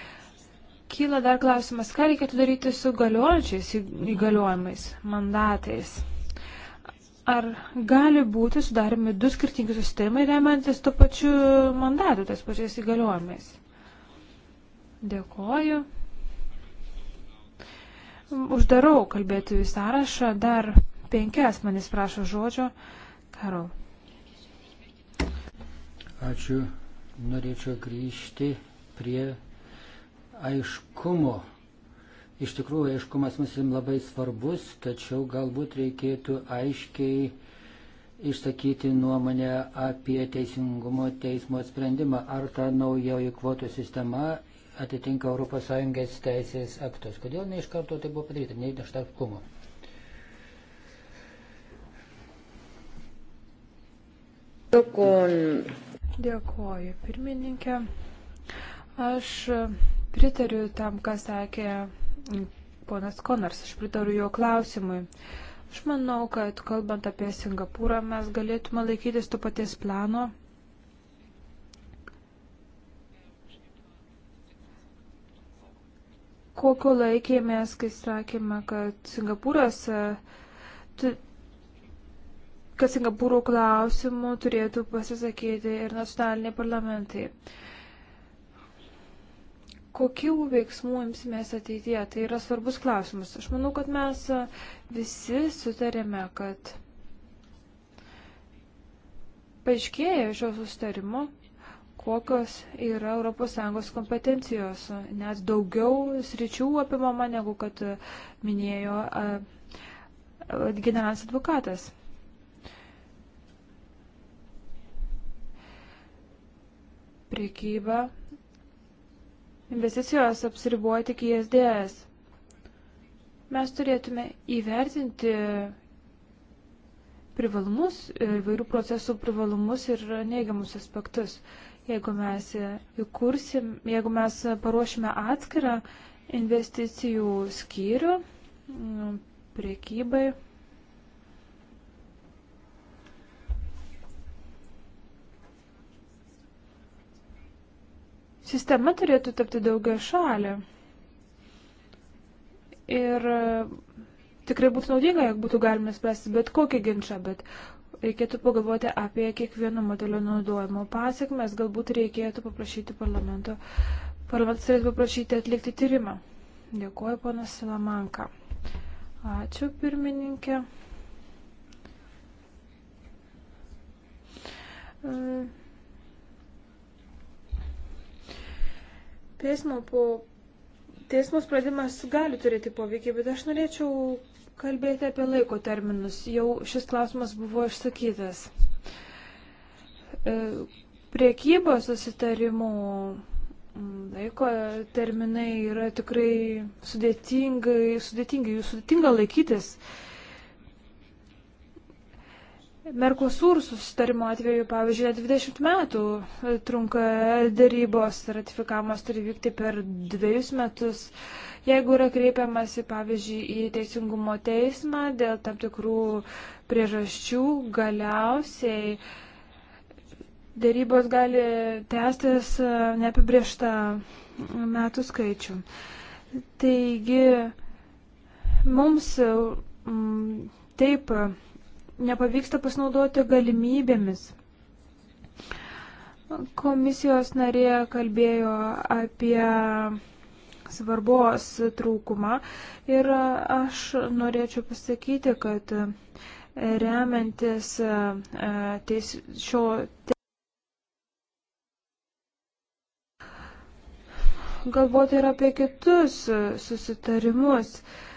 Kyla dar klausimas, ką reikėtų daryti su galiojančiais įgaliojimais, mandatais. Ar gali būti sudarimi du skirtingi susitarimai remiantis tuo pačiu mandatu, tais pačiais įgaliojimais? Dėkoju. Uždarau kalbėtojų sąrašą. Dar penkias manis prašo žodžio. Karol. Ačiū. Norėčiau grįžti prie aiškumo. Iš tikrųjų, aiškumas mums labai svarbus, tačiau galbūt reikėtų aiškiai išsakyti nuomonę apie teisingumo teismo sprendimą, ar ta naujoji kvotų sistema atitinka ES teisės aktus. Kodėl ne iš karto tai buvo padaryta, nei neštarkumo. Dėkuoju, pirmininkė. Aš Pritariu tam, ką sakė ponas Konars, aš pritariu jo klausimui. Aš manau, kad kalbant apie Singapūrą, mes galėtume laikytis to paties plano. Kokio laikėmės, kai sakėme, kad Singapūras, kad Singapūrų klausimų turėtų pasisakyti ir nacionaliniai parlamentai. Uh, kokių veiksmų imsimės ateityje. Tai yra svarbus klausimas. Aš manau, kad mes visi sutarėme, kad paaiškėjo šio sustarimo, kokios yra ES kompetencijos. Net daugiau sričių apimama, negu kad minėjo generalinis advokatas. Prekyba investicijos apsiribuoja tik ISDS. Mes turėtume įvertinti privalumus, įvairių procesų privalumus ir neigiamus aspektus. Jeigu mes įkursim, jeigu mes paruošime atskirą investicijų skyrių priekybai, Sistema turėtų tapti daugia šalė. Ir e, tikrai būtų naudinga, jeigu būtų galima spręsti bet kokį ginčą, bet reikėtų pagalvoti apie kiekvieno modelio naudojimo pasiekmes. Galbūt reikėtų paprašyti parlamento, parlamentas turėtų paprašyti atlikti tyrimą. Dėkuoju, ponas Silamanka. Ačiū, pirmininkė. Mm. Teismo, po, teismo sprendimas gali turėti poveikį, bet aš norėčiau kalbėti apie laiko terminus. Jau šis klausimas buvo išsakytas. E, Priekybos susitarimų laiko terminai yra tikrai sudėtingai, sudėtingai, jų sudėtinga laikytis. Uh, Merkosur susitarimo atveju, pavyzdžiui, 20 metų e, trunka darybos, ratifikavimas turi vykti per dviejus metus. Jeigu yra kreipiamasi, pavyzdžiui, į teisingumo teismą dėl tam tikrų priežasčių, galiausiai darybos gali tęstis e, neapibriešta metų skaičių. Taigi, mums m, taip nepavyksta pasinaudoti galimybėmis. Komisijos narė kalbėjo apie svarbos trūkumą ir aš norėčiau pasakyti, kad remiantis e, teis, šio galvoti ir apie kitus susitarimus. Uh,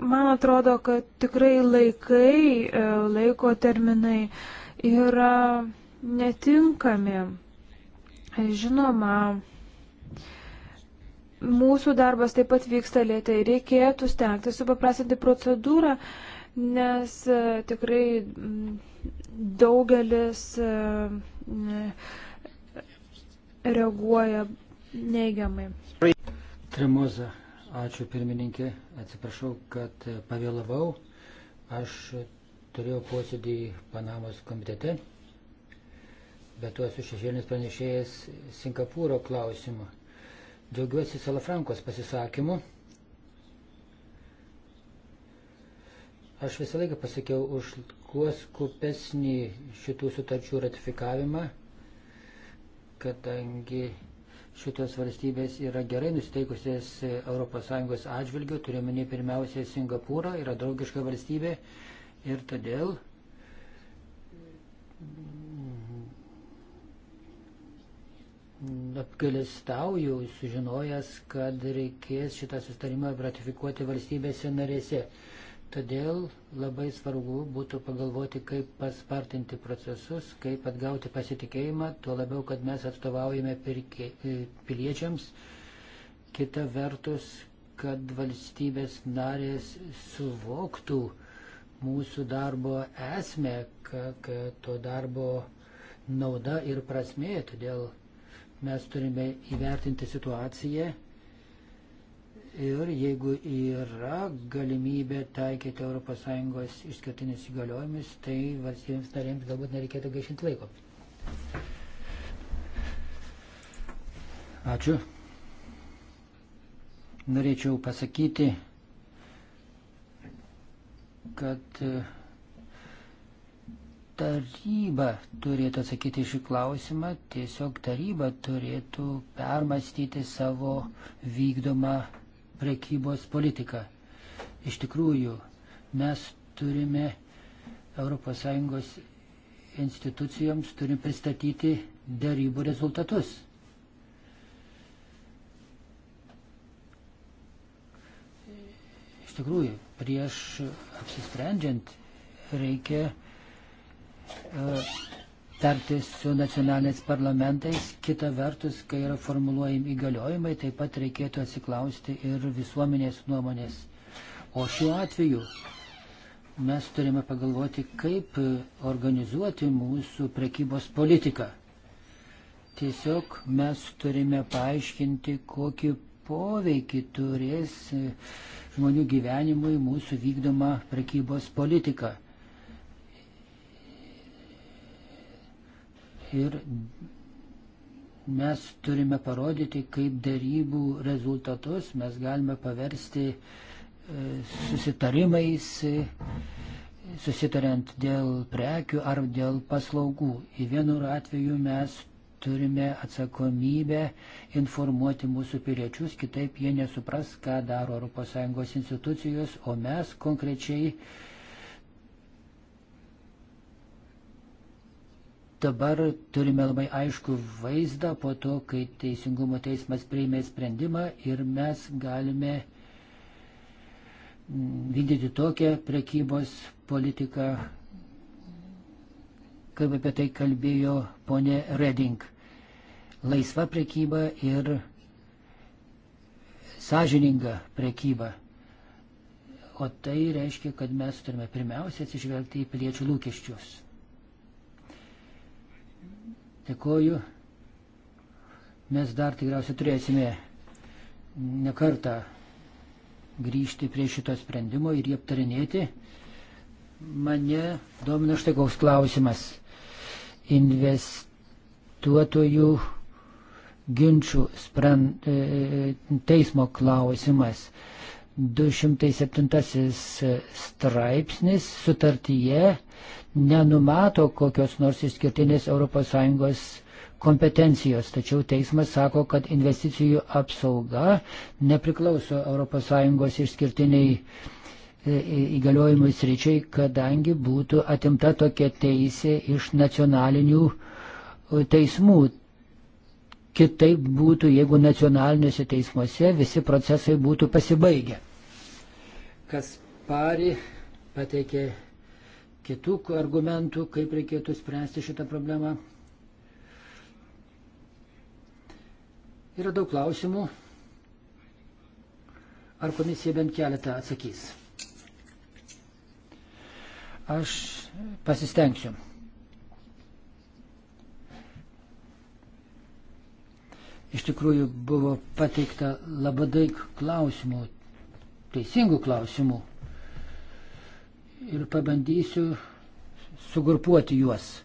Man atrodo, kad tikrai laikai, e, laiko terminai yra netinkami. Žinoma, mūsų darbas taip pat vyksta lėtai. Reikėtų stengti supaprastinti procedūrą, nes e, tikrai daugelis e, reaguoja neigiamai. Tremoza. Ačiū pirmininkė, atsiprašau, kad pavėlavau. Aš turėjau posėdį Panamos komitete, bet tu esu šešėlinis pranešėjas Singapūro klausimu. Džiaugiuosi Salafrankos pasisakymu. Aš visą laiką pasakiau už kuo skupesnį šitų sutarčių ratifikavimą, kadangi šitos valstybės yra gerai nusiteikusios ES atžvilgių, turiuomenį pirmiausia Singapūrą, yra draugiška valstybė ir todėl apgailestauju sužinojęs, kad reikės šitą sustarimą ratifikuoti valstybėse narėse. Todėl labai svarbu būtų pagalvoti, kaip paspartinti procesus, kaip atgauti pasitikėjimą, tuo labiau, kad mes atstovaujame pirkė, piliečiams. Kita vertus, kad valstybės narės suvoktų mūsų darbo esmę, kad to darbo nauda ir prasmė. Todėl mes turime įvertinti situaciją ir jeigu yra galimybė taikyti ES išskirtinius įgaliojimus, tai valstybėms narėms galbūt nereikėtų gaišinti laiko. Ačiū. Norėčiau pasakyti, kad e, taryba turėtų atsakyti šį klausimą, tiesiog taryba turėtų permastyti savo vykdomą prekybos politiką. Iš tikrųjų, mes turime ES institucijoms turim pristatyti darybų rezultatus. Iš tikrųjų, prieš apsisprendžiant reikia uh, tartis su nacionaliniais parlamentais. Kita vertus, kai yra formuluojami įgaliojimai, taip pat reikėtų atsiklausti ir visuomenės nuomonės. O šiuo atveju mes turime pagalvoti, kaip organizuoti mūsų prekybos politiką. Tiesiog mes turime paaiškinti, kokį poveikį turės žmonių gyvenimui mūsų vykdoma prekybos politika. ir mes turime parodyti, kaip darybų rezultatus mes galime paversti e, susitarimais, susitariant dėl prekių ar dėl paslaugų. Į vienur atveju mes turime atsakomybę informuoti mūsų piliečius, kitaip jie nesupras, ką daro ES institucijos, o mes konkrečiai Dabar turime labai aišku vaizdą po to, kai Teisingumo teismas priėmė sprendimą ir mes galime vykdyti tokią prekybos politiką, kaip apie tai kalbėjo ponė Reding. Laisva prekyba ir sąžininga prekyba. O tai reiškia, kad mes turime pirmiausia atsižvelgti į piliečių lūkesčius. Dėkoju. Mes dar tikriausiai turėsime nekartą grįžti prie šito sprendimo ir jį aptarinėti. Mane domina štai koks klausimas. Investuotojų ginčių sprend, e, teismo klausimas. 207 straipsnis sutartyje nenumato kokios nors išskirtinės ES kompetencijos, tačiau teismas sako, kad investicijų apsauga nepriklauso ES išskirtiniai e, e, įgaliojimui sričiai, kadangi būtų atimta tokia teisė iš nacionalinių e, teismų. Kitaip būtų, jeigu nacionaliniuose teismuose visi procesai būtų pasibaigę. Kas pari pateikė kitų argumentų, kaip reikėtų spręsti šitą problemą. Yra daug klausimų. Ar komisija bent keletą atsakys? Aš pasistengsiu. Iš tikrųjų buvo pateikta labai daug klausimų, teisingų klausimų ir pabandysiu sugrupuoti juos.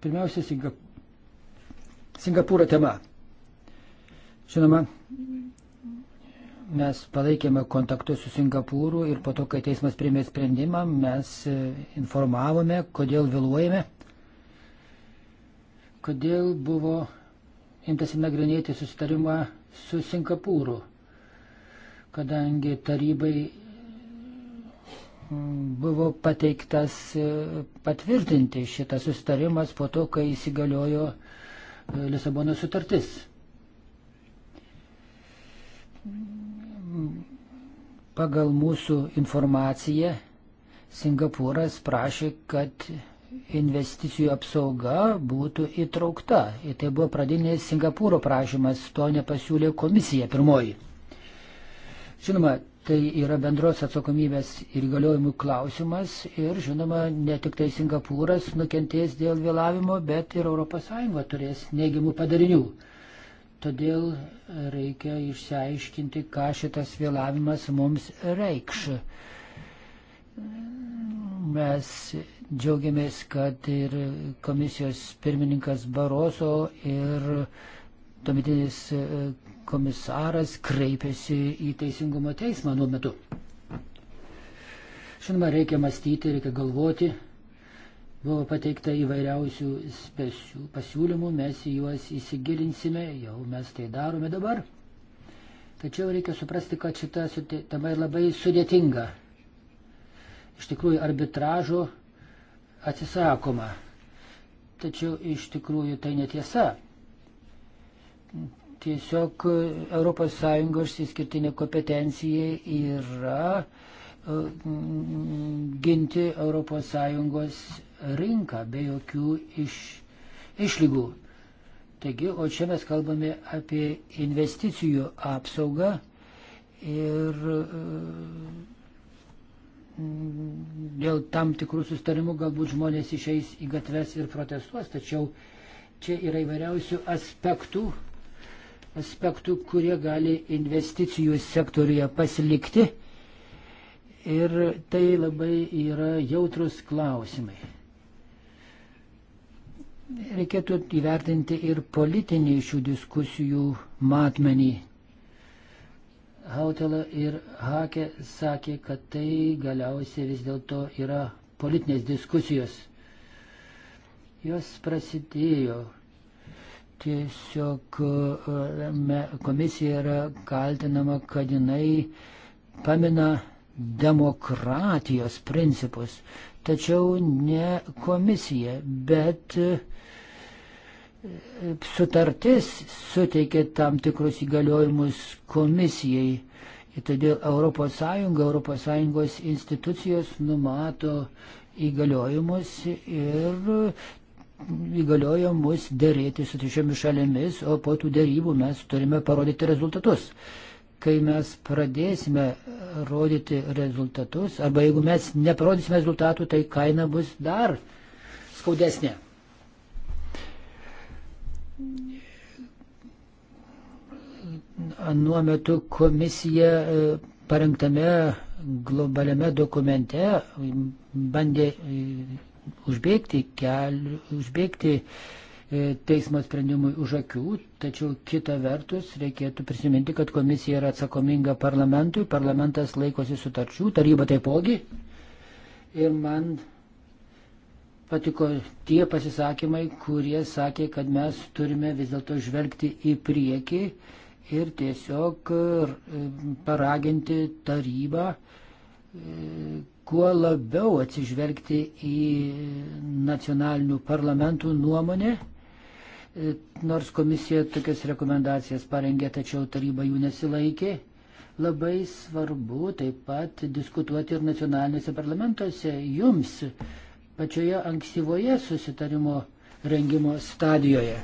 Pirmiausia, Singap... Singapūro tema. Žinoma, mes palaikėme kontaktus su Singapūru ir po to, kai teismas priėmė sprendimą, mes e, informavome, kodėl vėluojame, kodėl buvo imtasi nagrinėti susitarimą su Singapūru, kadangi tarybai buvo pateiktas e, patvirtinti šitas sustarimas po to, kai įsigaliojo e, Lisabono sutartis. Pagal mūsų informaciją Singapūras prašė, kad investicijų apsauga būtų įtraukta. Ir tai buvo pradinės Singapūro prašymas, to nepasiūlė komisija pirmoji. Žinoma, Tai yra bendros atsakomybės ir įgaliojimų klausimas ir, žinoma, ne tik tai Singapūras nukentės dėl vėlavimo, bet ir ES turės neigiamų padarinių. Todėl reikia išsiaiškinti, ką šitas vėlavimas mums reikš. Mes džiaugiamės, kad ir komisijos pirmininkas Baroso ir tuometinis komisaras kreipėsi į Teisingumo teismą nuo metu. Žinoma, reikia mąstyti, reikia galvoti. Buvo pateikta įvairiausių pasiūlymų, mes į juos įsigilinsime, jau mes tai darome dabar. Tačiau reikia suprasti, kad šita tema labai sudėtinga. Iš tikrųjų, arbitražo atsisakoma. Tačiau iš tikrųjų tai netiesa Tiesiog ES išskirtinė kompetencija yra e, ginti ES rinką be jokių iš, išlygų. Taigi, o čia mes kalbame apie investicijų apsaugą ir e, dėl tam tikrų sustarimų galbūt žmonės išeis į gatves ir protestuos, tačiau čia yra įvairiausių aspektų, aspektų, kurie gali investicijų sektoriuje pasilikti. Ir tai labai yra jautrus klausimai. Reikėtų įvertinti ir politinį šių diskusijų matmenį. Hautela ir Hakė sakė, kad tai galiausiai vis dėlto yra politinės diskusijos. Jos prasidėjo Tiesiog e, komisija yra kaltinama, kad jinai pamina demokratijos principus. Tačiau ne komisija, bet e, sutartis suteikia tam tikrus įgaliojimus komisijai. Ir todėl ES, ES institucijos numato įgaliojimus ir įgaliojo mus dėrėti su trečiomis šalimis, o po tų dėrybų mes turime parodyti rezultatus. Kai mes pradėsime rodyti rezultatus, arba jeigu mes neparodysime rezultatų, tai kaina bus dar skaudesnė. Nuo metu komisija e, parengtame globaliame dokumente bandė e, užbėgti, keliu, užbėgti e, teismo sprendimui už akių, tačiau kita vertus reikėtų prisiminti, kad komisija yra atsakominga parlamentui, parlamentas laikosi sutarčių, taryba taipogi. Ir man patiko tie pasisakymai, kurie sakė, kad mes turime vis dėlto žvelgti į priekį ir tiesiog e, paraginti tarybą e, kuo labiau atsižvelgti į nacionalinių parlamentų nuomonę. E, nors komisija tokias rekomendacijas parengė, tačiau taryba jų nesilaikė. Labai svarbu taip pat diskutuoti ir nacionalinėse parlamentuose. Jums pačioje ankstyvoje susitarimo rengimo stadijoje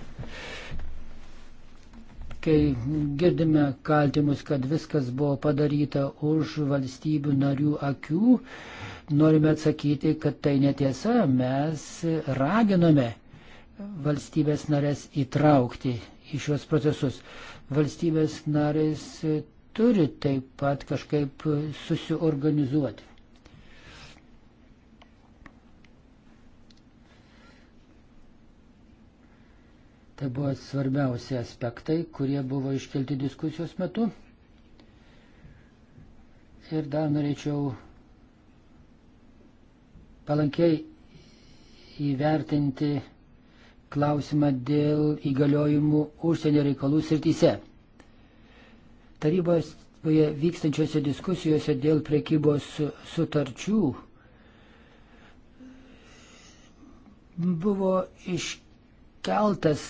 kai girdime kaltimus, kad viskas buvo padaryta už valstybių narių akių, norime atsakyti, kad tai netiesa. Mes raginome valstybės narės įtraukti į šios procesus. Valstybės narės turi taip pat kažkaip susiorganizuoti. Tai buvo svarbiausi aspektai, kurie buvo iškelti diskusijos metu. Ir dar norėčiau palankiai įvertinti klausimą dėl įgaliojimų užsienio reikalų srityse. Tarybos vykstančiose diskusijose dėl prekybos sutarčių buvo iš, keltas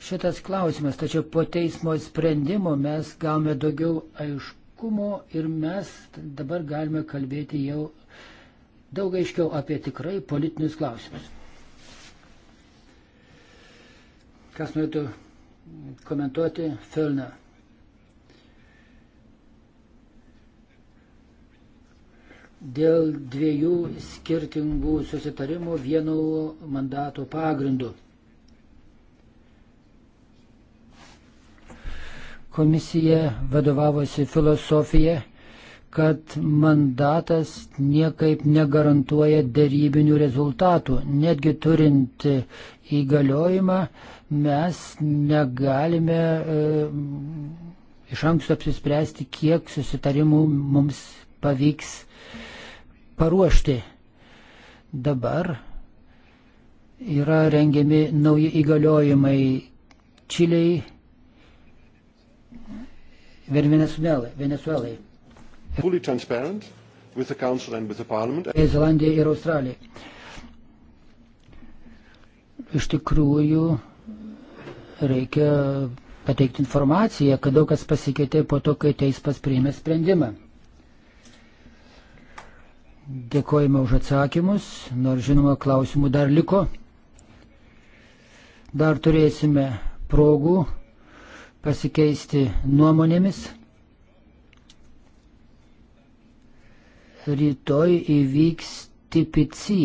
šitas klausimas, tačiau po teismo sprendimo mes gavome daugiau aiškumo ir mes dabar galime kalbėti jau daug aiškiau apie tikrai politinius klausimus. Kas norėtų komentuoti Filną? Dėl dviejų skirtingų susitarimų vieno mandato pagrindu. Komisija vadovavosi filosofija, kad mandatas niekaip negarantuoja dėrybinių rezultatų. Netgi turint įgaliojimą, mes negalime e, iš anksto apsispręsti, kiek susitarimų mums pavyks paruošti. Dabar yra rengiami nauji įgaliojimai Čiliai, Venezuelai. Zelandija ir Australija. Iš tikrųjų, reikia pateikti informaciją, kad daug kas pasikeitė po to, kai teismas priėmė sprendimą. Dėkojame už atsakymus, nors žinoma klausimų dar liko. Dar turėsime progų pasikeisti nuomonėmis. Rytoj įvyks tipici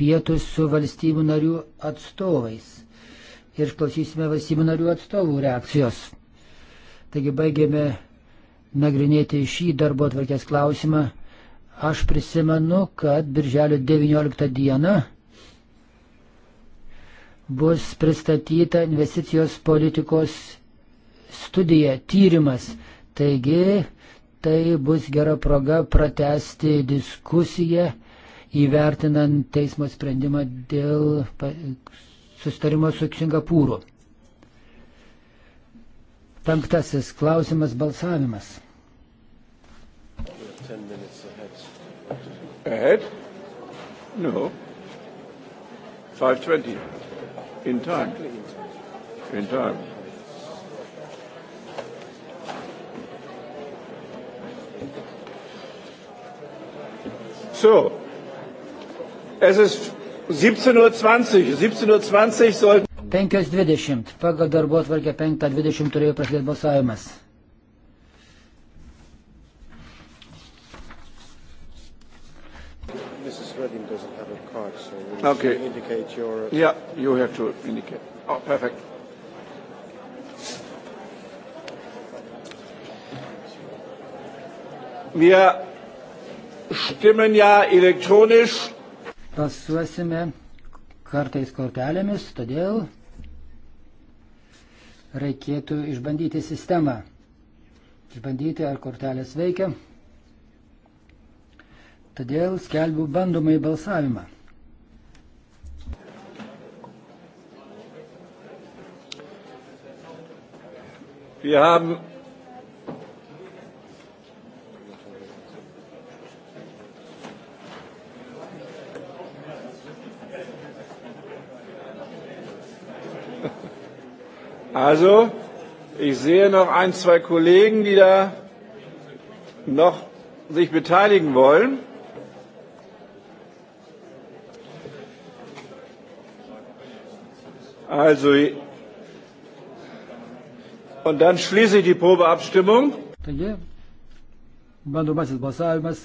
pietus su valstybių narių atstovais. Ir klausysime valstybių narių atstovų reakcijos. Taigi baigėme nagrinėti šį darbo atvarkės klausimą. Aš prisimenu, kad birželio 19 dieną bus pristatyta investicijos politikos studija, tyrimas. Taigi tai bus gera proga pratesti diskusiją įvertinant teismo sprendimą dėl sustarimo su Singapūru. Penktasis klausimas balsavimas. Ahead? No. 5.20. In time. In time. So, es ist 17.20 Uhr. 17.20 Uhr sollten. 5.20. Pagal darbo atvarkę 5.20 turėjo prasidėti balsavimas. Okay. Indicate your... Yeah, you have to indicate. Oh, perfect. Wir stimmen ja elektronisch. Pasuosime kartais kortelėmis, todėl reikėtų išbandyti sistemą. Išbandyti, ar kortelės veikia. Todėl skelbiu bandomąjį balsavimą. Wir haben Also, ich sehe noch ein, zwei Kollegen, die da noch sich beteiligen wollen. Also, und dann schließe ich die Probeabstimmung. Taigi, bandomasis balsavimas.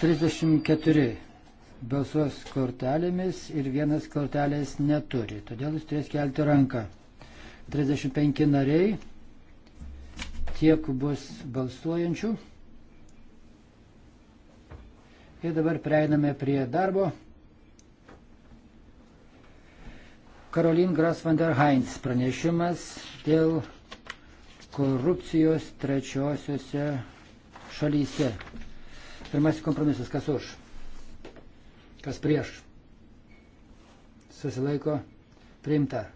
Trisdešimt keturi balsuos kortelėmis ir vienas kortelės neturi. Todėl jis turės kelti ranką. 35 nariai, tiek bus balsuojančių. Ir dabar prieiname prie darbo. Karolin Gras van der Heinz pranešimas dėl korupcijos trečiosiuose šalyse. Pirmasis kompromisas, kas už? kas prieš, susilaiko priimta.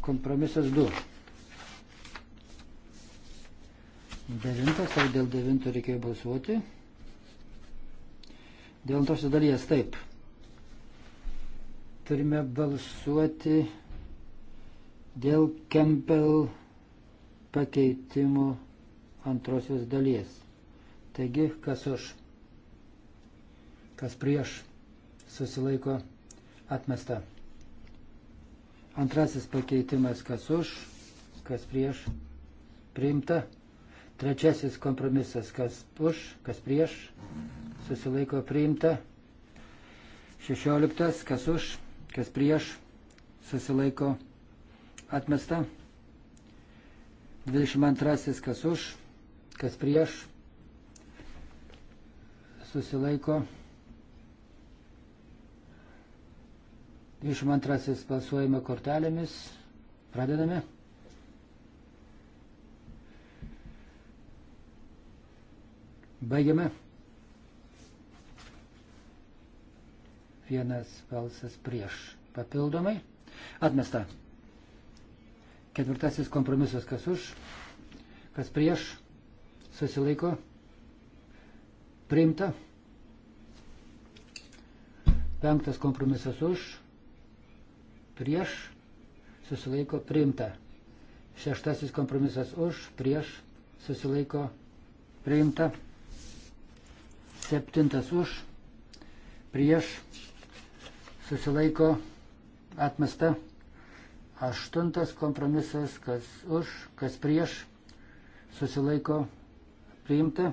Kompromisas 2. Devintas, ar dėl devinto reikėjo balsuoti? Dėl antosios dalies taip. Turime balsuoti dėl Campbell pakeitimo antrosios dalies. Taigi, kas už, kas prieš susilaiko atmesta. Antrasis pakeitimas, kas už, kas prieš priimta. Trečiasis kompromisas, kas už, kas prieš susilaiko priimta. Šešioliktas, kas už, kas prieš susilaiko atmesta. 22 kas už, kas prieš, susilaiko. 22 balsuojame kortelėmis. Pradedame. Baigiame. Vienas balsas prieš. Papildomai. Atmesta. Ketvirtasis kompromisas kas už, kas prieš susilaiko priimta. Penktas kompromisas už, prieš, susilaiko priimta. Šeštasis kompromisas už, prieš, susilaiko priimta. Septintas už, prieš, susilaiko atmesta. Aštuntas kompromisas, kas už, kas prieš, susilaiko priimta priimta.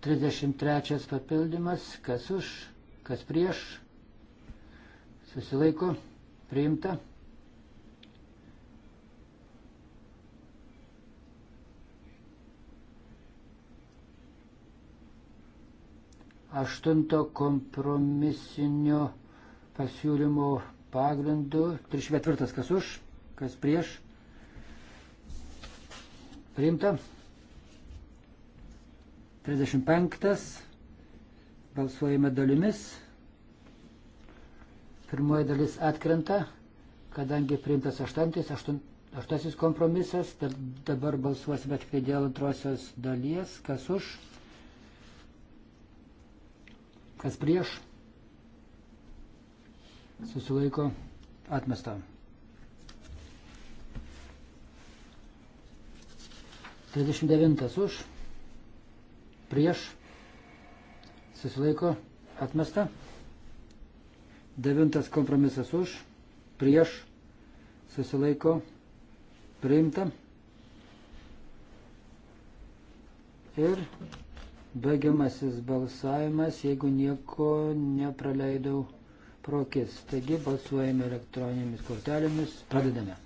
Trisdešimt trečias papildymas, kas už, kas prieš, susilaiko, priimta. aštunto kompromisinio pasiūlymo pagrindu. 34 kas už, kas prieš, priimta. 35. Balsuojame dalimis. Pirmoji dalis atkrenta, kadangi priimtas 8, 8, 8 kompromisas, dabar balsuosime tik tai dėl antrosios dalies, kas už, kas prieš susilaiko atmestą. 39 už, prieš, susilaiko, atmesta. 9 kompromisas už, prieš, susilaiko, priimta. Ir baigiamasis balsavimas, jeigu nieko nepraleidau prokis. Taigi balsuojame elektroninėmis kortelėmis. Pradedame.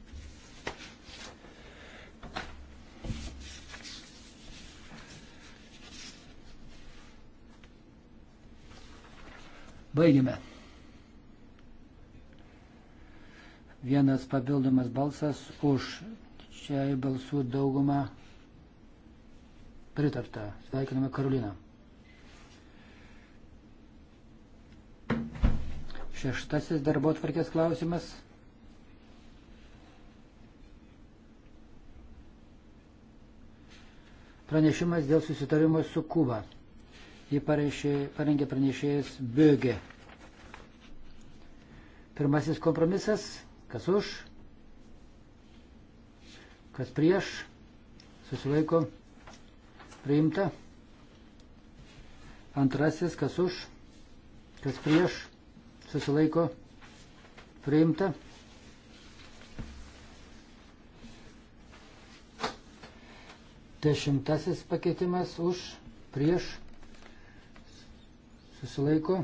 Baigime. Vienas papildomas balsas už. Čia balsų daugumą pritarta. Sveikiname Karoliną. Šeštasis darbo atvarkės klausimas. Pranešimas dėl susitarimo su Kuba jį parengė pranešėjas Bögė. Pirmasis kompromisas, kas už, kas prieš, susilaiko, priimta. Antrasis, kas už, kas prieš, susilaiko, priimta. Dešimtasis pakeitimas už, prieš, susilaiko.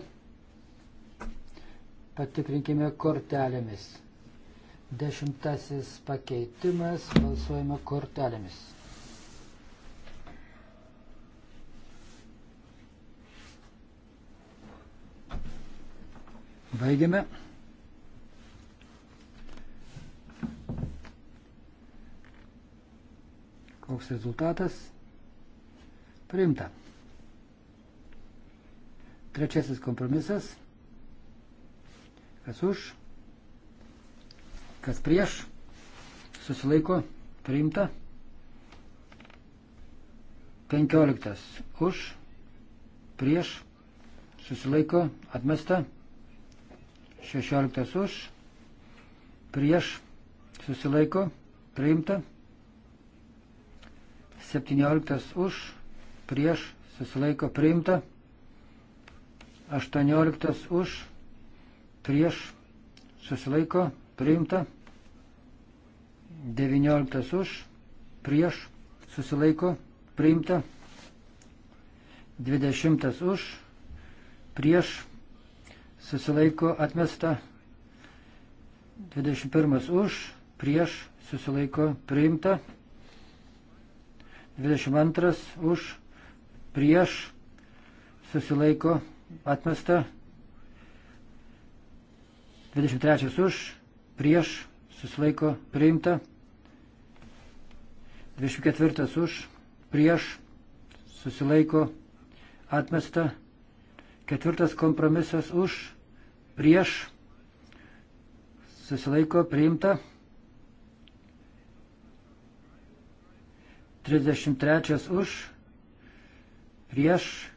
Patikrinkime kortelėmis. Dešimtasis pakeitimas balsuojame kortelėmis. Baigiame. Koks rezultatas? Priimta. Trečiasis kompromisas. Kas už, kas prieš, susilaiko, priimta. Penkioliktas už, prieš, susilaiko, atmesta. Šešioliktas už, prieš, susilaiko, priimta. Septynioliktas už, prieš, susilaiko, priimta. 18 už, prieš, susilaiko, priimta. 19 už, prieš, susilaiko, priimta. 20 už, prieš, susilaiko, atmesta. 21 už, prieš, susilaiko, priimta. 22 už, prieš, susilaiko, priimta atmesta. 23 už, prieš, susilaiko, priimta. 24 už, prieš, susilaiko, atmesta. Ketvirtas kompromisas už, prieš, susilaiko, priimta. 33 už, prieš,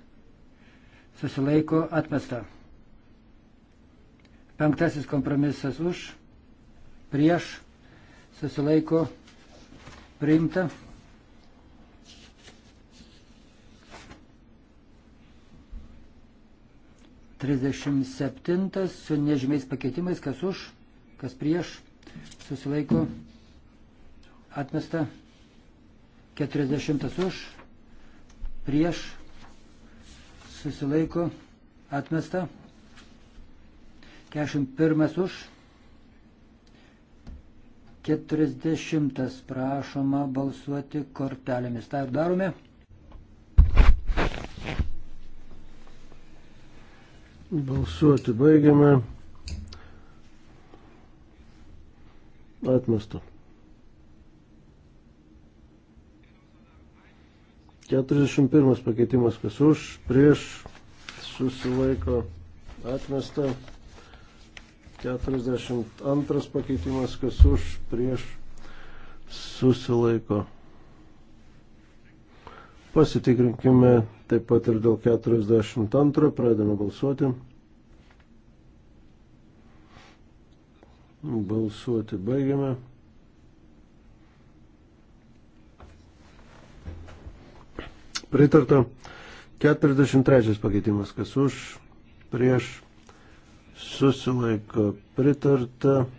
susilaiko atmesta. Penktasis kompromisas už, prieš, susilaiko priimta. Trisdešimt septintas su nežymiais pakeitimais, kas už, kas prieš, susilaiko atmesta. Keturiasdešimtas už, prieš, susilaiko atmesta. 41 už. 40 prašoma balsuoti kortelėmis. Tai ir darome. Balsuoti baigiame. Atmesta. 41 pakeitimas, kas už, prieš, susilaiko atmesta. 42 pakeitimas, kas už, prieš, susilaiko. Pasitikrinkime taip pat ir dėl 42, pradame balsuoti. Balsuoti baigiame. Pritarta. 43 pakeitimas, kas už, prieš, susilaiko. Pritarta.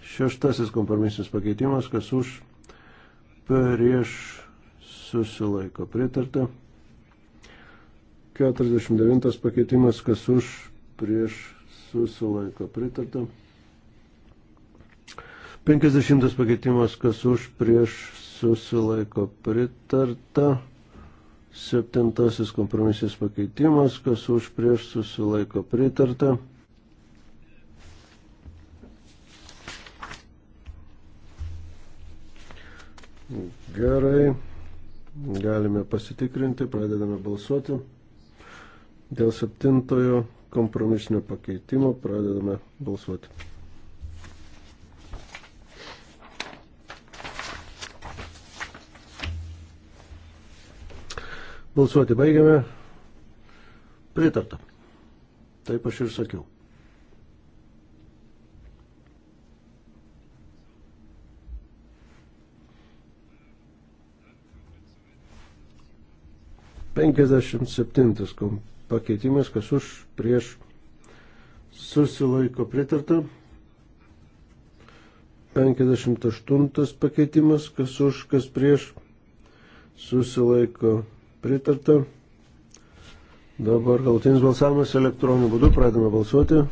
Šeštasis kompromisinis pakeitimas, kas už, prieš, susilaiko. Pritarta. 49 pakeitimas, kas už, prieš, susilaiko. Pritarta. 50 pakeitimas, kas už, prieš, susilaiko. Pritarta. Septintasis kompromisės pakeitimas, kas už prieš susilaiko pritarta. Gerai, galime pasitikrinti, pradedame balsuoti. Dėl septintojo kompromisinio pakeitimo pradedame balsuoti. Balsuoti baigiame. Pritarta. Taip aš ir sakiau. Penkiasdešimt septintas pakeitimas, kas už prieš susilaiko pritarta. 58 pakeitimas, kas už, kas prieš, susilaiko pritarta Pritarta. Dabar galtinis balsavimas elektroniniu būdu. Pradame balsuoti.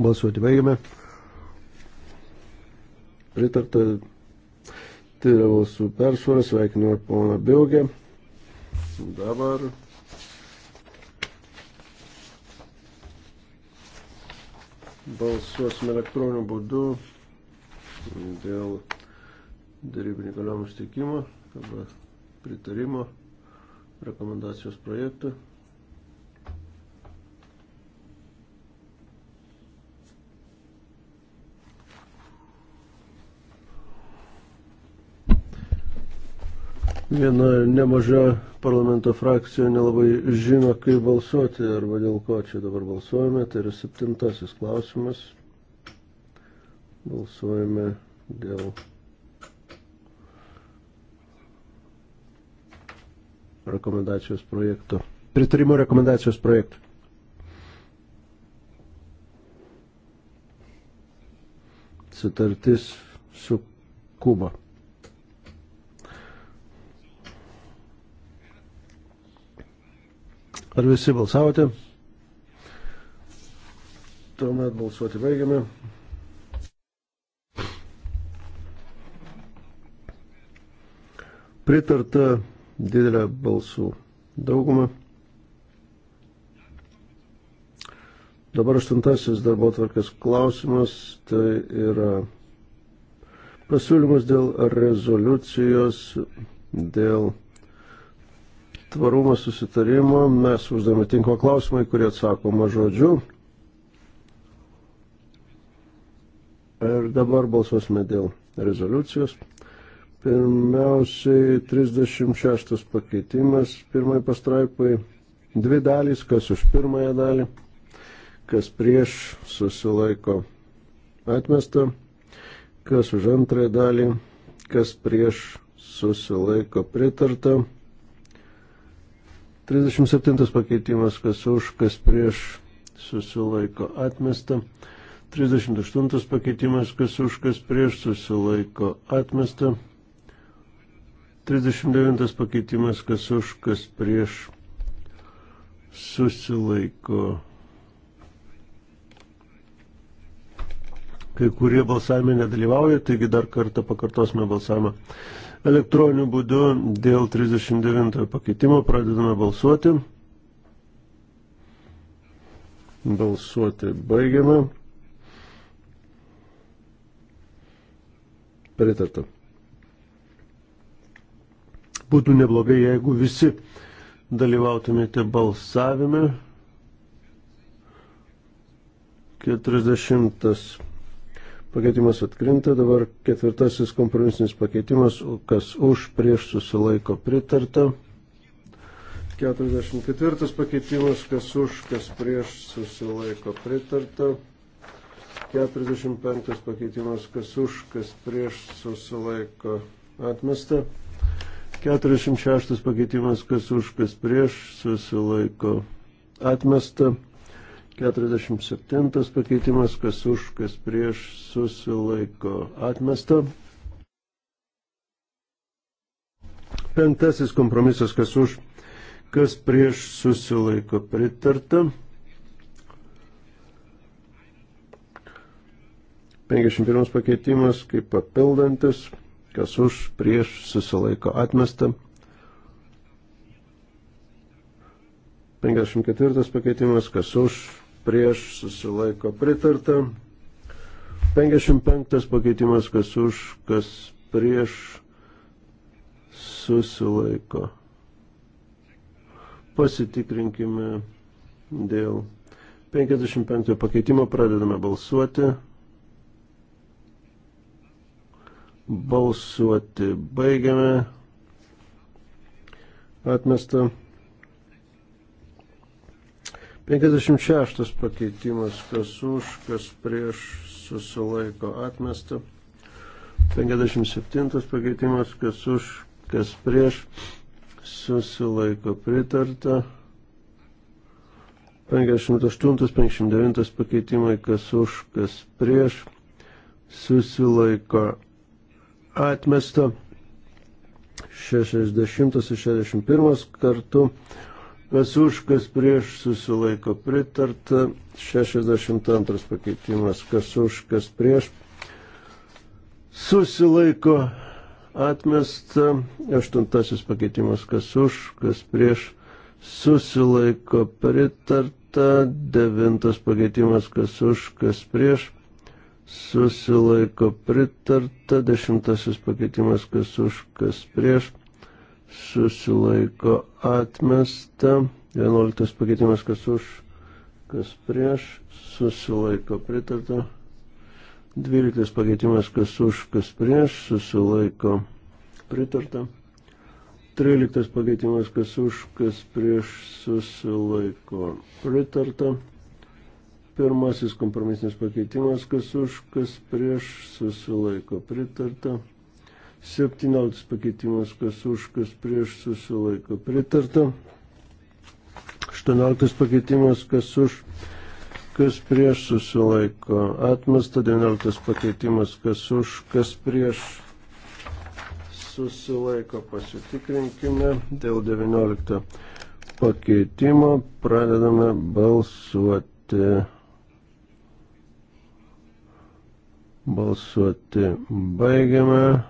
Balsuoti baigiame. Pritarta tai yra balsų persvaras, sveikiname poną Biaugę. Dabar balsuosime elektroniniu būdu dėl darybinį galiojimų steikimo arba pritarimo rekomendacijos projektui. Viena nemaža parlamento frakcija nelabai žino, kaip balsuoti arba dėl ko čia dabar balsuojame. Tai yra septintasis klausimas. Balsuojame dėl. rekomendacijos projekto. Pritarimo rekomendacijos projekto. Sutartis su Kuba. Ar visi balsavote? Tuomet balsuoti baigiame. Pritarta didelė balsų dauguma. Dabar aštuntasis darbo tvarkės klausimas. Tai yra pasiūlymas dėl rezoliucijos dėl tvarumo susitarimo mes uždavėme tinklo klausimai, kurie atsakoma žodžiu. Ir dabar balsuosime dėl rezoliucijos. Pirmiausiai 36 pakeitimas pirmai pastraipai. Dvi dalys, kas už pirmąją dalį, kas prieš susilaiko atmesta, kas už antrąją dalį, kas prieš susilaiko pritarta. 37 pakeitimas, kas už, kas prieš, susilaiko atmesta. 38 pakeitimas, kas už, kas prieš, susilaiko atmesta. 39 pakeitimas, kas už, kas prieš, susilaiko. Kai kurie balsavime nedalyvauja, taigi dar kartą pakartosime balsavimą elektroniniu būdu dėl 39 pakeitimo. Pradedame balsuoti. Balsuoti baigiame. Pritarta. Būtų neblogai, jeigu visi dalyvautumėte balsavime. 40 Pakeitimas atkrinta, dabar ketvirtasis kompromisinis pakeitimas, kas už prieš susilaiko pritarta. 44 pakeitimas, kas už, kas prieš susilaiko pritarta. 45 pakeitimas, kas už, kas prieš susilaiko atmesta. 46 pakeitimas, kas už, kas prieš susilaiko atmesta. 47 pakeitimas, kas už, kas prieš susilaiko atmesta. Penktasis kompromisas, kas už, kas prieš susilaiko pritarta. 51 pakeitimas kaip papildantis, kas už, prieš susilaiko atmesta. 54 pakeitimas, kas už, prieš susilaiko pritarta. 55 pakeitimas, kas už, kas prieš susilaiko. Pasitikrinkime dėl 55 pakeitimo, pradedame balsuoti. Balsuoti baigiame. Atmesta. 56 pakeitimas, kas už, kas prieš susilaiko atmesta. 57 pakeitimas, kas už, kas prieš susilaiko pritarta. 58-59 pakeitimai, kas už, kas prieš susilaiko atmesta. 60-61 kartu Kas už, kas prieš susilaiko pritarta. 62 pakeitimas. Kas už, kas prieš susilaiko atmesta. 8 pakeitimas. Kas už, kas prieš susilaiko pritarta. 9 pakeitimas. Kas už, kas prieš susilaiko pritarta. 10 pakeitimas. Kas už, kas prieš susilaiko atmesta. 11 pakeitimas, kas už, kas prieš, susilaiko pritarta. 12 pakeitimas, kas už, kas prieš, susilaiko pritarta. 13 pakeitimas, kas už, kas prieš, susilaiko pritarta. Pirmasis kompromisinis pakeitimas, kas už, kas prieš, susilaiko pritarta. 17 pakeitimas, kas už, kas prieš susilaiko pritarta. 18 pakeitimas, kas už, kas prieš susilaiko atmesta. 19 pakeitimas, kas už, kas prieš susilaiko pasitikrinkime dėl 19 pakeitimo. Pradedame balsuoti. Balsuoti baigiame.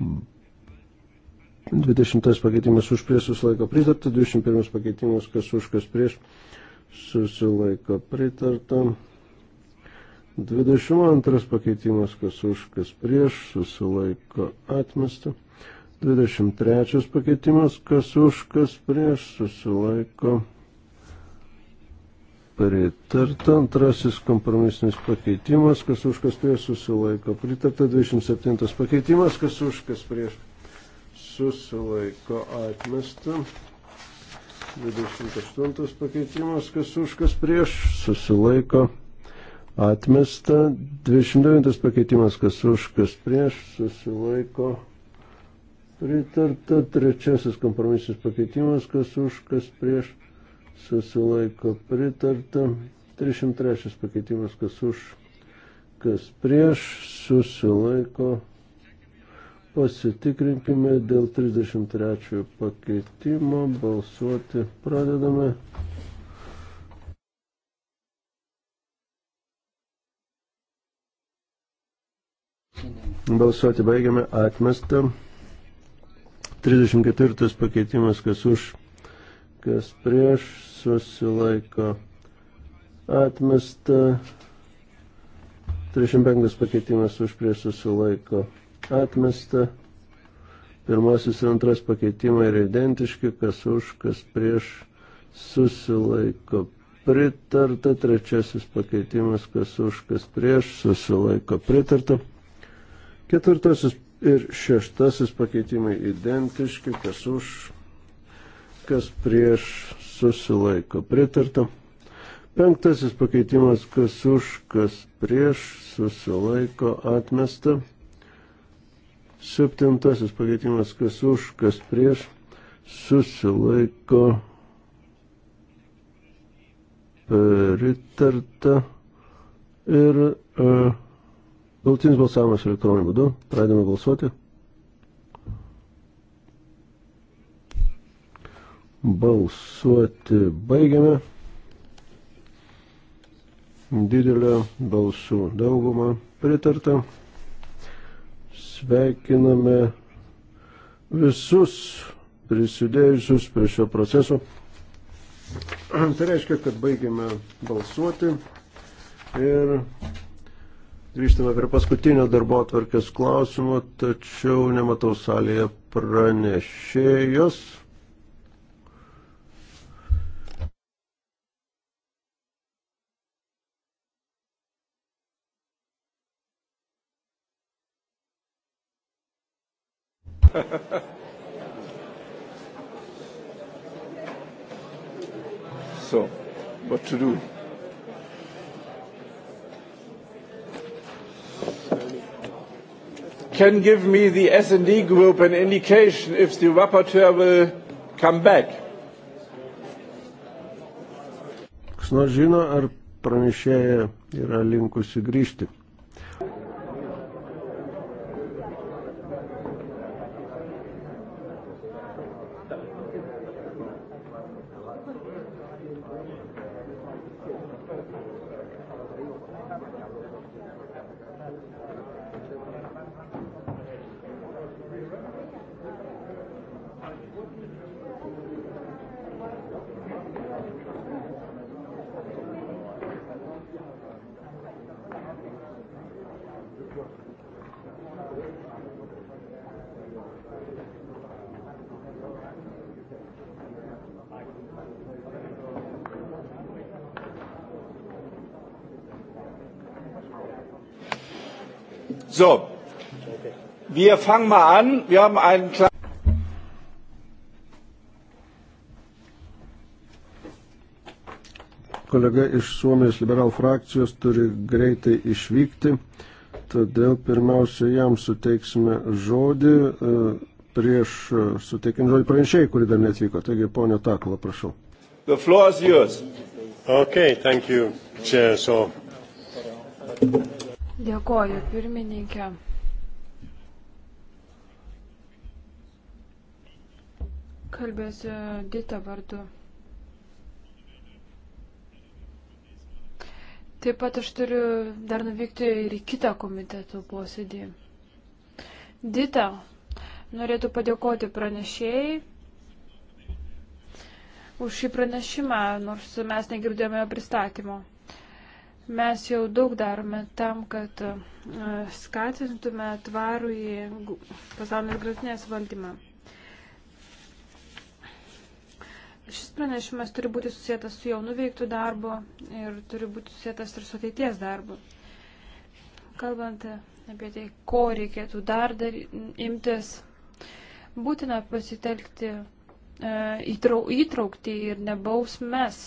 20 mm. pakeitimas už prieš susilaiko pritarta, 21 pakeitimas kas už kas prieš susilaiko pritarta. 22 pakeitimas kas už kas prieš susilaiko atmesta. 23 pakeitimas kas už kas prieš susilaiko atmesta pritarta. Antrasis kompromisinis pakeitimas, kas už kas prieš susilaiko. Pritarta 27 pakeitimas, kas už kas prieš susilaiko atmesta. 28 pakeitimas, kas už kas prieš susilaiko atmesta. 29 pakeitimas, kas už kas prieš susilaiko atmesta. Pritarta trečiasis kompromisinis pakeitimas, kas už, kas prieš susilaiko pritarta. 303 pakeitimas, kas už, kas prieš, susilaiko. Pasitikrinkime dėl 33 pakeitimo, balsuoti pradedame. Balsuoti baigiame atmestą. 34 pakeitimas, kas už kas prieš susilaiko atmesta. 35 pakeitimas už prieš susilaiko atmesta. Pirmasis ir antras pakeitimai yra identiški, kas už, kas prieš susilaiko pritarta. Trečiasis pakeitimas, kas už, kas prieš susilaiko pritarta. Ketvirtasis ir šeštasis pakeitimai identiški, kas už, kas prieš susilaiko pritarta. Penktasis pakeitimas, kas už, kas prieš susilaiko atmesta. Septintasis pakeitimas, kas už, kas prieš susilaiko pritarta. Ir uh, e, galtinis balsavimas elektroniniu būdu. Pradėjome balsuoti. Balsuoti baigiame. Didelio balsų daugumą pritarta. Sveikiname visus prisidėjusius prie šio proceso. Tai reiškia, kad baigiame balsuoti ir grįžtame prie paskutinio darbo atvarkės klausimo, tačiau nematau salėje pranešėjos. (laughs) so, what to do? Can give me the S&D group an indication if the rapporteur will come back. Kas nors žino, ar pranešėja yra linkusi grįžti? Wir fangen mal an. Wir haben einen kleinen. Kolega iš Suomijos liberal frakcijos turi greitai išvykti, todėl pirmiausia jam suteiksime žodį e, prieš e, suteikiant žodį pranešėjai, kuri dar netvyko. Taigi, ponė Takula, prašau. The floor is yours. Okay, thank you, Chair. So. Dėkoju, pirmininkė. kalbės Dita vardu. Taip pat aš turiu dar nuvykti ir į kitą komitetų posėdį. Dita, norėtų padėkoti pranešėjai už šį pranešimą, nors mes negirdėjome jo pristatymo. Mes jau daug darome tam, kad e, skatintume tvarų į pasaulinės grėsmės valdymą. Šis pranešimas turi būti susijęs su jau nuveiktų darbu ir turi būti susijęs ir su ateities darbu. Kalbant apie tai, ko reikėtų dar dar imtis, būtina pasitelkti e, įtrau, įtraukti ir nebausmes.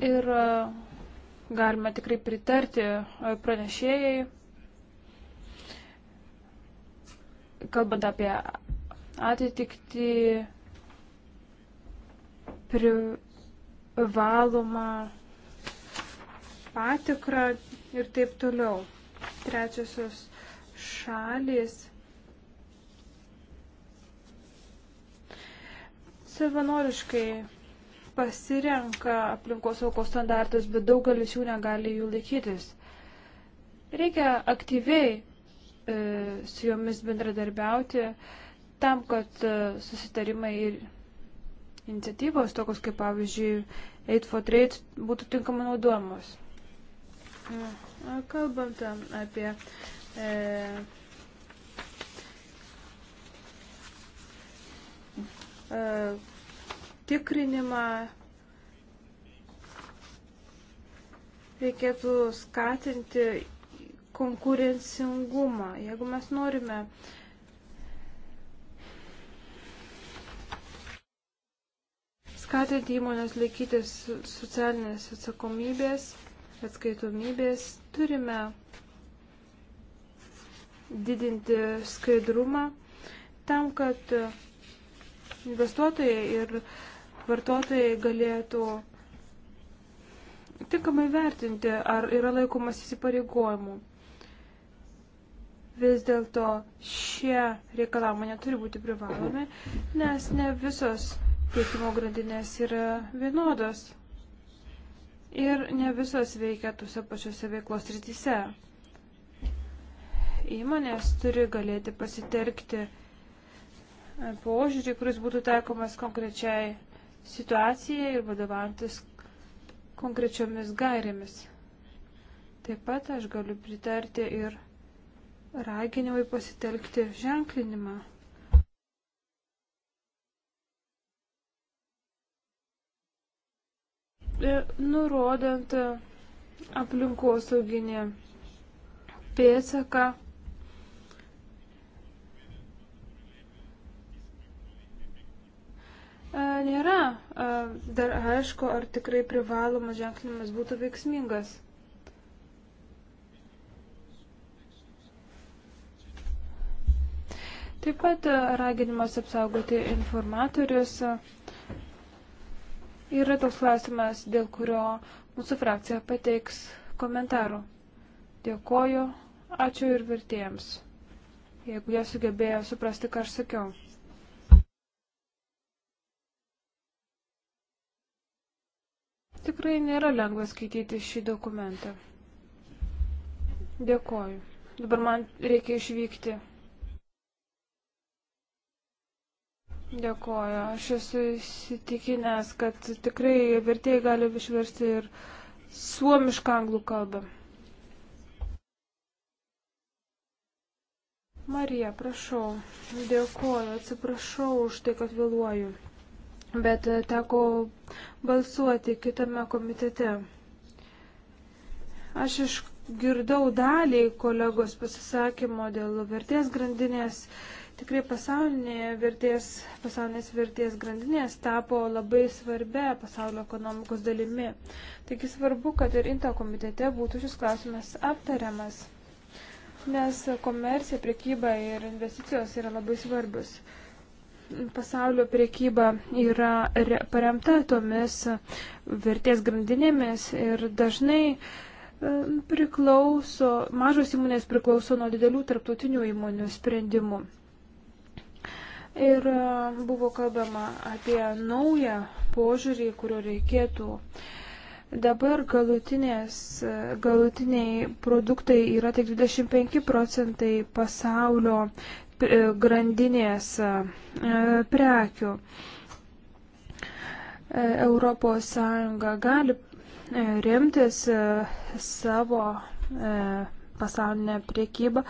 Ir e, galima tikrai pritarti e, pranešėjai, kalbant apie atitikti privalomą patikrą ir taip toliau. Trečiosios šalys. Savanoriškai pasirenka aplinkos saugos standartus, bet daugelis jų negali jų laikytis. Reikia aktyviai e, su jomis bendradarbiauti, e, tam, kad e, susitarimai ir iniciatyvos, tokios kaip pavyzdžiui Aid for Trade, būtų tinkamai naudojamos. Kalbant apie e, e, tikrinimą, reikėtų skatinti konkurencingumą. Jeigu mes norime e, skatinti įmonės laikytis socialinės atsakomybės, atskaitomybės, turime didinti skaidrumą tam, kad investuotojai ir vartotojai galėtų tinkamai vertinti, ar yra laikomas įsipareigojimų. Vis dėlto šie reikalavimai neturi būti privalomi, nes ne visos tiekimo grandinės yra vienodos ir ne visos veikia tuose pačiose veiklos rytise. Įmonės turi galėti pasitelkti požiūrį, kuris būtų taikomas konkrečiai situacijai ir vadovantis konkrečiomis gairėmis. Taip pat aš galiu pritarti ir raginimui pasitelkti ženklinimą. E, nurodant e, aplinkosauginį pėdsaką. E, nėra dar aišku, ar tikrai privalomas ženklinimas būtų veiksmingas. Taip pat raginimas apsaugoti informatorius yra toks klausimas, dėl kurio mūsų frakcija pateiks komentarų. Dėkoju, ačiū ir vertėjams, jeigu jie sugebėjo suprasti, ką aš sakiau. Tikrai nėra lengva skaityti šį dokumentą. Dėkoju. Dabar man reikia išvykti. Dėkoju. Aš esu įsitikinęs, kad tikrai vertėjai gali išversti ir suomišką anglų kalbą. Marija, prašau. Dėkoju. Atsiprašau už tai, kad vėluoju. Bet e, teko balsuoti kitame komitete. Aš išgirdau dalį kolegos pasisakymo dėl vertės grandinės. Uh, tikrai pasaulinės vertės, pasaulinės vertės grandinės tapo labai svarbia pasaulio ekonomikos dalimi. Taigi svarbu, kad ir INTA komitete būtų šis klausimas aptariamas, nes komercija, priekyba ir investicijos yra labai svarbus. Pasaulio priekyba yra paremta tomis vertės grandinėmis ir dažnai e, priklauso, mažos įmonės priklauso nuo didelių tarptautinių įmonių sprendimų. Ir e, buvo kalbama apie naują požiūrį, kurio reikėtų. Dabar e, galutiniai produktai yra tik 25 procentai pasaulio e, grandinės prekių. Europos Sąjunga gali remtis savo pasaulinę priekybą,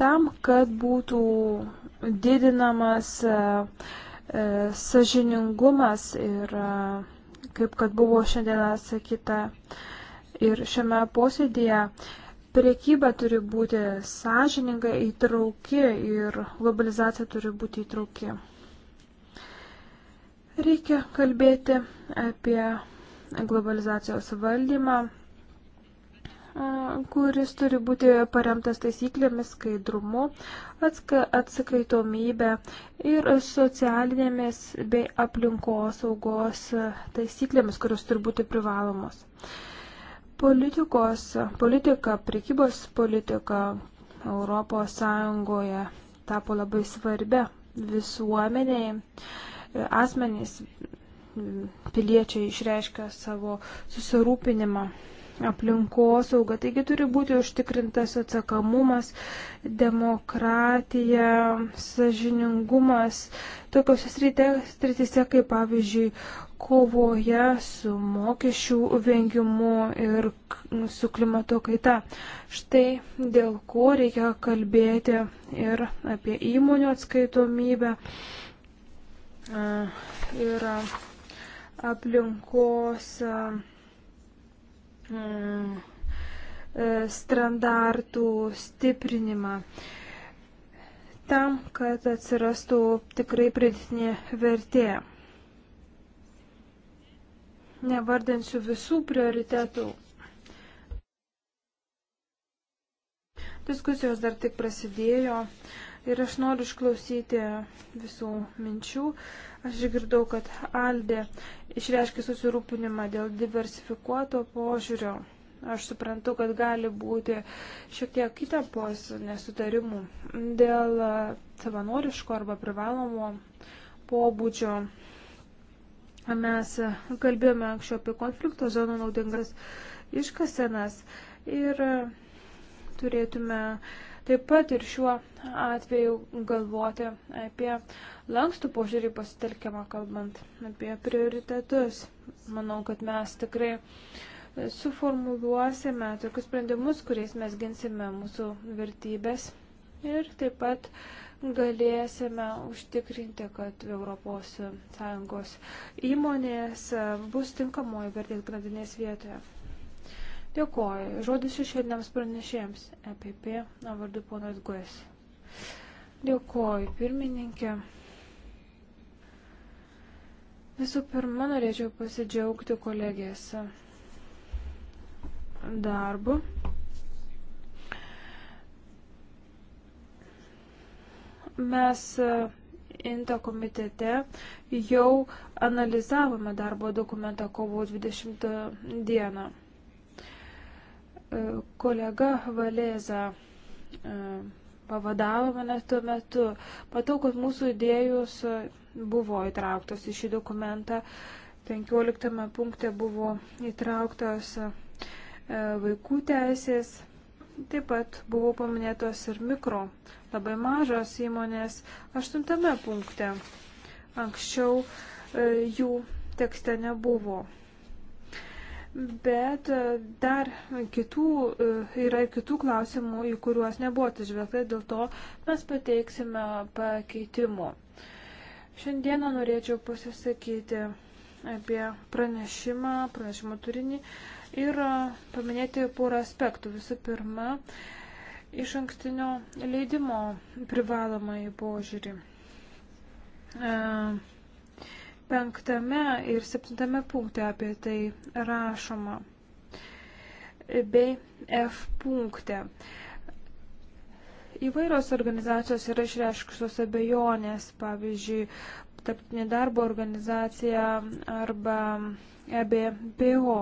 tam, kad būtų didinamas e, e, sažiningumas ir e, kaip kad buvo šiandien atsakyta ir šiame posėdėje, priekyba turi būti sąžininga, įtrauki ir globalizacija turi būti įtrauki. Reikia kalbėti apie globalizacijos valdymą, kuris turi būti paremtas taisyklėmis, skaidrumu, atskaitomybė ir socialinėmis bei aplinkosaugos taisyklėmis, kurios turi būti privalomos. Politikos, politika, prekybos politika Europos Sąjungoje tapo labai svarbia visuomeniai, asmenys, piliečiai išreiškia savo susirūpinimą aplinkosauga. Taigi turi būti užtikrintas atsakamumas, demokratija, sažiningumas. Tokios sritise, kaip pavyzdžiui, kovoje su mokesčių vengimu ir su klimato kaita. Štai dėl ko reikia kalbėti ir apie įmonių atskaitomybę. Ir aplinkos uh, E, standartų stiprinimą tam, kad atsirastų tikrai pridėtinė vertė. Nevardinsiu visų prioritetų. Diskusijos dar tik prasidėjo ir aš noriu išklausyti visų minčių. Uh, Aš išgirdau, kad Aldė išreiškė susirūpinimą dėl diversifikuoto požiūrio. Aš suprantu, kad gali būti šiek tiek įtampos nesutarimų dėl savanoriško arba privalomo pobūdžio. Mes kalbėjome anksčiau apie konflikto zonų naudingas iškasenas ir turėtume uh, taip pat ir šiuo atveju galvoti apie lankstų požiūrį pasitelkiamą, kalbant apie prioritetus. Manau, kad mes tikrai suformuluosime tokius sprendimus, kuriais mes ginsime mūsų vertybės ir taip pat galėsime užtikrinti, kad Europos Sąjungos įmonės bus tinkamoji vertės grandinės vietoje. Dėkuoju. Žodis šešėliniams pranešėjams. EPP, na vardu ponas Gues. Dėkuoju, pirmininkė. Visų pirma, norėčiau pasidžiaugti kolegės darbu. Mes e, INTA komitete jau analizavome darbo dokumentą kovo 20 dieną. E, kolega Valėza e, pavadavo mane tuo metu. Matau, kad mūsų idėjus e, buvo įtrauktos į šį dokumentą. 15 punkte buvo įtrauktos vaikų teisės. Taip pat buvo paminėtos ir mikro, labai mažos įmonės. 8 punkte anksčiau jų tekste nebuvo bet e, dar kitų, e, yra ir kitų klausimų, į kuriuos nebuvo atsižvelgta, dėl to mes pateiksime pakeitimų. Šiandieną norėčiau pasisakyti apie pranešimą, pranešimo turinį ir e, paminėti porą aspektų. Visų pirma, iš ankstinio leidimo privalomą į požiūrį. E, penktame ir septintame punkte apie tai rašoma bei F punkte. Įvairios organizacijos yra išreiškusios abejonės, pavyzdžiui, Tarptinė darbo organizacija arba EBPO.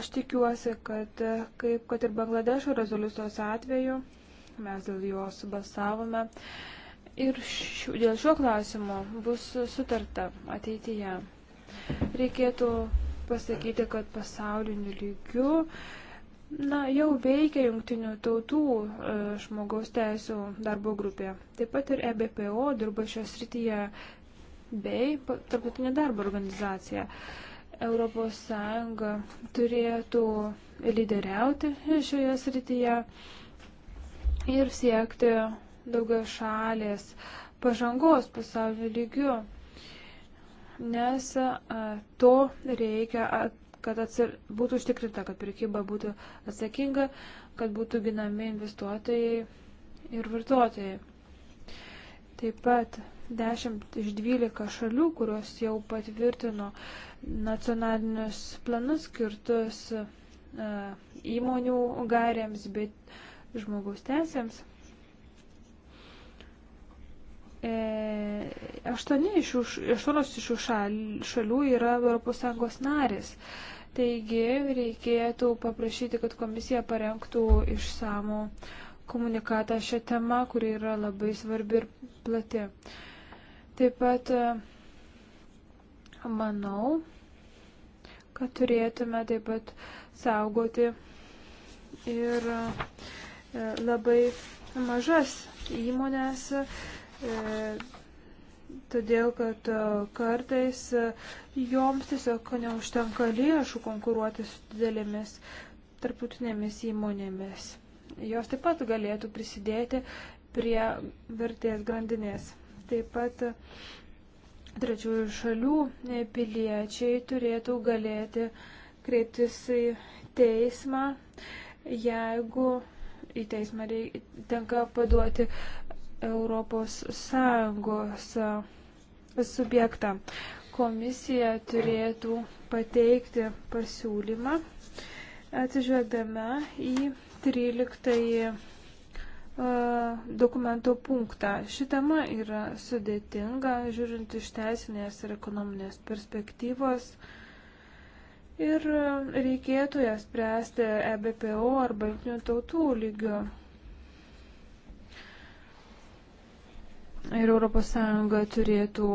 Aš tikiuosi, kad kaip kad ir Bangladešo rezoliucijos atveju, mes dėl jos balsavome, Ir šių, dėl šio klausimo bus sutarta ateityje. Reikėtų pasakyti, kad pasauliniu lygiu na, jau veikia jungtinių tautų e, žmogaus teisų darbo grupė. Taip pat ir EBPO dirba šios rytyje bei tarptautinė darbo organizacija. Europos Sąjunga turėtų lyderiauti šioje srityje ir siekti daugia šalės pažangos pasaulio lygiu, nes to reikia, kad atsir, būtų užtikrinta, kad prekyba būtų atsakinga, kad būtų ginami investuotojai ir vartotojai. Taip pat 10 iš 12 šalių, kurios jau patvirtino nacionalinius planus skirtus įmonių gairėms, bet žmogaus teisėms. E, aštuoni iš šių, aštuonios iš šių šalių yra ES narės. Taigi reikėtų paprašyti, kad komisija parengtų išsamų komunikatą šią temą, kuri yra labai svarbi ir plati. Taip pat e, manau, kad turėtume taip pat saugoti ir e, labai mažas įmonės, E, todėl kad e, kartais e, joms tiesiog neužtenka lėšų konkuruoti su didelėmis tarptautinėmis įmonėmis. Jos taip pat galėtų prisidėti prie vertės grandinės. Taip pat trečiųjų šalių piliečiai turėtų galėti kreiptis į teismą, jeigu į teismą tenka paduoti ES subjektą. Komisija turėtų pateikti pasiūlymą atsižvelgdama į 13 e, dokumento punktą. Ši tema yra sudėtinga, žiūrint iš teisinės ir ekonominės perspektyvos ir reikėtų ją spręsti EBPO arba jungtinių tautų lygiu. ir ES turėtų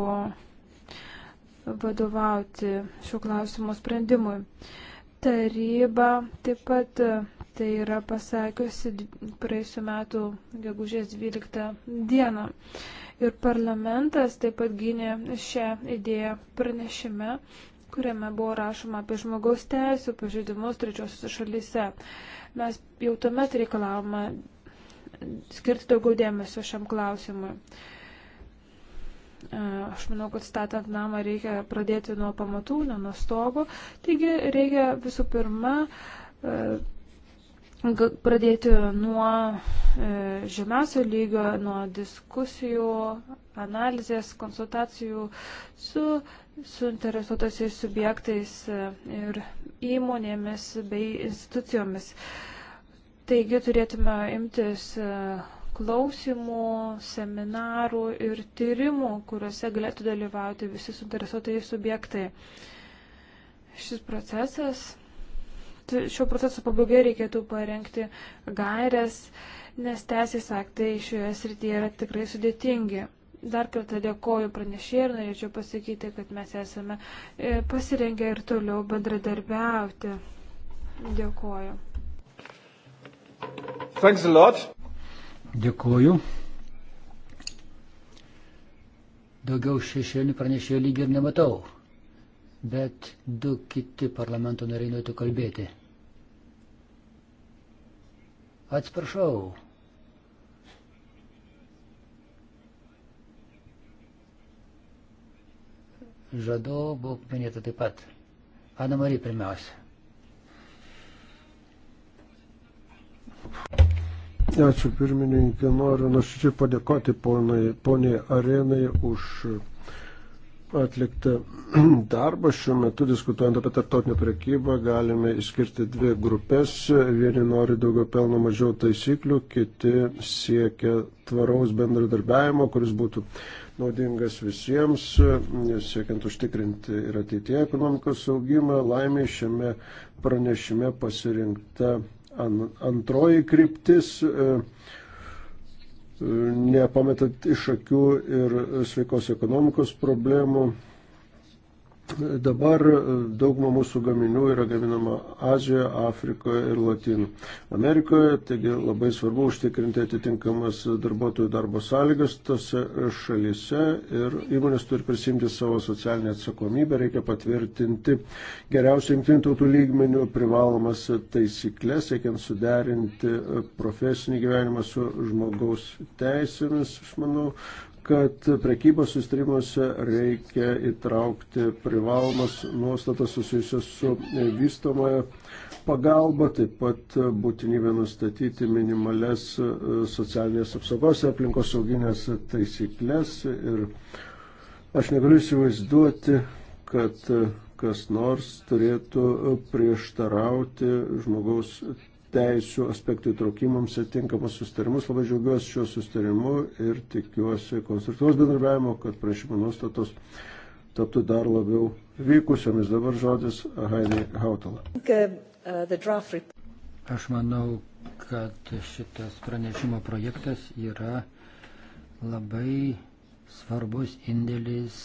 vadovauti šių klausimų sprendimui. Taryba taip pat e, tai yra pasakiusi praėjusiu metu gegužės 12 dieną. Ir parlamentas taip pat gynė šią idėją pranešime, kuriame buvo rašoma apie žmogaus teisų pažeidimus trečiosiuose šalyse. Mes jau tuomet reikalavome skirti daugiau dėmesio šiam klausimui. Uh, E, aš manau, kad statant namą reikia pradėti nuo pamatų, ne nuo stogo. Taigi reikia visų pirma e, pradėti nuo e, žemiausio lygio, nuo diskusijų, analizės, konsultacijų su suinteresuotasiais subjektais ir įmonėmis bei institucijomis. Taigi turėtume imtis klausimų, seminarų ir tyrimų, kuriuose galėtų dalyvauti visi suinteresuotai subjektai. Šis procesas, šio proceso pabaigai reikėtų parengti gairias, nes teisės aktai šioje srityje yra tikrai sudėtingi. Dar kartą dėkoju pranešėjai ir norėčiau pasakyti, kad mes esame e, pasirengę ir toliau bendradarbiauti. Dėkoju. Thanks a lot. Dėkuoju. Daugiau šešėlių pranešėjų lygių ir nematau, bet du kiti parlamento nariai norėtų kalbėti. Atsiprašau. Žado buvo paminėta taip pat. Ana Marija pirmiausia. Ačiū pirmininkė, noriu nuoširdžiai padėkoti poniai, poniai Arenai už atliktą (clears throat) darbą. Šiuo metu diskutuojant apie tarptautinę prekybą galime išskirti dvi grupės. Vieni nori daugiau pelno, mažiau taisyklių, kiti siekia tvaraus bendradarbiavimo, kuris būtų naudingas visiems, siekiant užtikrinti ir ateitie ekonomikos saugimą. Laimė šiame pranešime pasirinkta Antroji kryptis e, e, nepametat iš akių ir sveikos ekonomikos problemų Dabar e, dauguma mūsų gaminių yra gaminama Azijoje, Afrikoje ir Latinų Amerikoje, taigi labai svarbu užtikrinti atitinkamas darbuotojų darbo sąlygas tose šalise ir įmonės turi prisimti savo socialinę atsakomybę, reikia patvirtinti geriausiai jungtinių tautų lygmenių privalomas taisyklės, siekiant suderinti profesinį gyvenimą su žmogaus teisėmis, aš manau, kad prekybos sustarimuose reikia įtraukti privalomas nuostatas susijusios su vystomoje pagalba, taip pat būtinybė nustatyti minimales e, socialinės apsaugos ir aplinkos sauginės taisyklės. Ir aš negaliu įsivaizduoti, kad e, kas nors turėtų prieštarauti žmogaus teisų aspektų įtraukimams ir tinkamus sustarimus. Labai džiaugiuosi šiuo sustarimu ir tikiuosi konstruktyvos bendravimo, kad prašymo nuostatos taptų dar labiau vykusiamis. Dabar žodis Haidai Hautala. Aš manau, kad šitas pranešimo projektas yra labai svarbus indėlis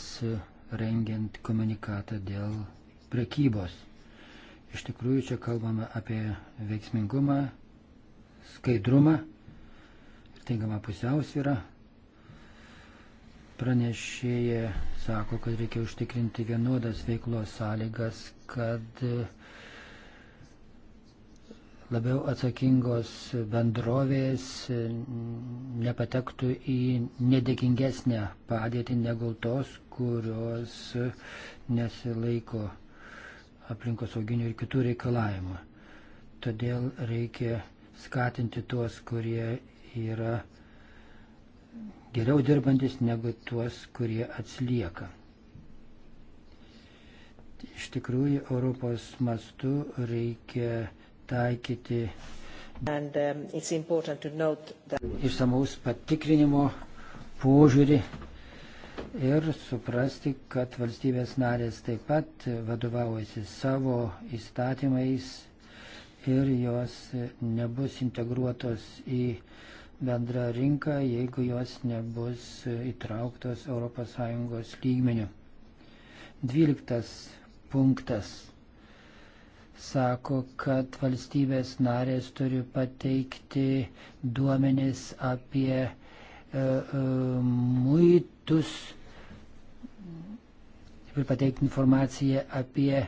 rengiant komunikatą dėl prekybos. Iš tikrųjų, čia kalbame apie veiksmingumą, skaidrumą ir tinkamą pusiausvyrą. Pranešėja sako, kad reikia užtikrinti vienodas veiklos sąlygas, kad labiau atsakingos bendrovės nepatektų į nedėkingesnę padėtį negu tos, kurios nesilaiko aplinkosauginių ir kitų reikalavimų. Todėl reikia skatinti tuos, kurie yra geriau dirbantis negu tuos, kurie atslieka. Iš tikrųjų, Europos mastu reikia taikyti And, um, that... išsamaus patikrinimo požiūrį ir suprasti, kad valstybės narės taip pat vadovaujasi savo įstatymais ir jos nebus integruotos į bendrą rinką, jeigu jos nebus įtrauktos ES lygmenių. Dvyliktas punktas sako, kad valstybės narės turi pateikti duomenis apie e, e, muitus ir pateikti informaciją apie e,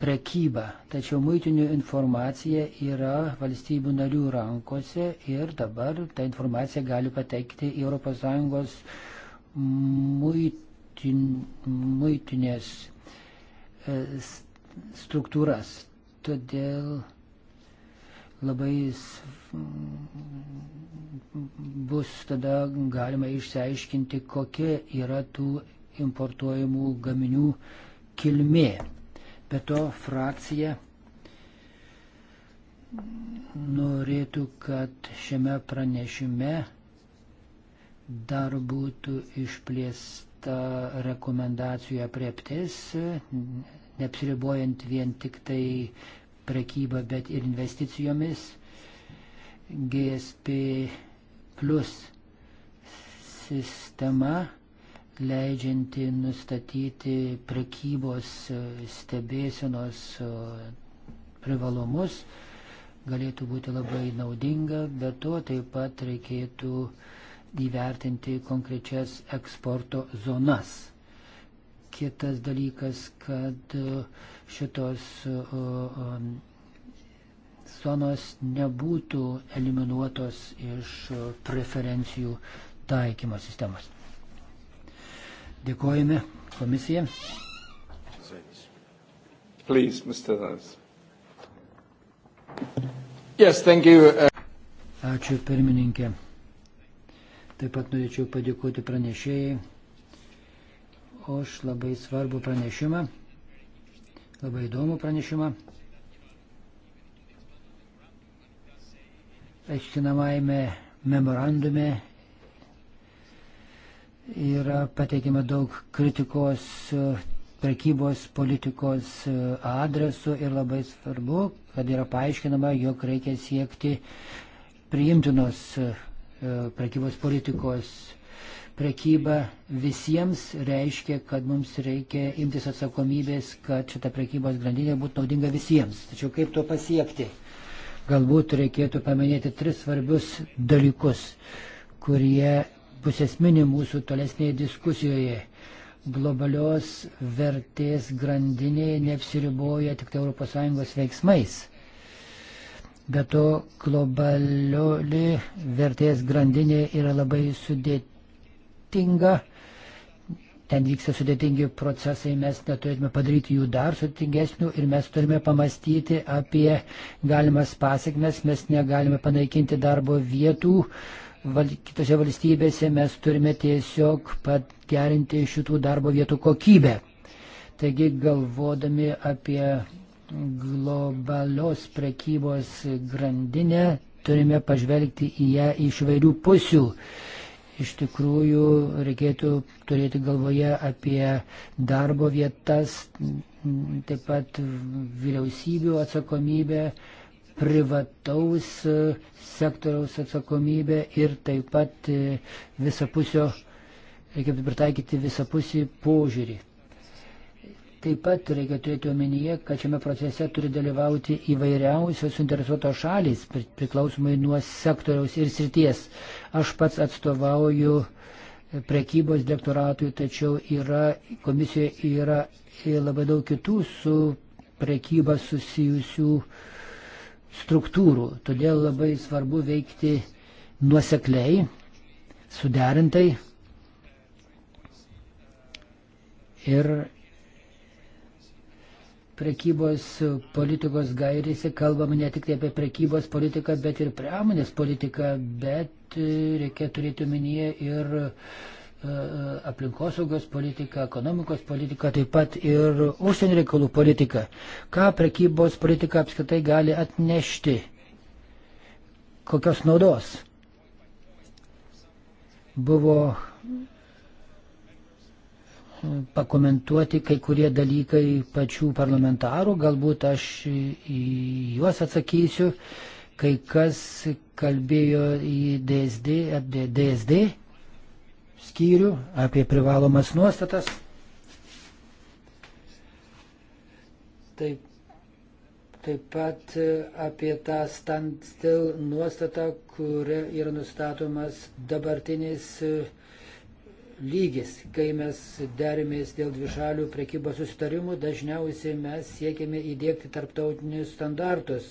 prekybą. Tačiau muitinių informacija yra valstybių narių rankose ir dabar tą informaciją gali pateikti ES muitin, muitinės e, struktūras. Todėl labai bus tada galima išsiaiškinti, kokia yra tų importuojamų gaminių kilmė. Be to frakcija norėtų, kad šiame pranešime dar būtų išplėsta rekomendacijų aprieptis, neapsiribojant vien tik tai prekybą, bet ir investicijomis. GSP plus sistema leidžianti nustatyti prekybos e, stebėsenos e, privalumus, galėtų būti labai naudinga, bet to taip pat reikėtų įvertinti konkrečias eksporto zonas. Kitas dalykas, kad e, šitos zonos nebūtų eliminuotos iš preferencijų taikymo sistemos. Dėkojame komisija. Please, Mr. Rice. Yes, thank you. Uh, Ačiū pirmininkė. Taip pat norėčiau padėkoti pranešėjai už labai svarbų pranešimą, labai įdomų pranešimą. Aiškinamajame memorandume Yra pateikiama daug kritikos e, prekybos politikos e, adresu ir labai svarbu, kad yra paaiškinama, jog reikia siekti priimtinos e, prekybos politikos prekyba visiems reiškia, kad mums reikia imtis atsakomybės, kad šita prekybos grandinė būtų naudinga visiems. Tačiau kaip to pasiekti? Galbūt reikėtų paminėti tris svarbius dalykus, kurie pusėsminį mūsų tolesnėje diskusijoje. Globalios vertės grandinė neapsiriboja tik tai ES veiksmais. Be to, globalioli vertės grandinė yra labai sudėtinga. Ten vyksta sudėtingi procesai, mes neturėtume padaryti jų dar sudėtingesnių ir mes turime pamastyti apie galimas pasiekmes, mes negalime panaikinti darbo vietų, val, kitose valstybėse mes turime tiesiog pagerinti šitų darbo vietų kokybę. Taigi galvodami apie globalios prekybos grandinę, turime pažvelgti į ją iš vairių pusių. Iš tikrųjų reikėtų turėti galvoje apie darbo vietas, taip pat vyriausybių atsakomybę, privataus e, sektoriaus atsakomybė ir taip pat e, visapusio, reikėtų pritaikyti visapusį požiūrį. Taip pat reikia turėti omenyje, kad šiame procese turi dalyvauti įvairiausios suinteresuotos šalys, priklausomai nuo sektoriaus ir srities. Aš pats atstovauju prekybos direktoratui, tačiau yra, komisijoje yra labai daug kitų su prekyba susijusių uh, struktūrų. Todėl labai svarbu veikti nuosekliai, suderintai ir prekybos politikos gairėse kalbama ne tik tai apie prekybos politiką, bet ir priemonės politiką, bet e, reikia turėti omenyje ir uh, E, aplinkosaugos politika, ekonomikos politika, taip pat ir užsienio reikalų politika. Ką prekybos politika apskritai gali atnešti? Kokios naudos? Buvo pakomentuoti kai kurie dalykai pačių parlamentarų, galbūt aš į juos atsakysiu, kai kas kalbėjo į DSD, apie DSD skyrių apie privalomas nuostatas. Taip, taip pat e, apie tą standstill nuostatą, kuria yra nustatomas dabartinis e, lygis. Kai mes derimės dėl dvišalių prekybos sustarimų, dažniausiai mes siekiame įdėkti tarptautinius standartus.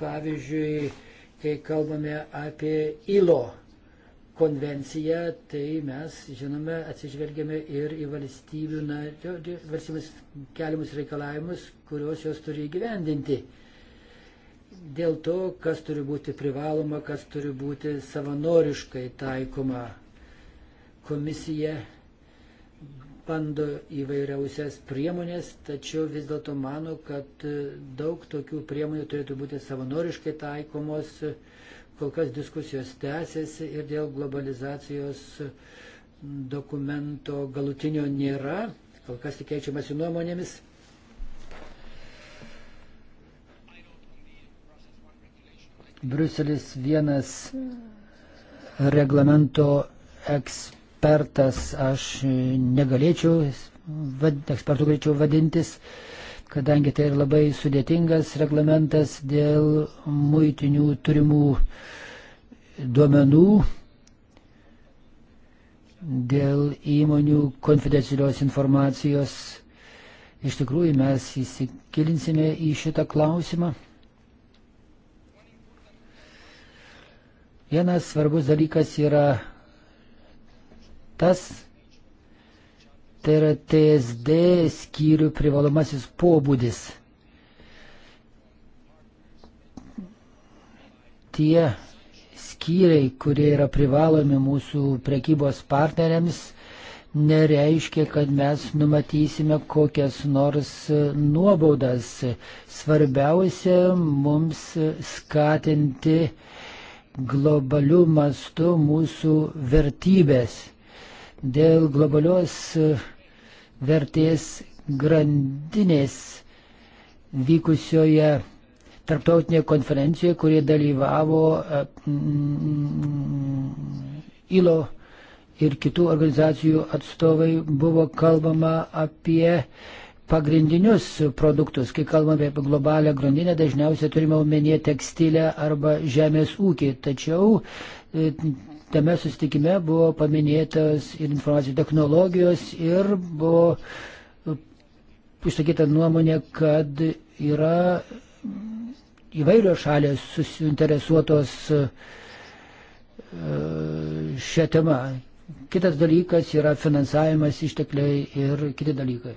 Pavyzdžiui, kai kalbame apie ILO konvenciją, tai mes, žinome, atsižvelgėme ir į valstybių, na, valstybės keliamus reikalavimus, kuriuos jos turi įgyvendinti. Dėl to, kas turi būti privaloma, kas turi būti savanoriškai taikoma, komisija bando įvairiausias priemonės, tačiau vis dėlto mano, kad daug tokių priemonių turėtų būti savanoriškai taikomos, uh, kol kas diskusijos tęsiasi ir dėl globalizacijos dokumento galutinio nėra, kol kas tik keičiamasi nuomonėmis. Bruselis vienas reglamento ekspertas aš negalėčiau, ekspertų galėčiau vadintis, kadangi tai yra labai sudėtingas reglamentas dėl muitinių turimų duomenų, dėl įmonių konfidencialios informacijos. Iš tikrųjų, mes įsikilinsime į šitą klausimą. Vienas svarbus dalykas yra tas, Tai yra TSD skyrių privalomasis pobūdis. Tie skyriai, kurie yra privalomi mūsų prekybos partneriams, nereiškia, kad mes numatysime kokias nors nuobaudas. Svarbiausia mums skatinti globalių mastų mūsų vertybės. Dėl globalios vertės grandinės vykusioje tarptautinėje konferencijoje, kurie dalyvavo e, mm, ILO ir kitų organizacijų atstovai, buvo kalbama apie pagrindinius produktus. Kai kalbame apie globalią grandinę, dažniausiai turime omenyje tekstilę arba žemės ūkį. Tačiau e, Tame sustikime buvo paminėtas ir informacijų technologijos ir buvo e, išsakyta nuomonė, kad yra įvairios šalės susinteresuotos e, šią temą. Kitas dalykas yra finansavimas, ištekliai ir kiti dalykai.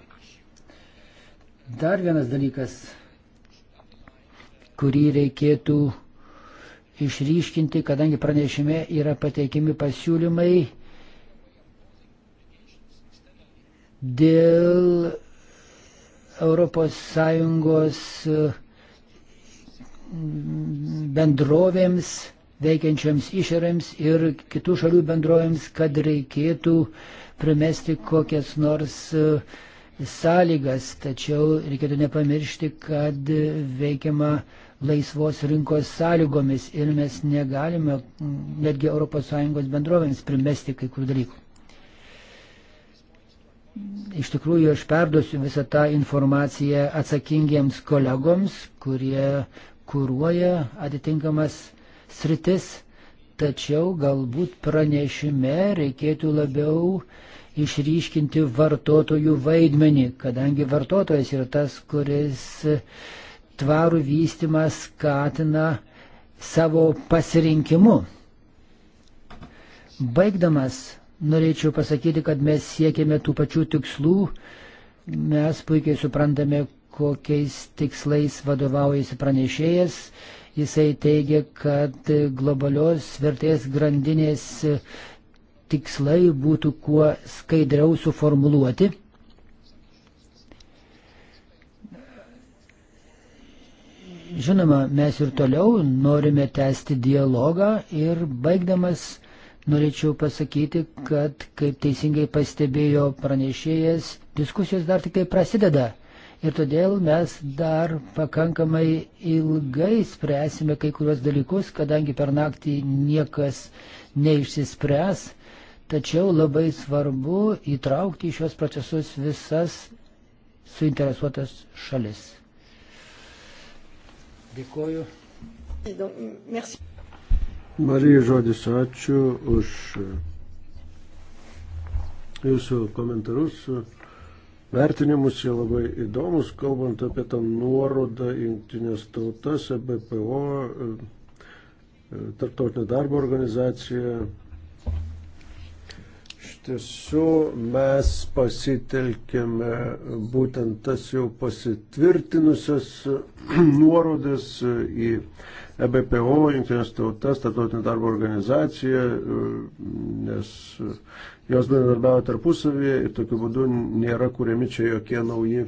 Dar vienas dalykas, kurį reikėtų išryškinti, kadangi pranešime yra pateikimi pasiūlymai dėl ES mm, bendrovėms veikiančiams išorėms ir kitų šalių bendrovėms, kad reikėtų primesti kokias nors e, sąlygas. Tačiau reikėtų nepamiršti, kad veikiama laisvos rinkos sąlygomis ir mes negalime netgi ES bendrovėms primesti kai kurių dalykų. Iš tikrųjų, aš perduosiu visą tą informaciją atsakingiems kolegoms, kurie kūruoja atitinkamas sritis, tačiau galbūt pranešime reikėtų labiau išryškinti vartotojų vaidmenį, kadangi vartotojas yra tas, kuris tvarų vystimą skatina savo pasirinkimu. Baigdamas, norėčiau pasakyti, kad mes siekėme tų pačių tikslų, mes puikiai suprantame, kokiais tikslais vadovaujasi pranešėjas. Jisai teigia, kad globalios vertės grandinės tikslai būtų kuo skaidriau suformuluoti. Žinoma, mes ir toliau norime tęsti dialogą ir baigdamas norėčiau pasakyti, kad, kaip teisingai pastebėjo pranešėjas, diskusijos dar tik tai prasideda. Ir todėl mes dar pakankamai ilgai spręsime kai kurios dalykus, kadangi per naktį niekas neišsispręs. Tačiau labai svarbu įtraukti į šios procesus visas suinteresuotas šalis. Dėkoju. Marija Žodis, ačiū už jūsų komentarus, vertinimus, jie labai įdomus, kalbant apie tą nuorodą jungtinės tautas, e BPO, e, e, Tartautinė darbo organizacija, tiesų mes pasitelkėme būtent tas jau pasitvirtinusias (clears throat) nuorodas į EBPO, Junktinės tautas, Tartautinę darbo organizaciją, nes jos bendradarbiavo tarpusavyje ir tokiu būdu nėra kuriami čia jokie nauji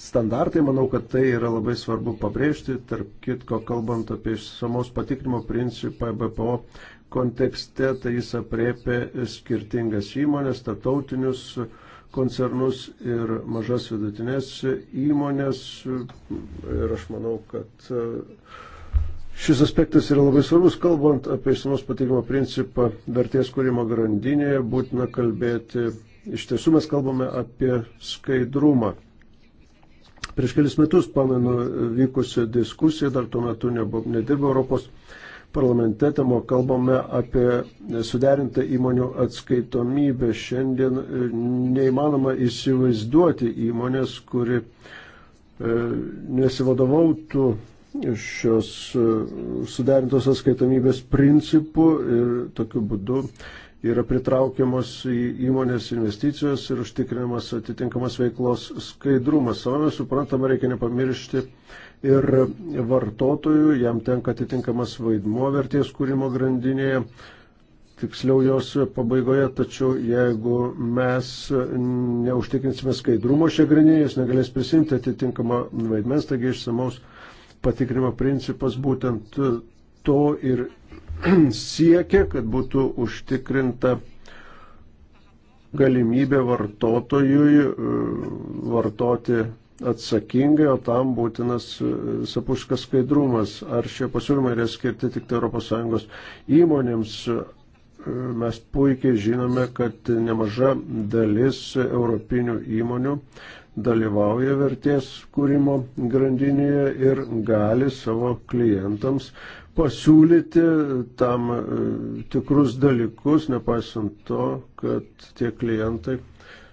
standartai. Manau, kad tai yra labai svarbu pabrėžti, tarp kitko kalbant apie išsamos patikrimo principą EBPO kontekste, tai jis apriepia skirtingas įmonės, tarptautinius koncernus ir mažas vidutinės įmonės. Ir aš manau, kad e, šis aspektas yra labai svarbus, kalbant apie išsamos pateikimo principą vertės kūrimo grandinėje, būtina kalbėti. Iš tiesų mes kalbame apie skaidrumą. Prieš kelis metus, pamenu, vykusi diskusija, dar tuo metu nedirbo Europos parlamente, tamo kalbame apie suderintą įmonių atskaitomybę. Šiandien e, neįmanoma įsivaizduoti įmonės, kuri e, nesivadovautų šios e, suderintos atskaitomybės principų ir tokiu būdu yra pritraukiamos įmonės investicijos ir užtikrinamas atitinkamas veiklos skaidrumas. Savame suprantama, reikia nepamiršti ir vartotojų, jam tenka atitinkamas vaidmuo vertės kūrimo grandinėje, tiksliau jos pabaigoje, tačiau jeigu mes neužtikrinsime skaidrumo šią grandinę, jis negalės prisimti atitinkamą vaidmens, taigi išsamaus patikrimo principas būtent to ir (clears throat) siekia, kad būtų užtikrinta galimybė vartotojui e, vartoti atsakingai, o tam būtinas e, visapuškas skaidrumas. Ar šie pasiūlymai yra skirti tik tai ES įmonėms? E, mes puikiai žinome, kad nemaža dalis europinių įmonių dalyvauja vertės kūrimo grandinėje ir gali savo klientams pasiūlyti tam e, tikrus dalykus, nepaisant to, kad tie klientai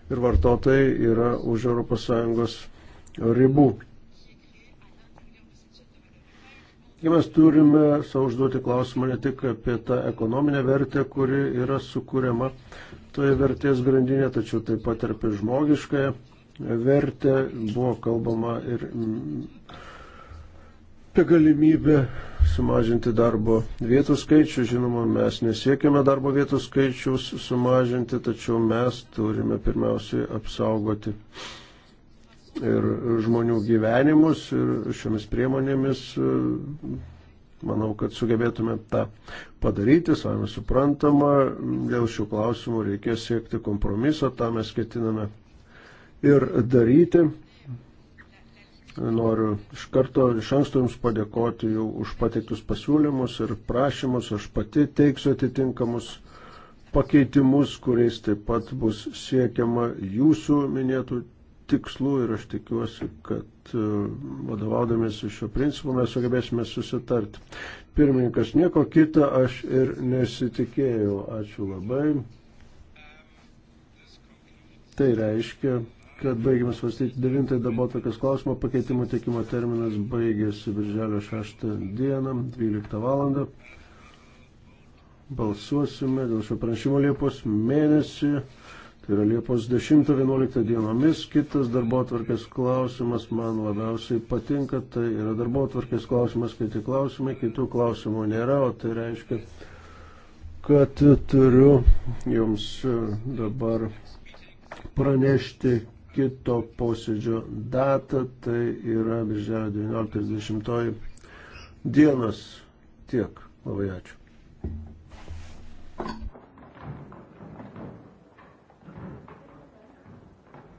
ir vartotojai yra už ES ribų. Ir mes turime savo užduoti klausimą ne tik apie tą ekonominę vertę, kuri yra sukūriama toje vertės grandinėje, tačiau taip pat ir apie žmogiškąją vertę. Buvo kalbama ir apie galimybę sumažinti darbo vietų skaičių. Žinoma, mes nesiekime darbo vietų skaičius sumažinti, tačiau mes turime pirmiausiai apsaugoti ir žmonių gyvenimus ir šiomis priemonėmis manau, kad sugebėtume tą padaryti, savame suprantama, dėl šių klausimų reikės siekti kompromiso, tą mes ketiname ir daryti. Noriu iš karto iš anksto Jums padėkoti jau už pateiktus pasiūlymus ir prašymus, aš pati teiksiu atitinkamus pakeitimus, kuriais taip pat bus siekiama Jūsų minėtų tikslų ir aš tikiuosi, kad e, vadovaudamės šio principu mes sugebėsime susitarti. Pirmininkas, nieko kita aš ir nesitikėjau. Ačiū labai. Tai reiškia, kad baigiam svarstyti 9 darbotvarkės klausimą, pakeitimo teikimo terminas baigėsi birželio 6 dieną, 12 valandą. Balsuosime dėl šio pranešimo Liepos mėnesį. Tai yra Liepos 10-11 dienomis. Kitas darbo atvarkės klausimas man labiausiai patinka. Tai yra darbo atvarkės klausimas, kiti klausimai, kitų klausimų nėra, o tai reiškia, kad turiu jums e, dabar pranešti kito posėdžio datą. Tai yra birželio 19-20 dienas. Tiek. Labai ačiū.